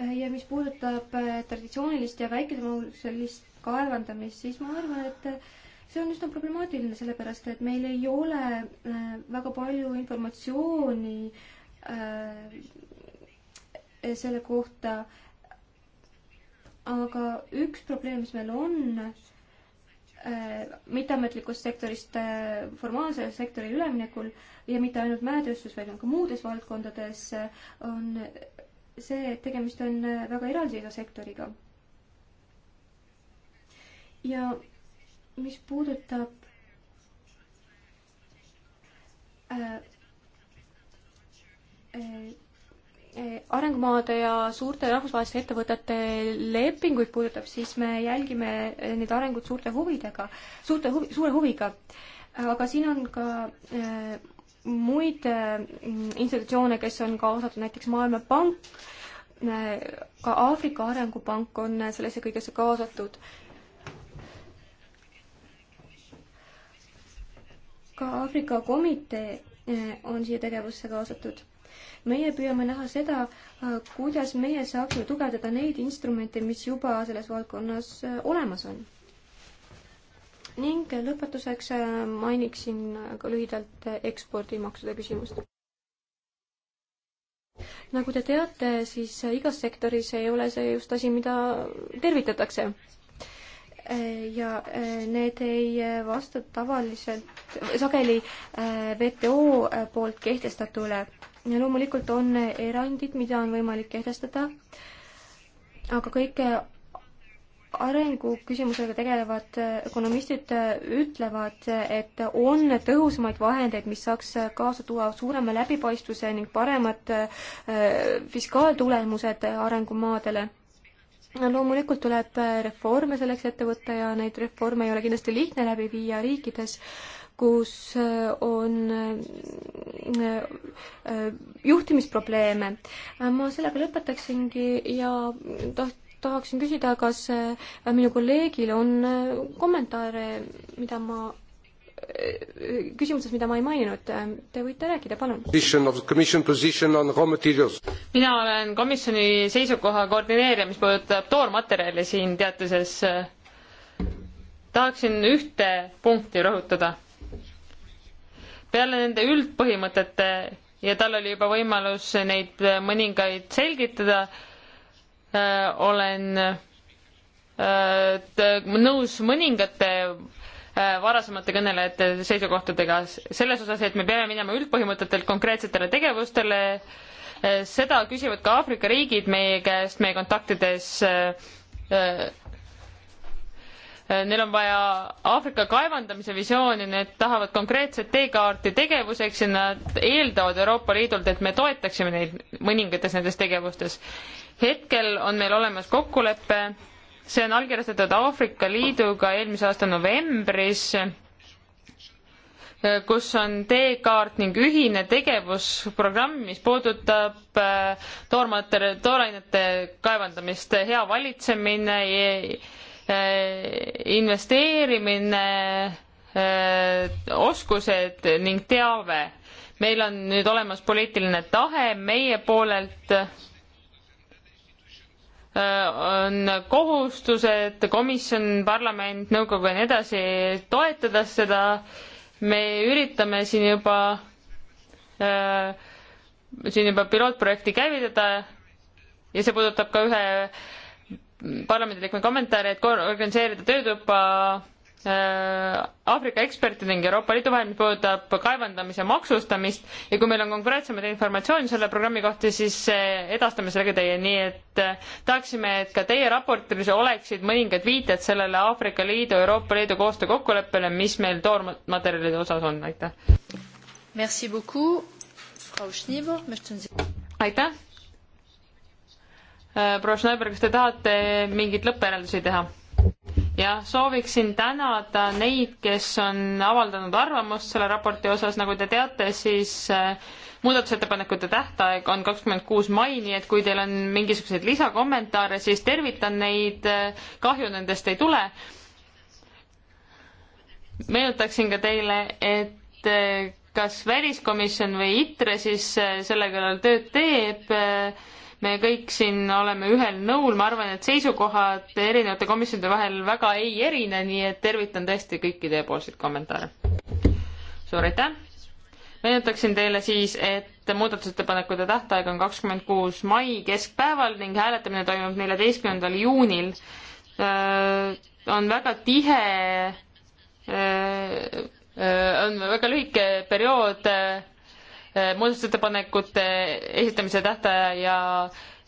ja mis puudutab traditsioonilist ja väikesemahulist kaevandamist, siis ma arvan, et see on üsna problemaatiline, sellepärast et meil ei ole väga palju informatsiooni selle kohta. aga üks probleem, mis meil on äh, mitteametlikust sektorist äh, formaalsele sektorile üleminekul ja mitte ainult mäetööstus, vaid on ka muudes valdkondades, äh, on see, et tegemist on väga eraldiseisva sektoriga. ja mis puudutab äh, äh, arengumaade ja suurte rahvusvaheliste ettevõtete lepinguid puudutab, siis me jälgime eh, neid arenguid suurte huvidega, suurte huvi, suure huviga. aga siin on ka äh, muid äh, institutsioone, kes on kaasatud, näiteks Maailmapank äh,, ka Aafrika Arengupank on sellesse kõigesse kaasatud. ka Aafrika Komitee on siia tegevusse kaasatud meie püüame näha seda, äh, kuidas meie saaksime tugevdada neid instrumente, mis juba selles valdkonnas äh, olemas on. ning lõpetuseks äh, mainiksin ka lühidalt ekspordimaksude küsimust. nagu te teate, siis igas sektoris ei ole see just asi, mida tervitatakse ja need ei vasta tavaliselt, sageli WTO poolt kehtestatule ja loomulikult on erandid, mida on võimalik kehtestada, aga kõik arenguküsimusega tegelevad ökonomistid ütlevad, et on tõhusamaid vahendeid, mis saaks kaasa tuua suurema läbipaistvuse ning paremad äh, fiskaaltulemused arengumaadele. loomulikult tuleb reforme selleks ette võtta ja neid reforme ei ole kindlasti lihtne läbi viia riikides, kus äh, on äh, äh, juhtimisprobleeme. ma sellega lõpetaksingi ja taht-, tahaksin küsida, kas minu kolleegil on kommentaare, mida ma küsimuses, mida ma ei maininud, te võite rääkida, palun. mina olen komisjoni seisukoha koordineerija, mis puudutab toormaterjali siin teatises. tahaksin ühte punkti rõhutada peale nende üldpõhimõtete ja tal oli juba võimalus neid mõningaid selgitada, äh, olen äh, nõus mõningate äh, varasemate kõnelejate seisukohtadega selles osas, et me peame minema üldpõhimõtetelt konkreetsetele tegevustele, seda küsivad ka Aafrika riigid meie käest, meie kontaktides Neil on vaja Aafrika kaevandamise visiooni, need tahavad konkreetset teekaarti tegevuseks ja nad eeldavad Euroopa Liidult, et me toetaksime neid mõningates nendes tegevustes. hetkel on meil olemas kokkulepe, see on allkirjastatud Aafrika Liiduga eelmise aasta novembris kus on teekaart ning ühine tegevusprogramm, mis puudutab äh, toormaterjali, toorainete kaevandamist, hea valitsemine, Eh, investeerimine, eh, oskused ning teave. meil on nüüd olemas poliitiline tahe meie poolelt eh, on kohustused, komisjon, parlament, nõukogu ja nii edasi, toetades seda, me üritame siin juba, siin juba pilootprojekti käivitada ja see puudutab ka ühe parlamendiliikme kommentaare, et organiseerida töötuppa äh, Aafrika ekspertide ning Euroopa Liidu vahel, mis puudutab kaevandamise maksustamist ja kui meil on konkreetsemat informatsiooni selle programmi kohta, siis äh, edastame selle ka teie, nii et äh, tahaksime, et ka teie raportis oleksid mõningad viited sellele Aafrika Liidu, Euroopa Liidu koostöö kokkuleppele, mis meil toormaterjalide osas on, aitäh. aitäh Äh, proua Schneiber, kas te tahate mingeid lõppjäreldusi teha? jah, sooviksin tänada neid, kes on avaldanud arvamust selle raporti osas, nagu te teate, siis äh, muudatusettepanekute tähtaeg on kakskümmend kuus mai, nii et kui teil on mingisuguseid lisakommentaare, siis tervitan neid, äh, kahju nendest ei tule. meenutaksin ka teile, et kas väliskomisjon või ITRE siis selle kõrval tööd teeb me kõik siin oleme ühel nõul, ma arvan, et seisukohad erinevate komisjonide vahel väga ei erine, nii et tervitan tõesti kõiki teiepoolseid kommentaare. suur aitäh! meenutaksin teile siis, et muudatusettepanekute tähtaeg on kakskümmend kuus mai keskpäeval ning hääletamine toimub neljateistkümnendal juunil. on väga tihe, on väga lühike periood Äh, muudatusettepanekute esitamise tähtaja ja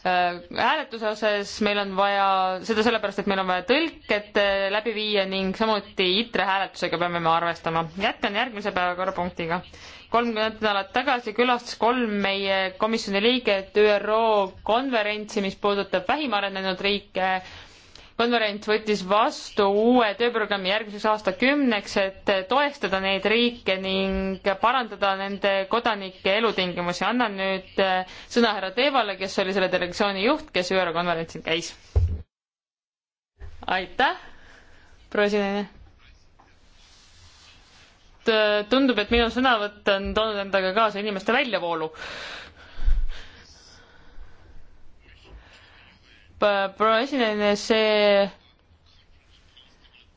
äh, hääletuse osas meil on vaja, seda sellepärast, et meil on vaja tõlked äh, läbi viia ning samuti ITRE hääletusega peame me arvestama. jätkan järgmise päevakorrapunktiga. kolmkümmend nädalat tagasi külastas kolm meie komisjoni liiget ÜRO konverentsi, mis puudutab vähim arenenud riike konverents võttis vastu uue tööprogrammi järgmiseks aastakümneks, et toestada neid riike ning parandada nende kodanike elutingimusi. annan nüüd äh, sõna härra Teevale, kes oli selle delegatsiooni juht, kes ÜRO konverentsil käis. aitäh, proua Sinine. tundub, et minu sõnavõtt on toonud endaga kaasa inimeste väljavoolu Äh, presidendina see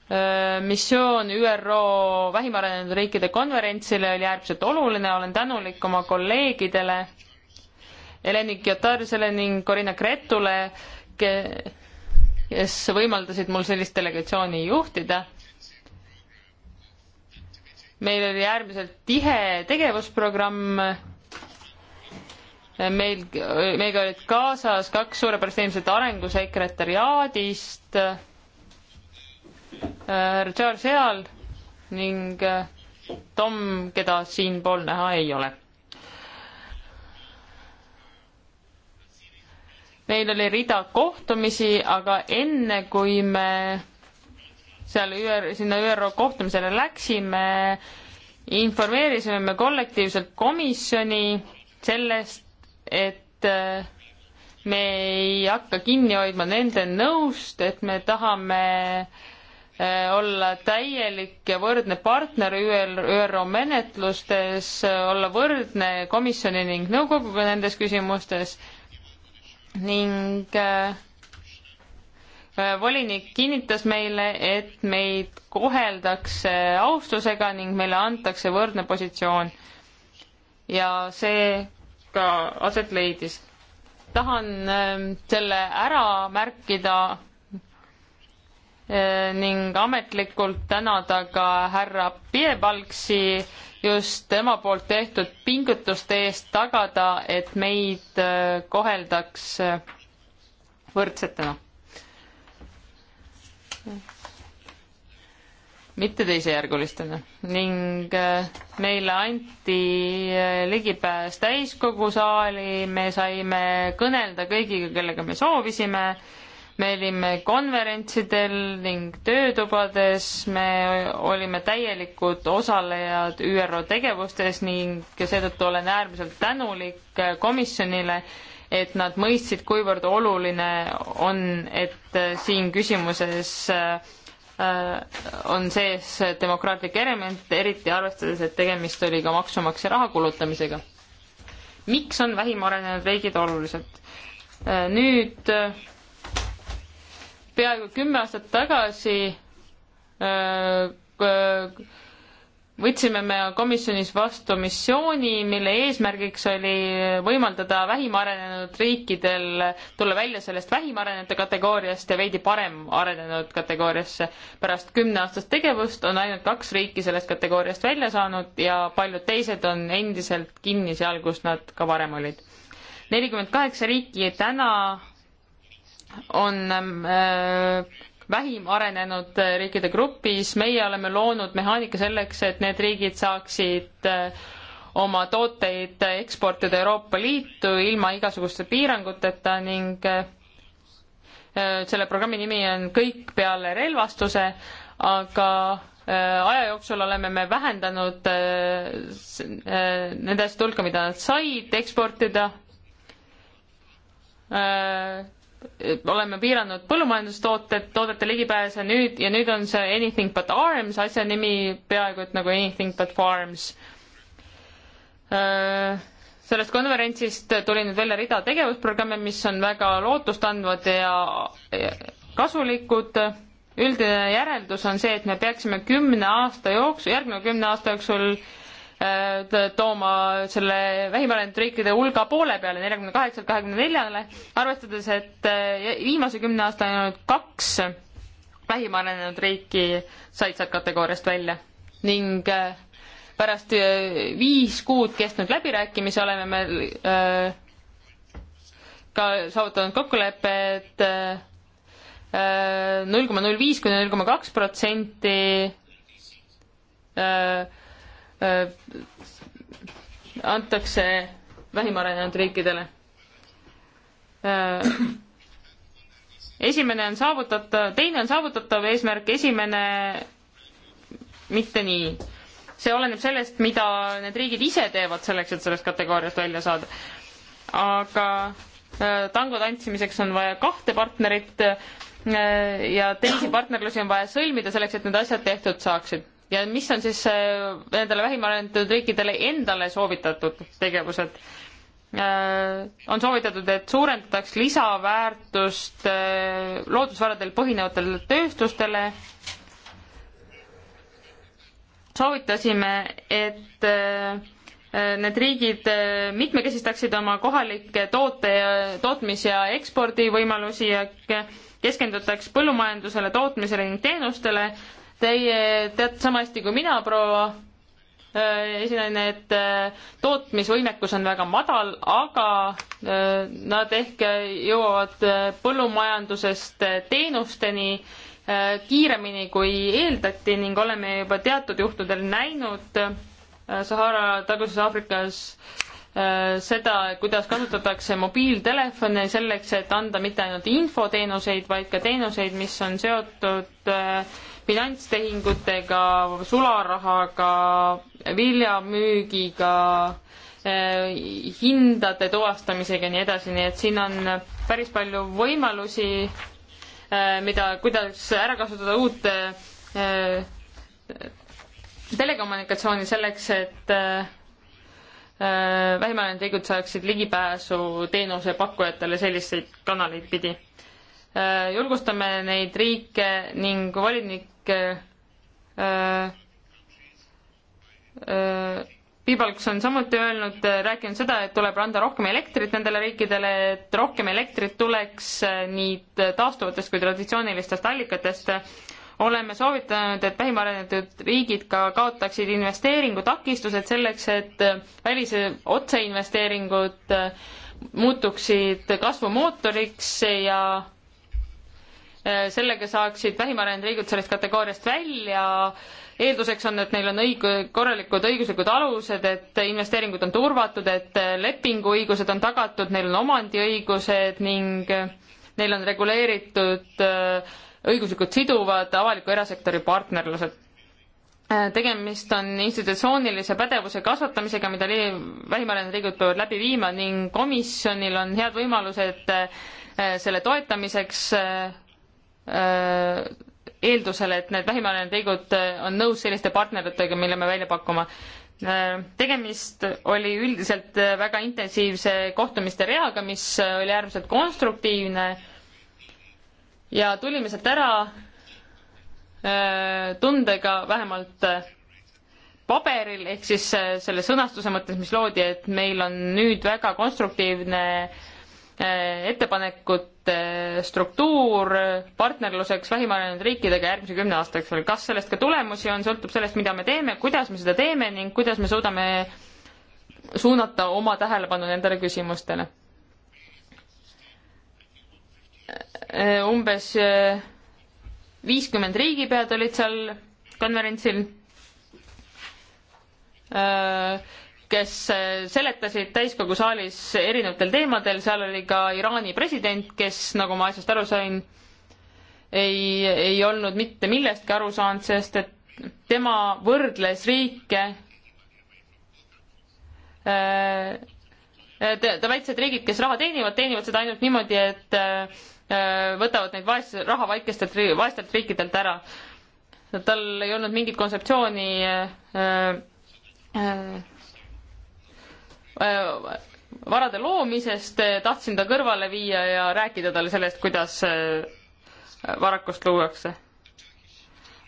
äh, missioon ÜRO vähim arenenud riikide konverentsile oli äärmiselt oluline, olen tänulik oma kolleegidele Eleni Kiotarsele ning Corina Kretule, kes võimaldasid mul sellist delegatsiooni juhtida. meil oli äärmiselt tihe tegevusprogramm meil, meiega olid kaasas kaks suurepärast inimesed arengusekretäriaadist, härra äh, Charles Heal ning äh, Tom, keda siinpool näha ei ole. meil oli rida kohtumisi, aga enne kui me seal ÜR, sinna ÜRO kohtumisele läksime, informeerisime me kollektiivselt komisjoni sellest, et äh, me ei hakka kinni hoidma nende nõust, et me tahame äh, olla täielik ja võrdne partner ÜRO menetlustes, olla võrdne komisjoni ning nõukoguga nendes küsimustes ning äh, volinik kinnitas meile, et meid koheldakse austusega ning meile antakse võrdne positsioon. ja see ka aset leidis. tahan ähm, selle ära märkida äh, ning ametlikult tänada ka härra Piebalgsi just tema poolt tehtud pingutuste eest tagada, et meid äh, koheldaks äh, võrdsetena mitte teisejärgulistena ning äh, meile anti äh, ligipääs täiskogu saali, me saime kõnelda kõigiga, kellega me soovisime, me olime konverentsidel ning töötubades, me olime täielikud osalejad ÜRO tegevustes ning seetõttu olen äärmiselt tänulik äh, komisjonile, et nad mõistsid, kuivõrd oluline on, et siin küsimuses äh, Äh, on sees demokraatlik element, eriti arvestades, et tegemist oli ka maksumaksja raha kulutamisega. miks on vähim arenenud riigid olulised? Äh, nüüd äh, peaaegu kümme aastat tagasi võtsime me komisjonis vastu missiooni, mille eesmärgiks oli võimaldada vähim arenenud riikidel tulla välja sellest vähim arenenud kategooriast ja veidi parem arenenud kategooriasse. pärast kümneaastast tegevust on ainult kaks riiki sellest kategooriast välja saanud ja paljud teised on endiselt kinni seal, kus nad ka varem olid. nelikümmend kaheksa riiki täna on äh, vähim arenenud äh, riikide grupis. meie oleme loonud mehaanika selleks, et need riigid saaksid äh, oma tooteid äh, eksportida Euroopa Liitu ilma igasuguste piiranguteta ning selle programmi nimi on Kõik peale relvastuse, aga aja jooksul oleme me vähendanud nende asjade hulka, mida nad said eksportida oleme piiranud põllumajandustooted, toodete ligipääse nüüd ja nüüd on see Anything but arms asja nimi peaaegu et nagu Anything but farms. sellest konverentsist tuli nüüd välja rida tegevusprogramme, mis on väga lootustandvad ja kasulikud. üldine järeldus on see, et me peaksime kümne aasta jooksul, järgneva kümne aasta jooksul Äh, tooma selle vähim arenenud riikide hulga poole peale, neljakümne kaheksalt kahekümne neljale, arvestades, et äh, viimase kümne aasta ainult kaks vähim arenenud riiki said sealt kategooriast välja ning äh, pärast viis kuud kestnud läbirääkimisi oleme me ka saavutanud kokkuleppe, et null koma null viis kuni null koma kaks protsenti Äh, antakse vähim arenenud riikidele. Äh, esimene on saavutatav, teine on saavutatav eesmärk, esimene mitte nii. see oleneb sellest, mida need riigid ise teevad selleks, et sellest kategooriast välja saada. aga äh, tango tantsimiseks on vaja kahte partnerit ja teisi partnerlusi on vaja sõlmida selleks, et need asjad tehtud saaksid ja mis on siis äh, nendele vähim arendatud riikidele endale soovitatud tegevused? Äh, on soovitatud, et suurendataks lisaväärtust äh, loodusvaradel põhinevatele tööstustele. soovitasime, et need riigid mitmekesistaksid oma kohalikke toote ja tootmis- ja ekspordivõimalusi ja keskendutaks põllumajandusele, tootmisele ning teenustele, Teie teate sama hästi kui mina, proua äh, esinaine, et äh, tootmisvõimekus on väga madal, aga äh, nad ehk jõuavad põllumajandusest teenusteni kiiremini kui eeldati ning oleme juba teatud juhtudel näinud Sahara taguses Aafrikas seda, kuidas kasutatakse mobiiltelefone selleks, et anda mitte ainult infoteenuseid, vaid ka teenuseid, mis on seotud äh, finantstehingutega, sularahaga, viljamüügiga, eh, hindade tuvastamisega ja nii edasi, nii et siin on päris palju võimalusi, eh, mida, kuidas ära kasutada uut eh, telekommunikatsiooni selleks, et vähimalendikud saaksid ligipääsu teenusepakkujatele selliseid kanaleid pidi. julgustame neid riike ning volinik riike äh,. Äh, Piibalks on samuti öelnud, rääkinud seda, et tuleb anda rohkem elektrit nendele riikidele, et rohkem elektrit tuleks äh, nii taastuvatest kui traditsioonilistest allikatest. oleme soovitanud, et vähim arenenud riigid ka kaotaksid investeeringutakistused selleks, et äh, välise otseinvesteeringud äh, muutuksid kasvumootoriks ja Äh, sellega saaksid vähim arenenud riigid sellest kategooriast välja. eelduseks on, et neil on õig-, korralikud õiguslikud alused, et investeeringud on turvatud, et äh, lepinguõigused on tagatud, neil on omandiõigused ning äh, neil on reguleeritud õiguslikult siduvad avaliku erasektori partnerlused tegemist on institutsioonilise pädevuse kasvatamisega, mida vähimarenenud riigid peavad läbi viima ning komisjonil on head võimalused selle toetamiseks Äh, eeldusel, et need vähimaarendustegud äh, on nõus selliste partneritega, mille me välja pakume. Äh, tegemist oli üldiselt väga intensiivse kohtumiste reaga, mis oli äärmiselt konstruktiivne ja tulime sealt ära tundega vähemalt paberil ehk siis selle sõnastuse mõttes, mis loodi, et meil on nüüd väga konstruktiivne äh, Eh, ettepanekute struktuur partnerluseks vähim arenenud riikidega järgmise kümne aastaks veel. kas sellest ka tulemusi on, sõltub sellest, mida me teeme, kuidas me seda teeme ning kuidas me suudame suunata oma tähelepanu nendele küsimustele. Eh, umbes eh, viiskümmend riigipead olid seal konverentsil kes eh, seletasid täiskogu saalis erinevatel teemadel, seal oli ka Iraani president, kes, nagu ma asjast aru sain, ei, ei olnud mitte millestki aru saanud, sest et tema võrdles riike eh, ta väitis, et riigid, kes raha teenivad, teenivad seda ainult niimoodi, et eh, võtavad neid vaes-, raha vaikestelt, vaestelt riikidelt ära. tal ei olnud mingit kontseptsiooni Äh, varade loomisest, äh, tahtsin ta kõrvale viia ja rääkida talle sellest, kuidas äh, varakust luuakse.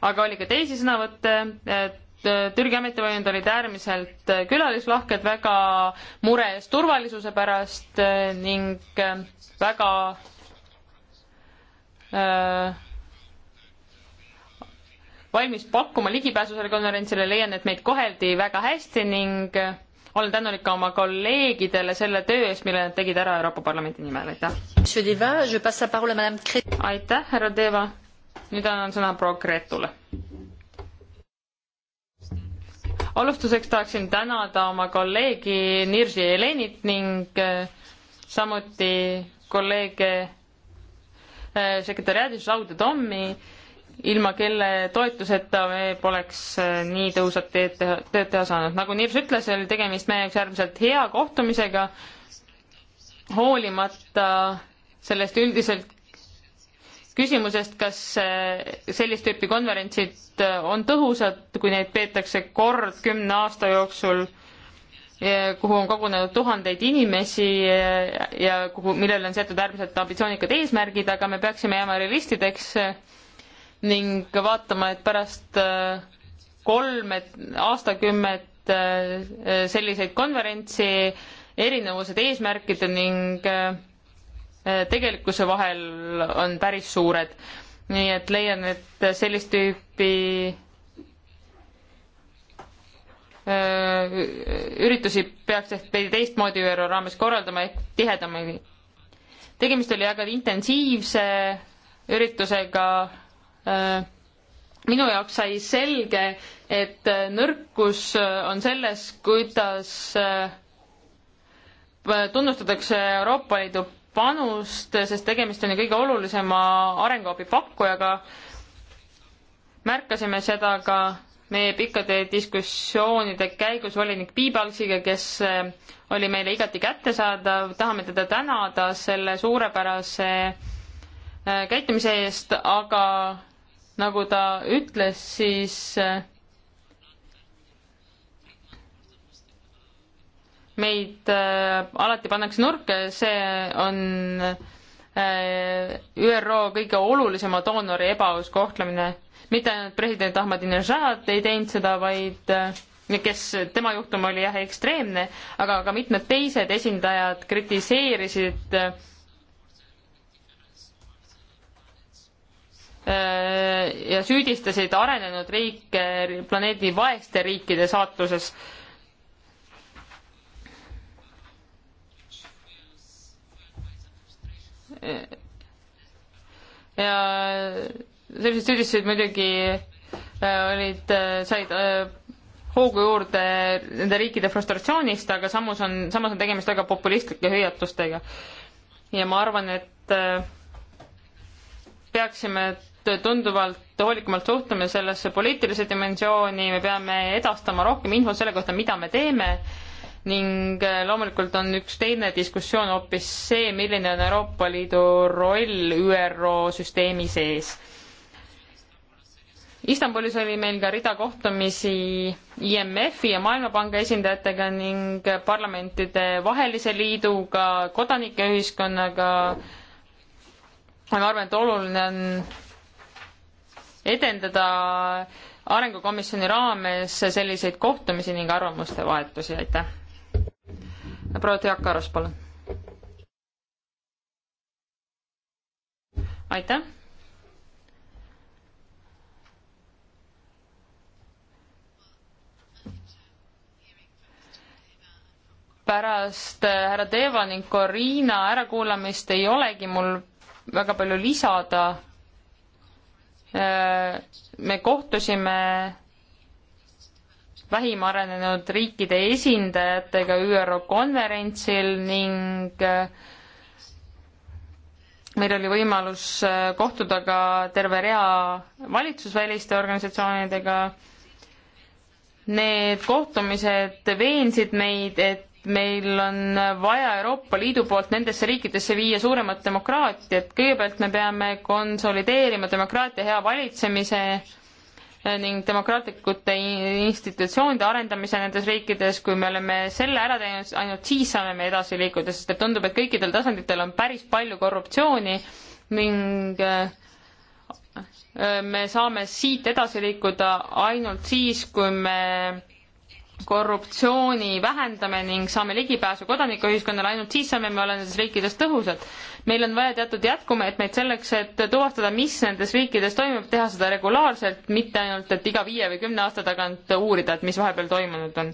aga oli ka teisi sõnavõtte, Türgi ametivõimud olid äärmiselt külalislahked, väga mures turvalisuse pärast ning väga äh, valmis pakkuma ligipääsu sellele konverentsile, leian, et meid koheldi väga hästi ning äh, olen tänulik ka oma kolleegidele selle töö eest, mille nad tegid ära Euroopa Parlamendi nimel, aitäh. aitäh, härra Deva. nüüd annan sõna proua Gretule. alustuseks tahaksin tänada oma kolleegi Nirži Helenit ning äh, samuti kolleege äh, sekretäriaadis Laude Tommi ilma kelle toetuseta me poleks äh, nii tõhusat teed teha, tööd teha saanud. nagu Nirš ütles, oli tegemist meie jaoks äärmiselt hea kohtumisega, hoolimata sellest üldiselt küsimusest, kas äh, sellist tüüpi konverentsid äh, on tõhusad, kui neid peetakse kord kümne aasta jooksul, kuhu on kogunenud tuhandeid inimesi ja kuhu, millele on seatud äärmiselt ambitsioonikad eesmärgid, aga me peaksime jääma realistideks ning vaatama, et pärast äh, kolme aastakümmet äh, selliseid konverentsi erinevused eesmärkide ning äh, tegelikkuse vahel on päris suured. nii et leian, et sellist tüüpi üritusi peaks ehk teistmoodi ÜRO raames korraldama ehk tihedamini. tegemist oli väga intensiivse üritusega Äh, minu jaoks sai selge, et äh, nõrkus äh, on selles, kuidas tunnustatakse Euroopa Liidu panust, sest tegemist on ju kõige olulisema arenguabi pakkujaga. märkasime seda ka meie pikkade diskussioonide käigus volinik Piibalksiga, kes oli meile igati kättesaadav, tahame teda tänada selle suurepärase käitumise eest, aga nagu ta ütles, siis äh, meid äh, alati pannakse nurka ja see on äh, ÜRO kõige olulisema doonori ebaaus kohtlemine. mitte ainult president Ahmadinejad ei teinud seda, vaid kes, tema juhtum oli jah ekstreemne, aga ka mitmed teised esindajad kritiseerisid äh, Äh, ja süüdistasid arenenud riike planeedi vaeste riikide saatuses. Äh, ja sellised süüdistused muidugi äh, olid, said hoogu juurde nende riikide frustratsioonist, aga samus on, samas on tegemist väga populistlike hüüatustega. ja ma arvan, et peaksime tunduvalt hoolikamalt suhtume sellesse poliitilise dimensiooni, me peame edastama rohkem infot selle kohta, mida me teeme ning äh, loomulikult on üks teine diskussioon hoopis see, milline on Euroopa Liidu roll ÜRO süsteemi sees. Istanbulis oli meil ka rida kohtumisi IMF-i ja Maailmapanga esindajatega ning parlamentide vahelise liiduga, kodanikeühiskonnaga, ma arvan, et oluline on edendada arengukomisjoni raames selliseid kohtumisi ning arvamuste vahetusi, aitäh. proua Jaak Aros, palun. aitäh. pärast äh, härra Teeva ning Corina ärakuulamist ei olegi mul väga palju lisada Äh, me kohtusime vähim arenenud riikide esindajatega ÜRO konverentsil ning äh, meil oli võimalus äh, kohtuda ka terve rea valitsusväliste organisatsioonidega. Need kohtumised veensid meid, et meil on vaja Euroopa Liidu poolt nendesse riikidesse viia suuremat demokraatiat. kõigepealt me peame konsolideerima demokraatia hea valitsemise eh, ning demokraatlikute institutsioonide arendamise nendes riikides, kui me oleme selle ära teinud, ainult siis saame me edasi liikuda, sest et tundub, et kõikidel tasanditel on päris palju korruptsiooni ning eh, eh, me saame siit edasi liikuda ainult siis, kui me korruptsiooni vähendame ning saame ligipääsu kodanikuühiskonnale, ainult siis saame me olla nendes riikides tõhusad. meil on vaja teatud jätkumeetmeid selleks, et tuvastada, mis nendes riikides toimub, teha seda regulaarselt, mitte ainult, et iga viie või kümne aasta tagant uurida, et mis vahepeal toimunud on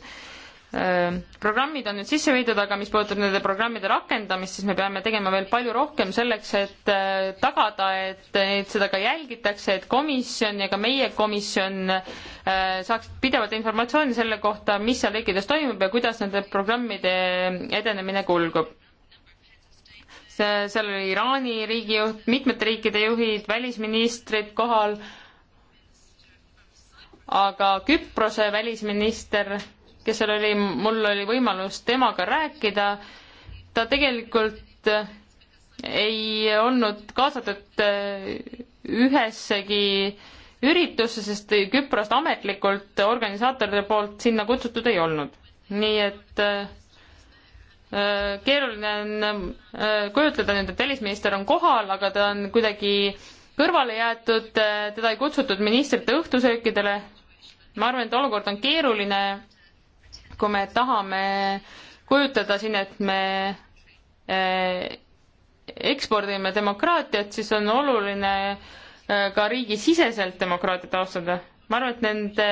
Äh, programmid on nüüd sisse viidud, aga mis puudutab nende programmide rakendamist, siis me peame tegema veel palju rohkem selleks, et äh, tagada, et, et seda ka jälgitakse, et komisjon ja ka meie komisjon äh, saaks pidevalt informatsiooni selle kohta, mis seal riikides toimub ja kuidas nende programmide edenemine kulgub. seal oli Iraani riigijuht, mitmete riikide juhid, välisministrid kohal, aga Küprose välisminister kes seal oli, mul oli võimalus temaga rääkida. ta tegelikult äh, ei olnud kaasatud äh, ühessegi üritusse, sest Küprost ametlikult organisaatoride poolt sinna kutsutud ei olnud. nii et äh, keeruline on kujutleda nüüd, et välisminister on kohal, aga ta on kuidagi kõrvale jäetud, teda ei kutsutud ministrite õhtusöökidele. ma arvan, et olukord on keeruline kui me tahame kujutada siin, et me eh, ekspordime demokraatiat, siis on oluline eh, ka riigisiseselt demokraatiat austada. ma arvan, et nende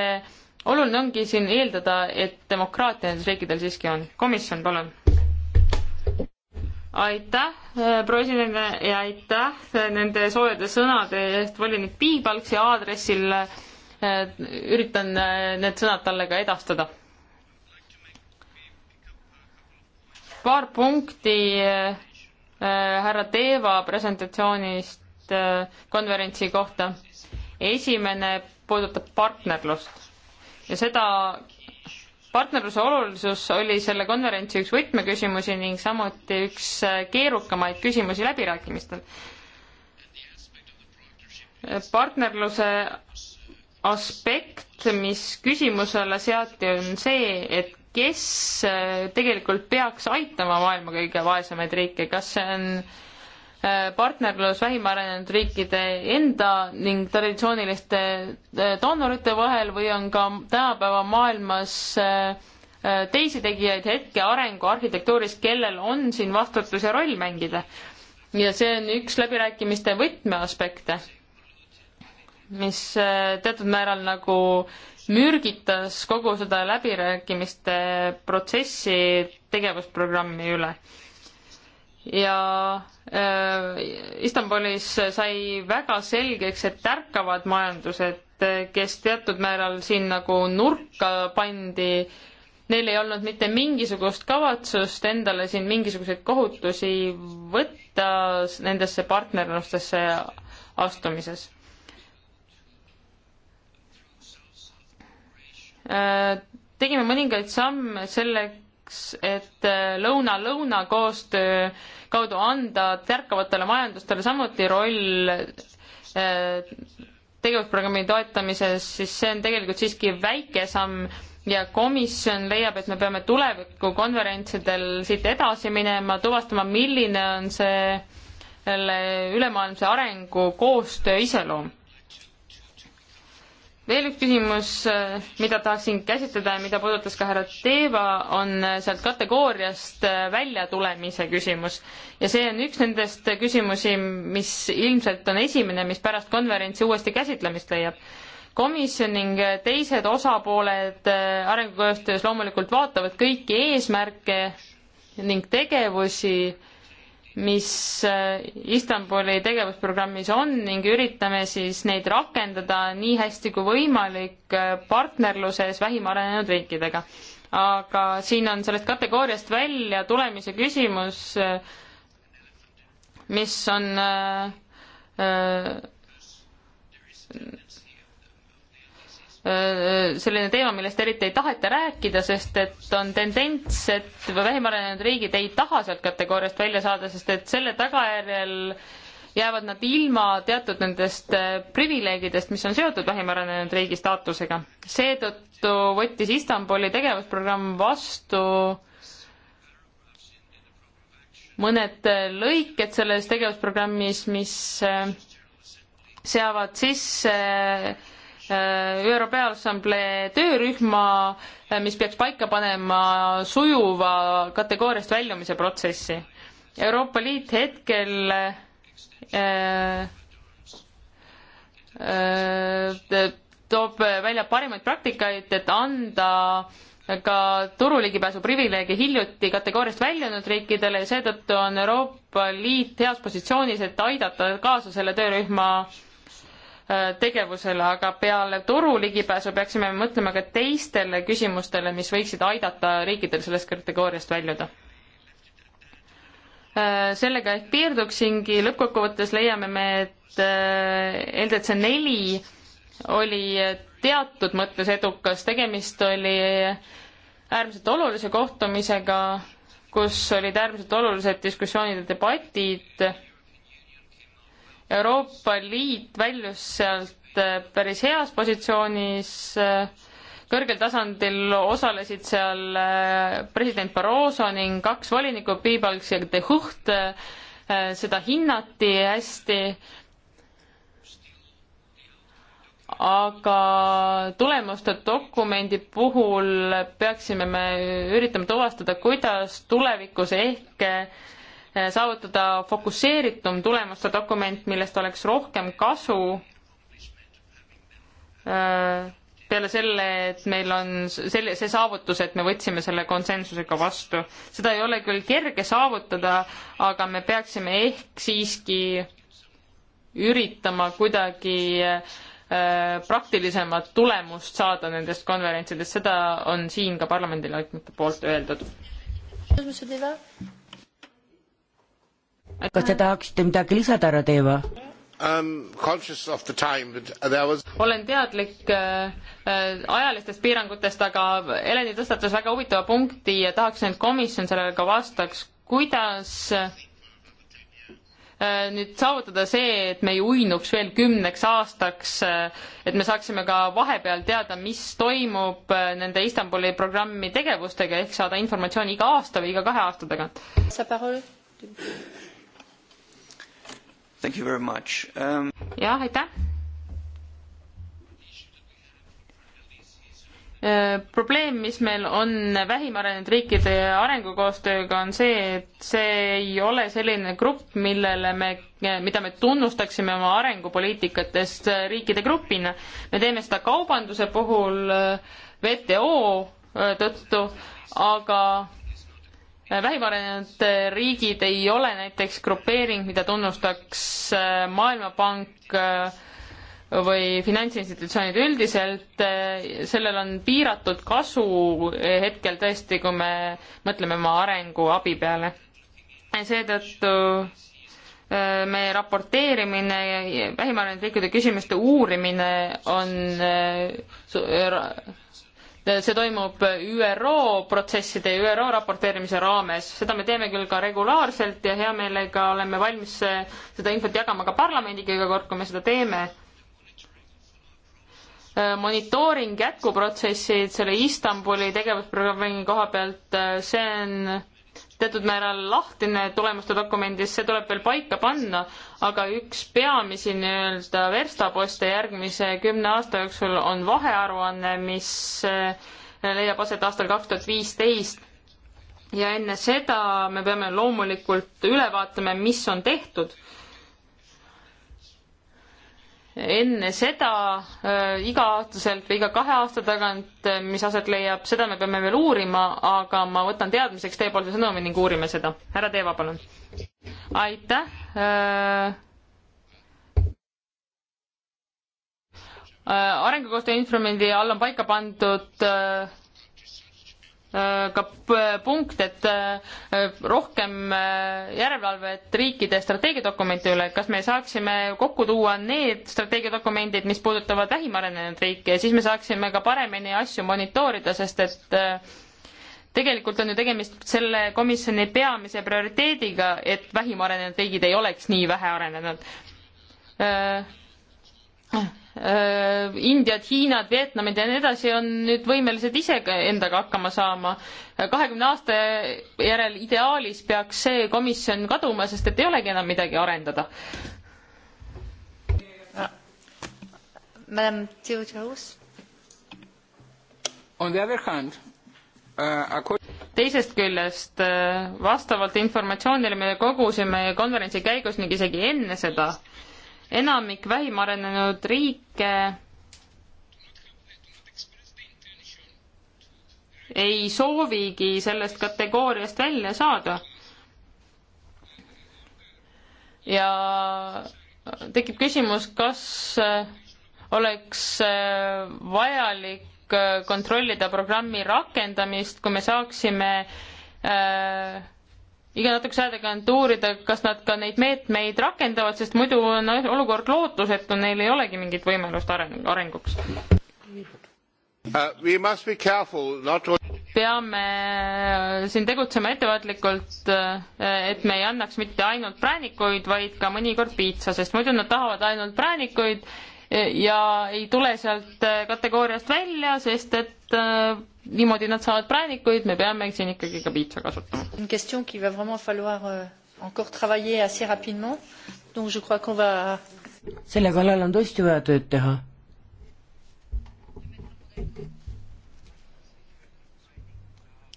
oluline ongi siin eeldada, et demokraatia nendes riikidel siiski on. komisjon, palun. aitäh, eh, presidendile ja aitäh nende soojade sõnade eest volinik Piibalksi aadressil. üritan need sõnad talle ka edastada paar punkti äh, härra Teeva presentatsioonist äh, konverentsi kohta. esimene puudutab partnerlust ja seda partnerluse olulisus oli selle konverentsi üks võtmeküsimusi ning samuti üks äh, keerukamaid küsimusi läbirääkimistel. partnerluse aspekt, mis küsimusele seati, on see, et kes äh, tegelikult peaks aitama maailma kõige vaesemaid riike, kas see on äh, partnerlus vähim arenenud riikide enda ning traditsiooniliste äh, doonorite vahel või on ka tänapäeva maailmas teisi tegijaid hetke arengu arhitektuuris, kellel on siin vastutus ja roll mängida. ja see on üks läbirääkimiste võtmeaspekte, mis teatud määral nagu mürgitas kogu seda läbirääkimiste protsessi tegevusprogrammi üle. ja äh, Istanbulis sai väga selgeks, et tärkavad majandused, kes teatud määral siin nagu nurka pandi, neil ei olnud mitte mingisugust kavatsust endale siin mingisuguseid kohutusi võtta nendesse partnerlustesse astumises Äh, tegime mõningaid samme selleks, et äh, lõuna-lõuna koostöö kaudu anda tärkavatele majandustele samuti roll äh, tegevusprogrammi toetamises, siis see on tegelikult siiski väike samm ja komisjon leiab, et me peame tulevikukonverentsidel siit edasi minema, tuvastama, milline on see selle ülemaailmse arengu koostöö iseloom veel üks küsimus, mida tahaksin käsitleda ja mida puudutas ka härra Teeva, on sealt kategooriast välja tulemise küsimus. ja see on üks nendest küsimusi, mis ilmselt on esimene, mis pärast konverentsi uuesti käsitlemist leiab. komisjon ning teised osapooled arengukoostöös loomulikult vaatavad kõiki eesmärke ning tegevusi, mis äh, Istanbuli tegevusprogrammis on ning üritame siis neid rakendada nii hästi kui võimalik äh, partnerluses vähim arenenud riikidega. aga siin on sellest kategooriast välja tulemise küsimus, äh, mis on äh, äh, Äh, selline teema, millest eriti ei taheta rääkida, sest et on tendents, et vähim arenenud riigid ei taha sealt kategooriast välja saada, sest et selle tagajärjel jäävad nad ilma teatud nendest äh, privileegidest, mis on seotud vähim arenenud riigi staatusega. seetõttu võttis Istanbuli tegevusprogramm vastu mõned äh, lõiked selles tegevusprogrammis, mis seavad sisse Äh, ÜRO Peaassamblee töörühma, äh, mis peaks paika panema sujuva kategooriast väljumise protsessi. Euroopa Liit hetkel äh, äh, toob välja parimaid praktikaid, et anda ka turuligipääsu privileege hiljuti kategooriast väljunud riikidele ja seetõttu on Euroopa Liit heas positsioonis, et aidata kaasa selle töörühma äh, Äh, tegevusele, aga peale turu ligipääsu peaksime mõtlema ka teistele küsimustele, mis võiksid aidata riikidel sellest kategooriast väljuda. Äh, sellega ehk piirduksingi, lõppkokkuvõttes leiame me, et äh, LDC neli oli teatud mõttes edukas, tegemist oli äärmiselt olulise kohtumisega, kus olid äärmiselt olulised diskussioonid ja debatid Euroopa Liit väljus sealt äh, päris heas positsioonis, äh, kõrgel tasandil osalesid seal äh, president Barroso ning kaks volinikku, Piibalgs ja De Hucht, seda hinnati hästi, aga tulemuste dokumendi puhul peaksime me üritama tuvastada, kuidas tulevikus ehk saavutada fokusseeritum tulemuste dokument, millest oleks rohkem kasu äh, peale selle, et meil on selle, see saavutus, et me võtsime selle konsensusega vastu. seda ei ole küll kerge saavutada, aga me peaksime ehk siiski üritama kuidagi äh, praktilisemat tulemust saada nendest konverentsidest, seda on siin ka parlamendiliikmete poolt öeldud kas te tahaksite midagi lisada, härra Teeva? Um, time, was... olen teadlik äh, äh, ajalistest piirangutest, aga Eleni tõstatas väga huvitava punkti ja tahaks, et komisjon sellele ka vastaks, kuidas äh, nüüd saavutada see, et me ei uinuks veel kümneks aastaks, äh, et me saaksime ka vahepeal teada, mis toimub äh, nende Istanbuli programmi tegevustega, ehk saada informatsiooni iga aasta või iga kahe aasta tagant. Thank you very much um.... jah, aitäh. Äh, probleem, mis meil on vähim arenenud riikide arengukoostööga, on see, et see ei ole selline grupp, millele me, mida me tunnustaksime oma arengupoliitikatest riikide grupina. me teeme seda kaubanduse puhul äh, WTO äh, tõttu, aga vähim arenenud riigid ei ole näiteks grupeering, mida tunnustaks äh, Maailmapank äh, või finantsinstitutsioonid üldiselt, äh, sellel on piiratud kasu hetkel tõesti, kui me mõtleme oma arenguabi peale. seetõttu meie raporteerimine ja vähim arenenud riikide küsimuste uurimine on see toimub ÜRO protsesside ja ÜRO raporteerimise raames, seda me teeme küll ka regulaarselt ja hea meelega oleme valmis seda infot jagama ka parlamendiga iga kord, kui me seda teeme. monitooring jätkuprotsessid selle Istanbuli tegevusprogrammi koha pealt, see on teatud määral lahtine tulemuste dokumendis, see tuleb veel paika panna, aga üks peamisi nii-öelda verstaposte järgmise kümne aasta jooksul on vahearuanne, mis eh, leiab aset aastal kaks tuhat viisteist. ja enne seda me peame loomulikult üle vaatama, mis on tehtud enne seda äh, iga-aastaselt või iga kahe aasta tagant, äh, mis aset leiab, seda me peame veel uurima, aga ma võtan teadmiseks teiepoolse sõnumi ning uurime seda. härra Teeva, palun. aitäh. Äh, arengukoostöö instrumendi all on paika pandud öö, Äh, ka punkt, et äh, rohkem äh, järelevalvet riikide strateegiadokumente üle, kas me saaksime kokku tuua need strateegiadokumendid, mis puudutavad vähim arenenud riike ja siis me saaksime ka paremini asju monitoorida, sest et tegelikult on ju tegemist selle komisjoni peamise prioriteediga, et vähim arenenud riigid ei oleks nii vähe arenenud Äh, Indiat, Hiinat, Vietnamit ja nii edasi on nüüd võimelised ise endaga hakkama saama. kahekümne aasta järel ideaalis peaks see komisjon kaduma, sest et ei olegi enam midagi arendada. Uh, teisest küljest äh, vastavalt informatsioonile, mille kogusime konverentsi käigus ning isegi enne seda, enamik vähim arenenud riike ei soovigi sellest kategooriast välja saada. ja tekib küsimus, kas oleks vajalik kontrollida programmi rakendamist, kui me saaksime äh, iga natukese aja tagant uurida, kas nad ka neid meetmeid rakendavad, sest muidu on olukord lootusetu, neil ei olegi mingit võimalust areng, arenguks uh,. To... peame äh, siin tegutsema ettevaatlikult, äh, et me ei annaks mitte ainult präänikuid, vaid ka mõnikord piitsa, sest muidu nad tahavad ainult präänikuid ja ei tule sealt äh, kategooriast välja, sest et äh, niimoodi nad saavad präänikuid, me peame siin ikkagi ka piitsa kasutama. Euh, selle kallal on tõesti vaja tööd teha.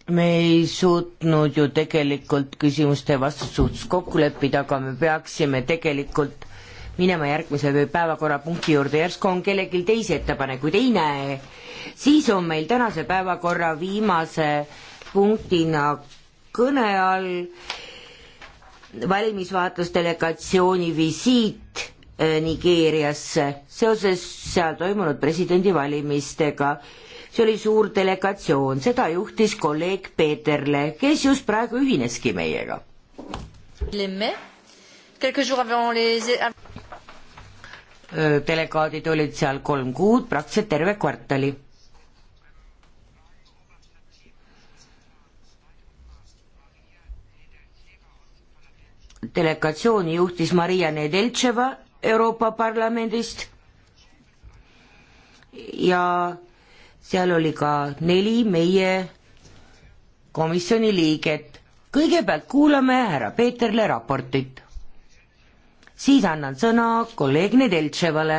me ei suutnud ju tegelikult küsimuste ja vastuste suhtes kokku leppida, aga me peaksime tegelikult minema järgmise päevakorrapunkti juurde, järsku on kellelgi teisi ettepanekuid, ei näe. siis on meil tänase päevakorra viimase punktina kõne all valimisvaatlusdelegatsiooni visiit äh, Nigeeriasse seoses seal toimunud presidendivalimistega see oli suur delegatsioon, seda juhtis kolleeg Peeterle, kes just praegu ühineski meiega delegaadid olid seal kolm kuud, praktiliselt terve kvartali. delegatsiooni juhtis Maria Nedeltševa Euroopa Parlamendist ja seal oli ka neli meie komisjoni liiget. kõigepealt kuulame härra Peeterle raportit siis annan sõna kolleeg Nedeltševale.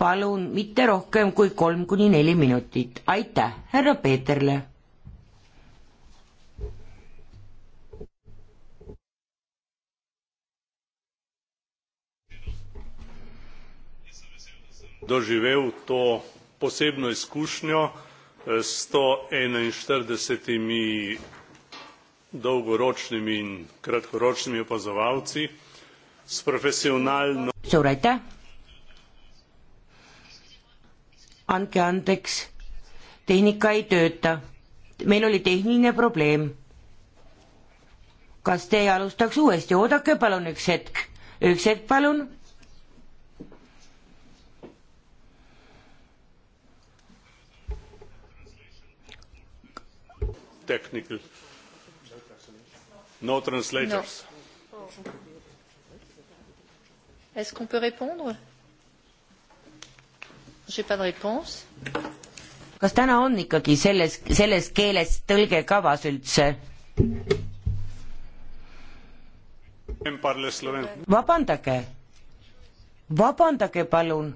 palun mitte rohkem kui kolm kuni neli minutit, aitäh, härra Peeterle. doživel to posebno izkušnjo s sto enainštiridesetimi dolgoročnimi in kratkoročnimi opazovalci, s profesionalno. suur aitäh. andke andeks, tehnika ei tööta. meil oli tehniline probleem. kas te ei alustaks uuesti, oodake palun üks hetk, üks hetk palun technical No translators. No. Est-ce qu'on peut répondre J'ai pas de réponse. kas täna on ikkagi selles, selles keeles tõlge kavas üldse? vabandage, vabandage palun.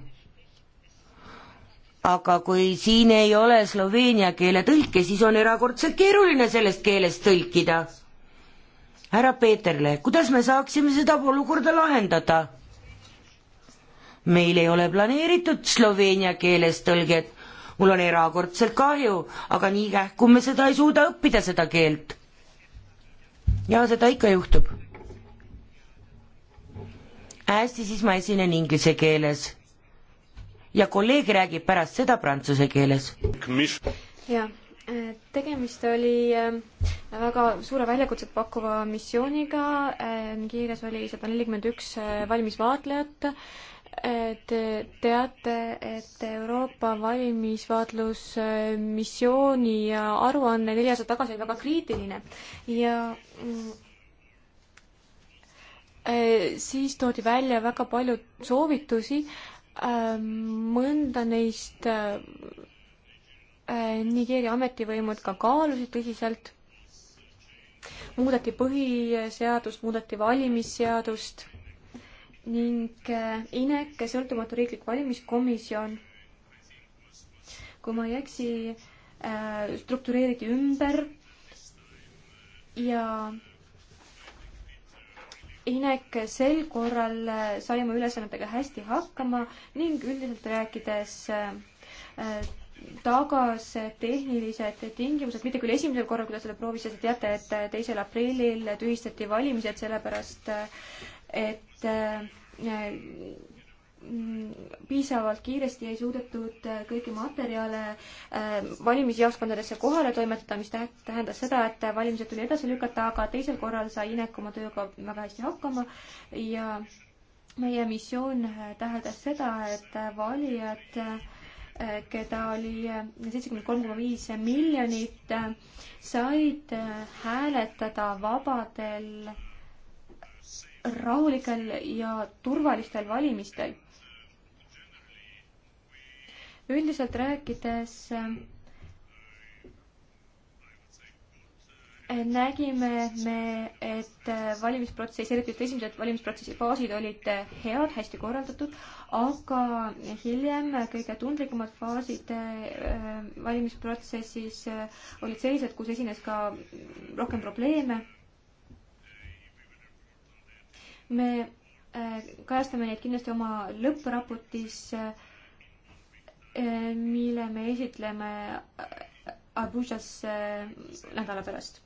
aga kui siin ei ole sloveenia keele tõlke, siis on erakordselt keeruline sellest keelest tõlkida härra Peeterle, kuidas me saaksime seda olukorda lahendada? meil ei ole planeeritud sloveenia keeles tõlget, mul on erakordselt kahju, aga nii kähku me seda ei suuda õppida, seda keelt. ja seda ikka juhtub. hästi, siis ma esinen inglise keeles. ja kolleeg räägib pärast seda prantsuse keeles. jah Äh, tegemist oli äh, väga suure väljakutset pakkuva missiooniga. Äh, Nigeerias oli sada nelikümmend üks valimisvaatlejat. Te teate, et Euroopa valimisvaatlusmissiooni aruanne neli aastat tagasi oli väga kriitiline ja mm, siis toodi välja väga palju soovitusi. mõnda neist Äh, Nigeeria ametivõimud ka kaalusid tõsiselt. muudeti põhiseadust, muudeti valimisseadust ning äh, INEK, sõltumatu riiklik valimiskomisjon, kui ma ei eksi, äh, struktureeriti ümber ja Inek sel korral sai oma ülesannetega hästi hakkama ning üldiselt rääkides tagas tehnilised tingimused, mitte küll esimesel korral, kui ta seda proovis, sest teate, et teisel aprillil tühistati valimised sellepärast, et äh, piisavalt kiiresti ei suudetud kõiki materjale äh, valimisjaoskondadesse kohale toimetada, mis tähendas seda, et valimised tuli edasi lükata, aga teisel korral sai Inek oma tööga väga hästi hakkama ja meie missioon tähendas seda, et valijad Eh, keda oli eh, seitsekümmend kolm koma viis miljonit, eh, said hääletada vabadel, rahulikel ja turvalistel valimistel. üldiselt rääkides nägime me, et valimisprotsess, eriti just esimesed valimisprotsessi faasid olid head, hästi korraldatud, aga hiljem kõige tundlikumad faasid äh, valimisprotsessis äh, olid sellised, kus esines ka rohkem probleeme. me äh, kajastame neid kindlasti oma lõppraportis, mille me esitleme Abujas nädala pärast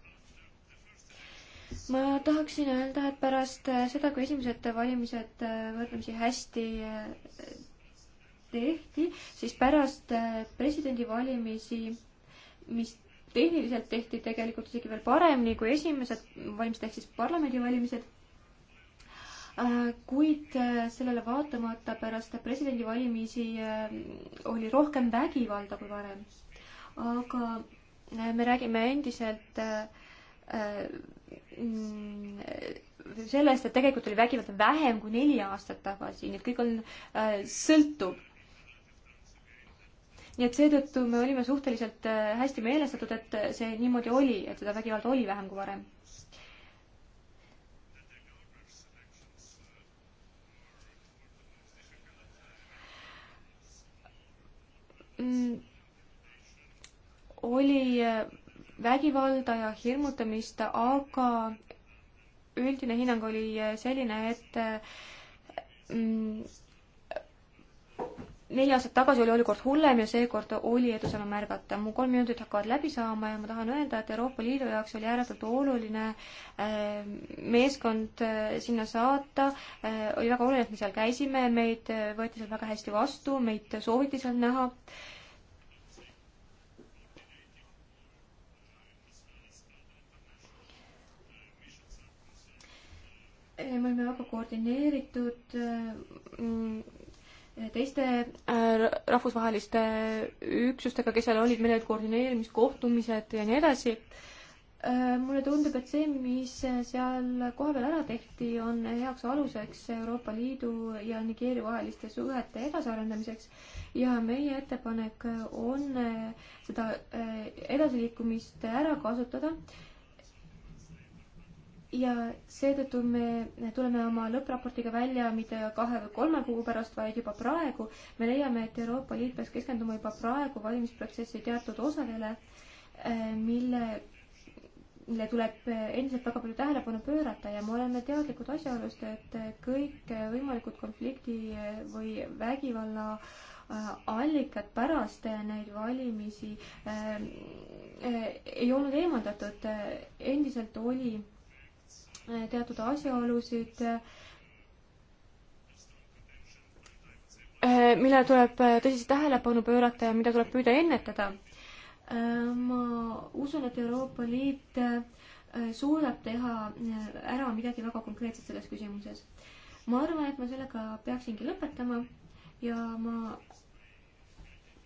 ma tahaksin öelda, et pärast äh, seda, kui esimesed valimised äh, võrdlemisi hästi äh, tehti, siis pärast presidendivalimisi, mis tehniliselt tehti tegelikult isegi veel paremini kui esimesed valimised ehk siis parlamendivalimised. kuid sellele vaatamata pärast presidendivalimisi oli rohkem vägivalda kui varem. aga me räägime endiselt äh, Äh, mm, sellest, et tegelikult oli vägivalda vähem kui neli aastat tagasi, nii et kõik on, äh, sõltub. nii et seetõttu me olime suhteliselt äh, hästi meelestatud, et see niimoodi oli, et seda vägivalda oli vähem kui varem mm, oli vägivalda ja hirmutamist, aga üldine hinnang oli eh, selline, et eh, mm, neli aastat tagasi oli olukord hullem ja seekord oli edusamme märgata. mu kolm minutit hakkavad läbi saama ja ma tahan öelda, et Euroopa Liidu jaoks oli ääretult oluline eh, meeskond sinna saata. oli väga oluline, et me seal käisime, meid võeti seal väga hästi vastu, meid sooviti seal näha Eh, me oleme väga koordineeritud eh, mm, teiste eh, rahvusvaheliste üksustega, kes seal olid, meil olid koordineerimiskohtumised ja nii edasi. mulle tundub, et see, mis seal kohapeal ära tehti, on heaks aluseks Euroopa Liidu ja Nigeeria vaheliste suhete edasiarendamiseks ja meie ettepanek on seda edasiliikumist ära kasutada ja seetõttu me tuleme oma lõppraportiga välja mitte kahe või kolme kuu pärast, vaid juba praegu. me leiame, et Euroopa Liit peaks keskenduma juba praegu valimisprotsessi teatud osadele, eh, millele tuleb endiselt väga palju tähelepanu pöörata ja me oleme teadlikud asjaolust, et kõik võimalikud konflikti või vägivalla eh, allikad pärast neid valimisi eh, ei olnud eemaldatud, endiselt oli Äh, teatud asjaolusid, äh, millele tuleb äh, tõsist tähelepanu pöörata ja mida tuleb püüda ennetada. ma usun, et Euroopa Liit suudab teha ära midagi väga konkreetset selles küsimuses. ma arvan, et ma sellega peaksingi lõpetama ja ma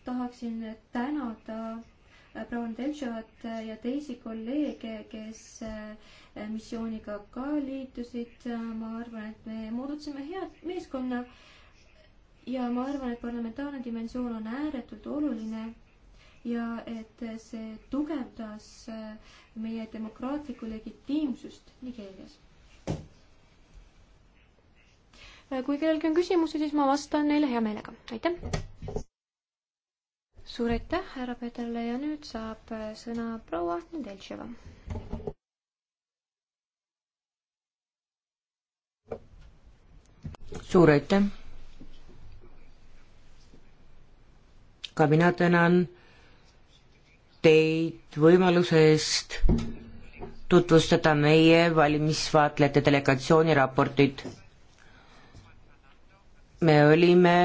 tahaksin tänada proua Demšovat ja teisi kolleege, kes äh, missiooniga ka liitusid. ma arvan, et me moodustasime head meeskonna ja ma arvan, et parlamentaarne dimensioon on ääretult oluline ja et see tugevdas äh, meie demokraatlikku legitiimsust Nigeerias. Äh, kui kellelgi on küsimusi, siis ma vastan neile hea meelega, aitäh! suur aitäh, härra Pederle ja nüüd saab äh, sõna proua Nedeltševa. suur aitäh. ka mina tänan teid võimaluse eest tutvustada meie valimisvaatlejate delegatsiooni raportit. me olime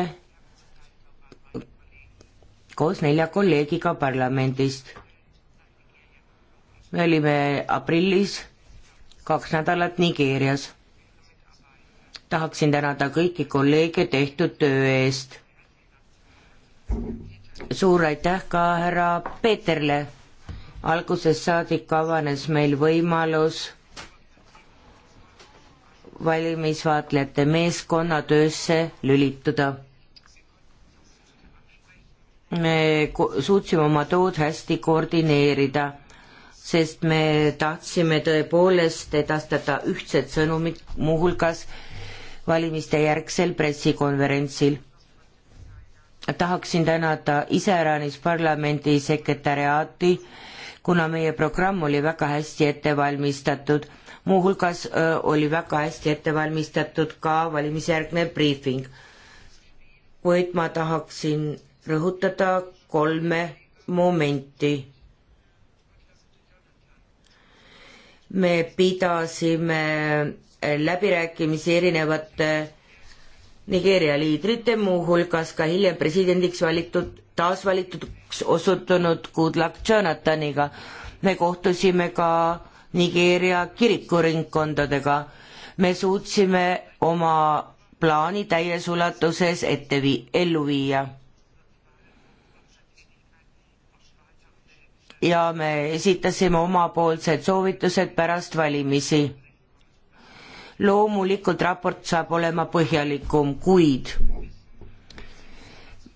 koos nelja kolleegiga parlamendist. me olime aprillis kaks nädalat Nigeerias. tahaksin tänada kõiki kolleege tehtud töö eest. suur aitäh ka härra Peeterle. algusest saadik avanes meil võimalus valimisvaatlejate meeskonna töösse lülituda me suutsime oma tood hästi koordineerida, sest me tahtsime tõepoolest edastada ühtset sõnumit muuhulgas valimiste järgsel pressikonverentsil. tahaksin tänada iseäranis parlamendi sekretäriaati, kuna meie programm oli väga hästi ette valmistatud, muuhulgas oli väga hästi ette valmistatud ka valimisjärgne briifing. kuid ma tahaksin rõhutada kolme momenti. me pidasime läbirääkimisi erinevate Nigeeria liidrite, muuhulgas ka hiljem presidendiks valitud, taasvalituks osutunud Goodluck Jonathaniga. me kohtusime ka Nigeeria kirikuringkondadega. me suutsime oma plaani täies ulatuses ette vii-, ellu viia ja me esitasime omapoolsed soovitused pärast valimisi. loomulikult raport saab olema põhjalikum, kuid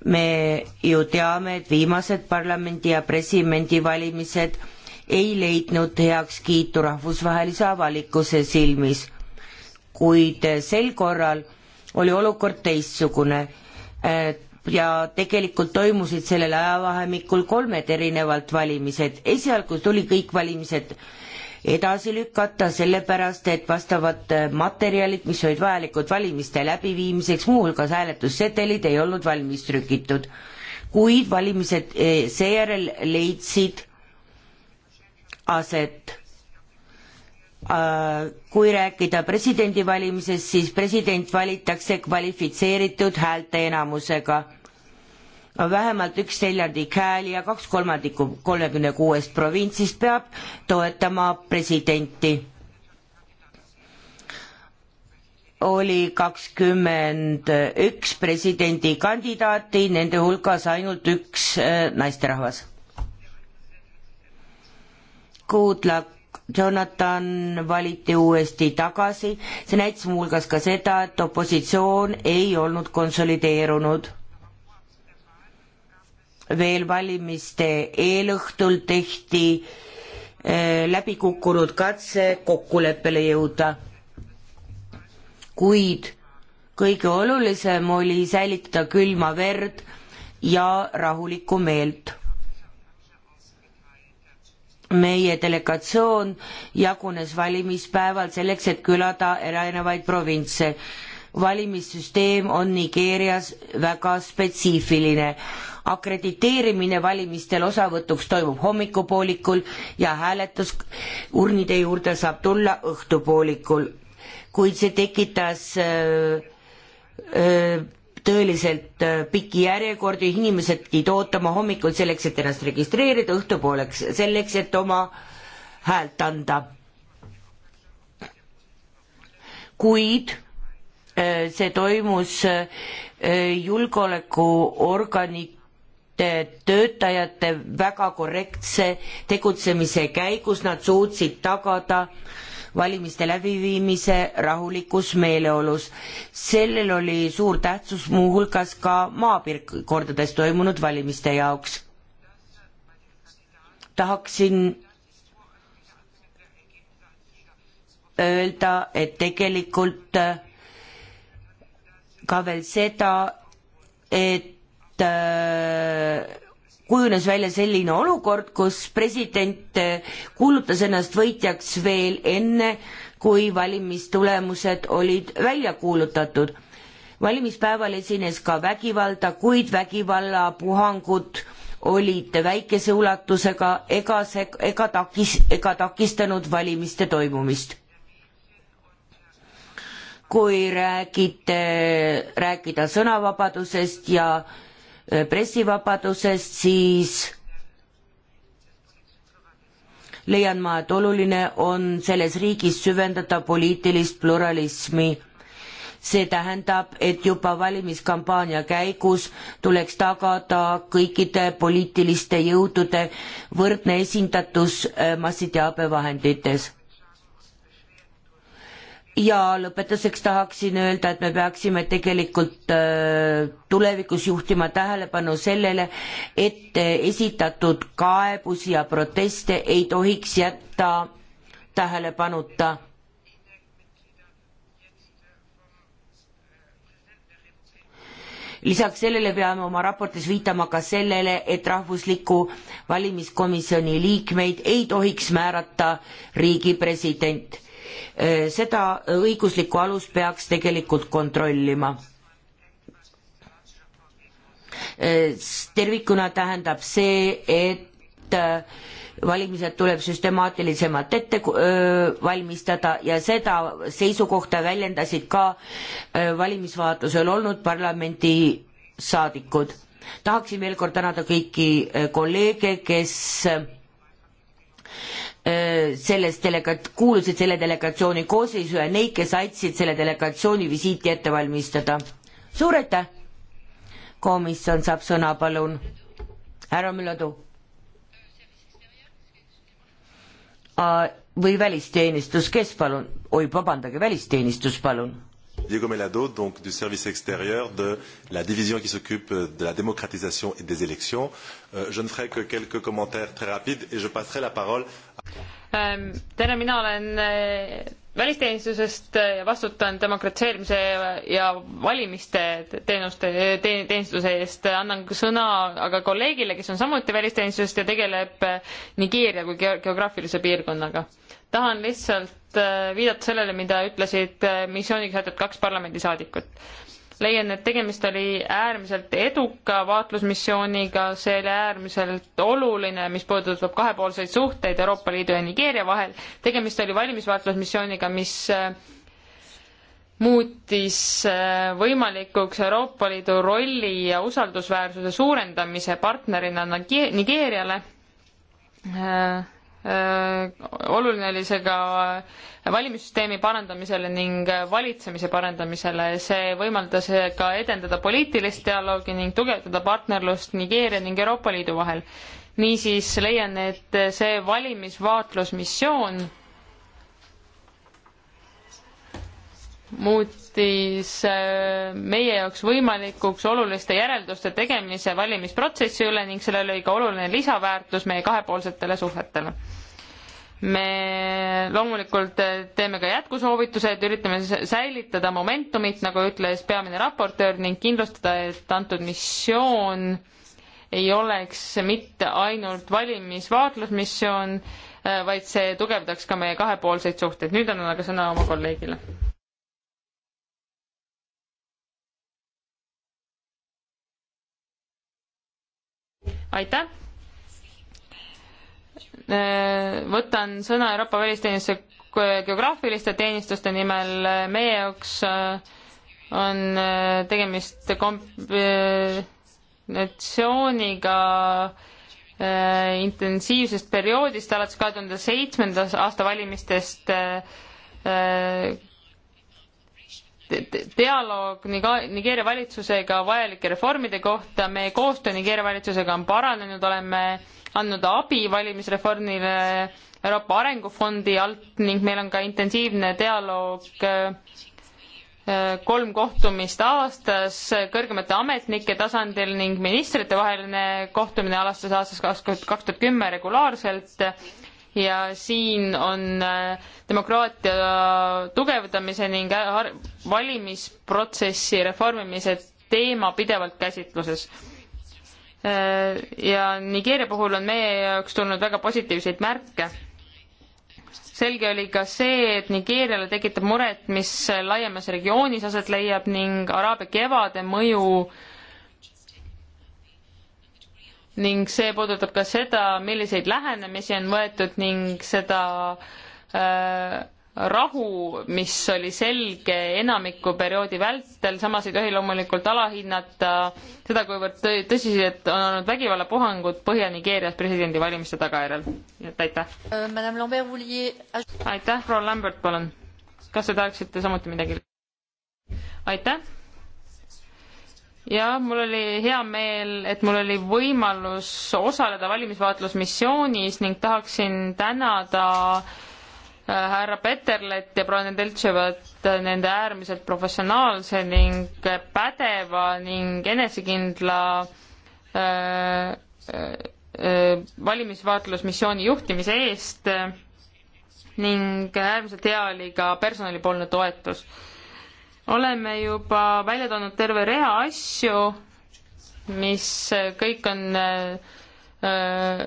me ju teame, et viimased parlamendi ja presidendivalimised ei leidnud heakskiitu rahvusvahelise avalikkuse silmis. kuid sel korral oli olukord teistsugune ja tegelikult toimusid sellel ajavahemikul kolmed erinevalt valimised. esialgu tuli kõik valimised edasi lükata, sellepärast et vastavad äh, materjalid, mis olid vajalikud valimiste läbiviimiseks, muuhulgas hääletussedelid, ei olnud valmis trükitud. kuid valimised äh, seejärel leidsid aset Äh, kui rääkida presidendivalimisest, siis president valitakse kvalifitseeritud häälteenamusega. vähemalt üks neljandik hääli ja kaks kolmandikku kolmekümne kuuest provintsist peab toetama presidenti. oli kakskümmend üks presidendikandidaati, nende hulgas ainult üks äh, naisterahvas. Good luck Jonathan valiti uuesti tagasi, see näitas muuhulgas ka seda, et opositsioon ei olnud konsolideerunud. veel valimiste eelõhtul tehti eh, läbi kukkunud katse kokkuleppele jõuda. kuid kõige olulisem oli säilitada külma verd ja rahulikku meelt meie delegatsioon jagunes valimispäeval selleks, et külada erinevaid provintse. valimissüsteem on Nigeerias väga spetsiifiline. akrediteerimine valimistel osavõtuks toimub hommikupoolikul ja hääletus urnide juurde saab tulla õhtupoolikul. kuid see tekitas öö, äh, öö, äh, tõeliselt äh, pikki järjekordi, inimesed pidid ootama hommikul selleks, et ennast registreerida, õhtupooleks selleks, et oma häält anda. kuid äh, see toimus äh, julgeolekuorganite töötajate väga korrektse tegutsemise käigus, nad suutsid tagada äh, valimiste läbiviimise rahulikus meeleolus. sellel oli suur tähtsus muuhulgas ka maapiirkondades toimunud valimiste jaoks. tahaksin öelda, et tegelikult äh, ka veel seda, et äh, kujunes välja selline olukord, kus president eh, kuulutas ennast võitjaks veel enne, kui valimistulemused olid välja kuulutatud. valimispäeval esines ka vägivalda, kuid vägivallapuhangud olid väikese ulatusega ega see, ega takis, ega takistanud valimiste toimumist kui räägite, rääkida sõnavabadusest ja pressivabadusest, siis leian ma, et oluline on selles riigis süvendada poliitilist pluralismi. see tähendab, et juba valimiskampaania käigus tuleks tagada kõikide poliitiliste jõudude võrdne esindatus eh, massiteabevahendites ja lõpetuseks tahaksin öelda, et me peaksime tegelikult äh, tulevikus juhtima tähelepanu sellele, et äh, esitatud kaebusi ja proteste ei tohiks jätta tähelepanuta. lisaks sellele peame oma raportis viitama ka sellele, et rahvusliku valimiskomisjoni liikmeid ei tohiks määrata riigi president Äh, seda õiguslikku alust peaks tegelikult kontrollima. Äh, tervikuna tähendab see, et äh, valimised tuleb süstemaatilisemalt ette öö, valmistada ja seda seisukohta väljendasid ka öö, valimisvaatlusel olnud parlamendisaadikud. tahaksin veel kord tänada kõiki kolleege, kes öö, Äh, selles delega-, kuulusid selle delegatsiooni koosseisu ja neid, kes aitasid selle delegatsiooni visiiti ette valmistada. suur aitäh! komisjon saab sõna, palun. härra Müladu. Äh, või välisteenistus, kes palun? oi, vabandage, välisteenistus, palun. Diego Melado, donc du service extérieur de la division qui s'occupe de la démocratisation et des élections. Euh, je ne ferai que quelques commentaires très rapides et je passerai la parole Ehm, tere, mina olen eh, välisteenistusest eh, ja vastutan demokratiseerimise ja valimiste teenuste te,, teenistuse eest. annan sõna aga kolleegile, kes on samuti välisteenistusest ja tegeleb eh, Nigeeria kui geograafilise piirkonnaga. tahan lihtsalt viidata sellele, mida ütlesid missiooniga seotud kaks parlamendisaadikut leian, et tegemist oli äärmiselt eduka vaatlusmissiooniga, see oli äärmiselt oluline, mis puudutab kahepoolseid suhteid Euroopa Liidu ja Nigeeria vahel. tegemist oli valimisvaatlusmissiooniga, mis äh, muutis äh, võimalikuks Euroopa Liidu rolli ja usaldusväärsuse suurendamise partnerina Nigeeriale äh, Äh, oluline oli see ka äh, valimissüsteemi parandamisele ning äh, valitsemise parandamisele. see võimaldas ka edendada poliitilist dialoogi ning tugevdada partnerlust Nigeeria ning Euroopa Liidu vahel. niisiis leian, et see valimisvaatlusmissioon muutis äh, meie jaoks võimalikuks oluliste järelduste tegemise valimisprotsessi üle ning sellel oli ka oluline lisaväärtus meie kahepoolsetele suhetele. me loomulikult äh, teeme ka jätkusoovitused, üritame säilitada momentumit, nagu ütles peamine raportöör ning kindlustada, et antud missioon ei oleks mitte ainult valimisvaatlusmissioon, äh, vaid see tugevdaks ka meie kahepoolseid suhteid. nüüd annan aga sõna oma kolleegile aitäh! Äh, võtan sõna Euroopa välisteenistuse geograafiliste teenistuste nimel. meie jaoks äh, on äh, tegemist kombinatsiooniga intensiivsest perioodist alates kahe tuhande seitsmenda aasta valimistest dialoog Nigeeria valitsusega vajalike reformide kohta, meie koostöö Nigeeria valitsusega on paranenud, oleme andnud abi valimisreformile Euroopa Arengufondi alt ning meil on ka intensiivne dialoog äh, äh, kolm kohtumist aastas kõrgemate ametnike tasandil ning ministrite vaheline kohtumine alates aastast kaks tuhat kümme regulaarselt ja siin on äh, demokraatia tugevdamise ning äh, valimisprotsessi reformimise teema pidevalt käsitluses. Äh, ja Nigeeria puhul on meie jaoks tulnud väga positiivseid märke. selge oli ka see, et Nigeeriale tekitab muret, mis laiemas regioonis aset leiab ning Araabia kevade mõju äh, ning see puudutab ka seda, milliseid lähenemisi on võetud ning seda äh, rahu, mis oli selge enamiku perioodi vältel, samas ei tohi loomulikult alahinnata seda, kuivõrd tõsiselt on olnud vägivallapuhangud Põhja-Nigeerias presidendivalimiste tagajärjel. nii et aitäh. Äh, aitäh, proua Lambert, palun. kas te tahaksite samuti midagi? aitäh ja mul oli hea meel, et mul oli võimalus osaleda valimisvaatlusmissioonis ning tahaksin tänada äh, härra Peterlet ja proua Nedeltševat äh, nende äärmiselt professionaalse ning äh, pädeva ning enesekindla äh, äh, valimisvaatlusmissiooni juhtimise eest ning äärmiselt hea oli ka personalipoolne toetus oleme juba välja toonud terve rea asju, mis kõik on äh,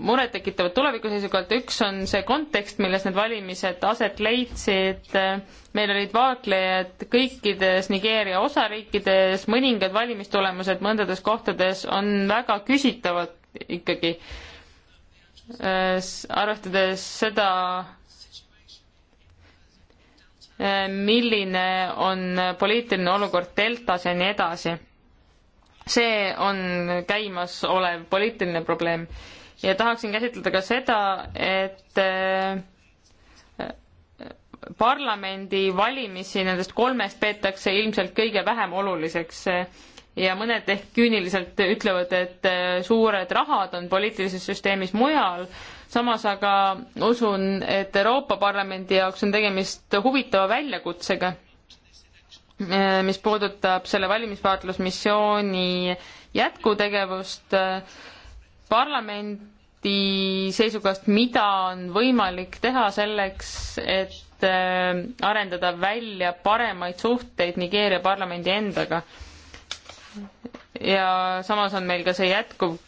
murettekitavad tuleviku seisukohalt. üks on see kontekst, milles need valimised aset leidsid. meil olid vaatlejad kõikides Nigeeria osariikides, mõningad valimistulemused mõndades kohtades on väga küsitavad ikkagi äh,. arvestades seda Eh, milline on poliitiline olukord deltas ja nii edasi. see on käimasolev poliitiline probleem ja tahaksin käsitleda ka seda, et eh, parlamendivalimisi nendest kolmest peetakse ilmselt kõige vähem oluliseks ja mõned ehk küüniliselt ütlevad, et eh, suured rahad on poliitilises süsteemis mujal samas aga usun, et Euroopa Parlamendi jaoks on tegemist huvitava väljakutsega, eh, mis puudutab selle valimisvaatlusmissiooni jätkutegevust eh, parlamendi seisukohast, mida on võimalik teha selleks, et eh, arendada välja paremaid suhteid Nigeeria parlamendi endaga ja samas on meil ka see jätkuv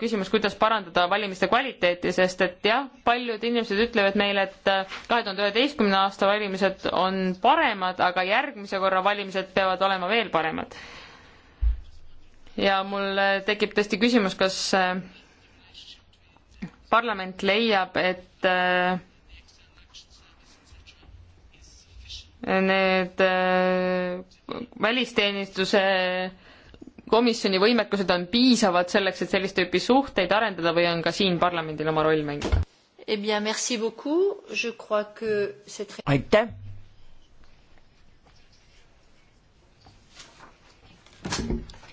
küsimus, kuidas parandada valimiste kvaliteeti, sest et jah, paljud inimesed ütlevad meile, et äh, kahe tuhande üheteistkümne aasta valimised on paremad, aga järgmise korra valimised peavad olema veel paremad. ja mul äh, tekib tõesti küsimus, kas äh, parlament leiab, et need välisteenistuse äh, komisjoni võimekused on piisavad selleks, et sellist tüüpi suhteid arendada või on ka siin parlamendil oma roll mängida? Eh bien, merci beaucoup. Je crois que cette... aitäh.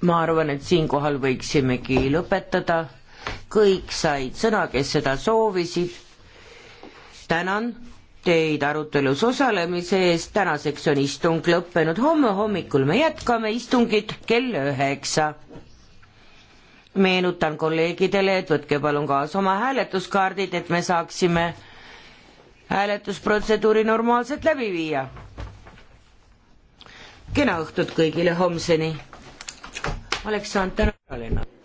ma arvan, et siinkohal võiksimegi lõpetada. kõik said sõna, kes seda soovisid. tänan teid arutelus osalemise eest, tänaseks on istung lõppenud, homme hommikul me jätkame istungit kell üheksa. meenutan kolleegidele, et võtke palun kaasa oma hääletuskaardid, et me saaksime hääletusprotseduuri normaalselt läbi viia. kena õhtut kõigile homseni. oleks saanud täna linna.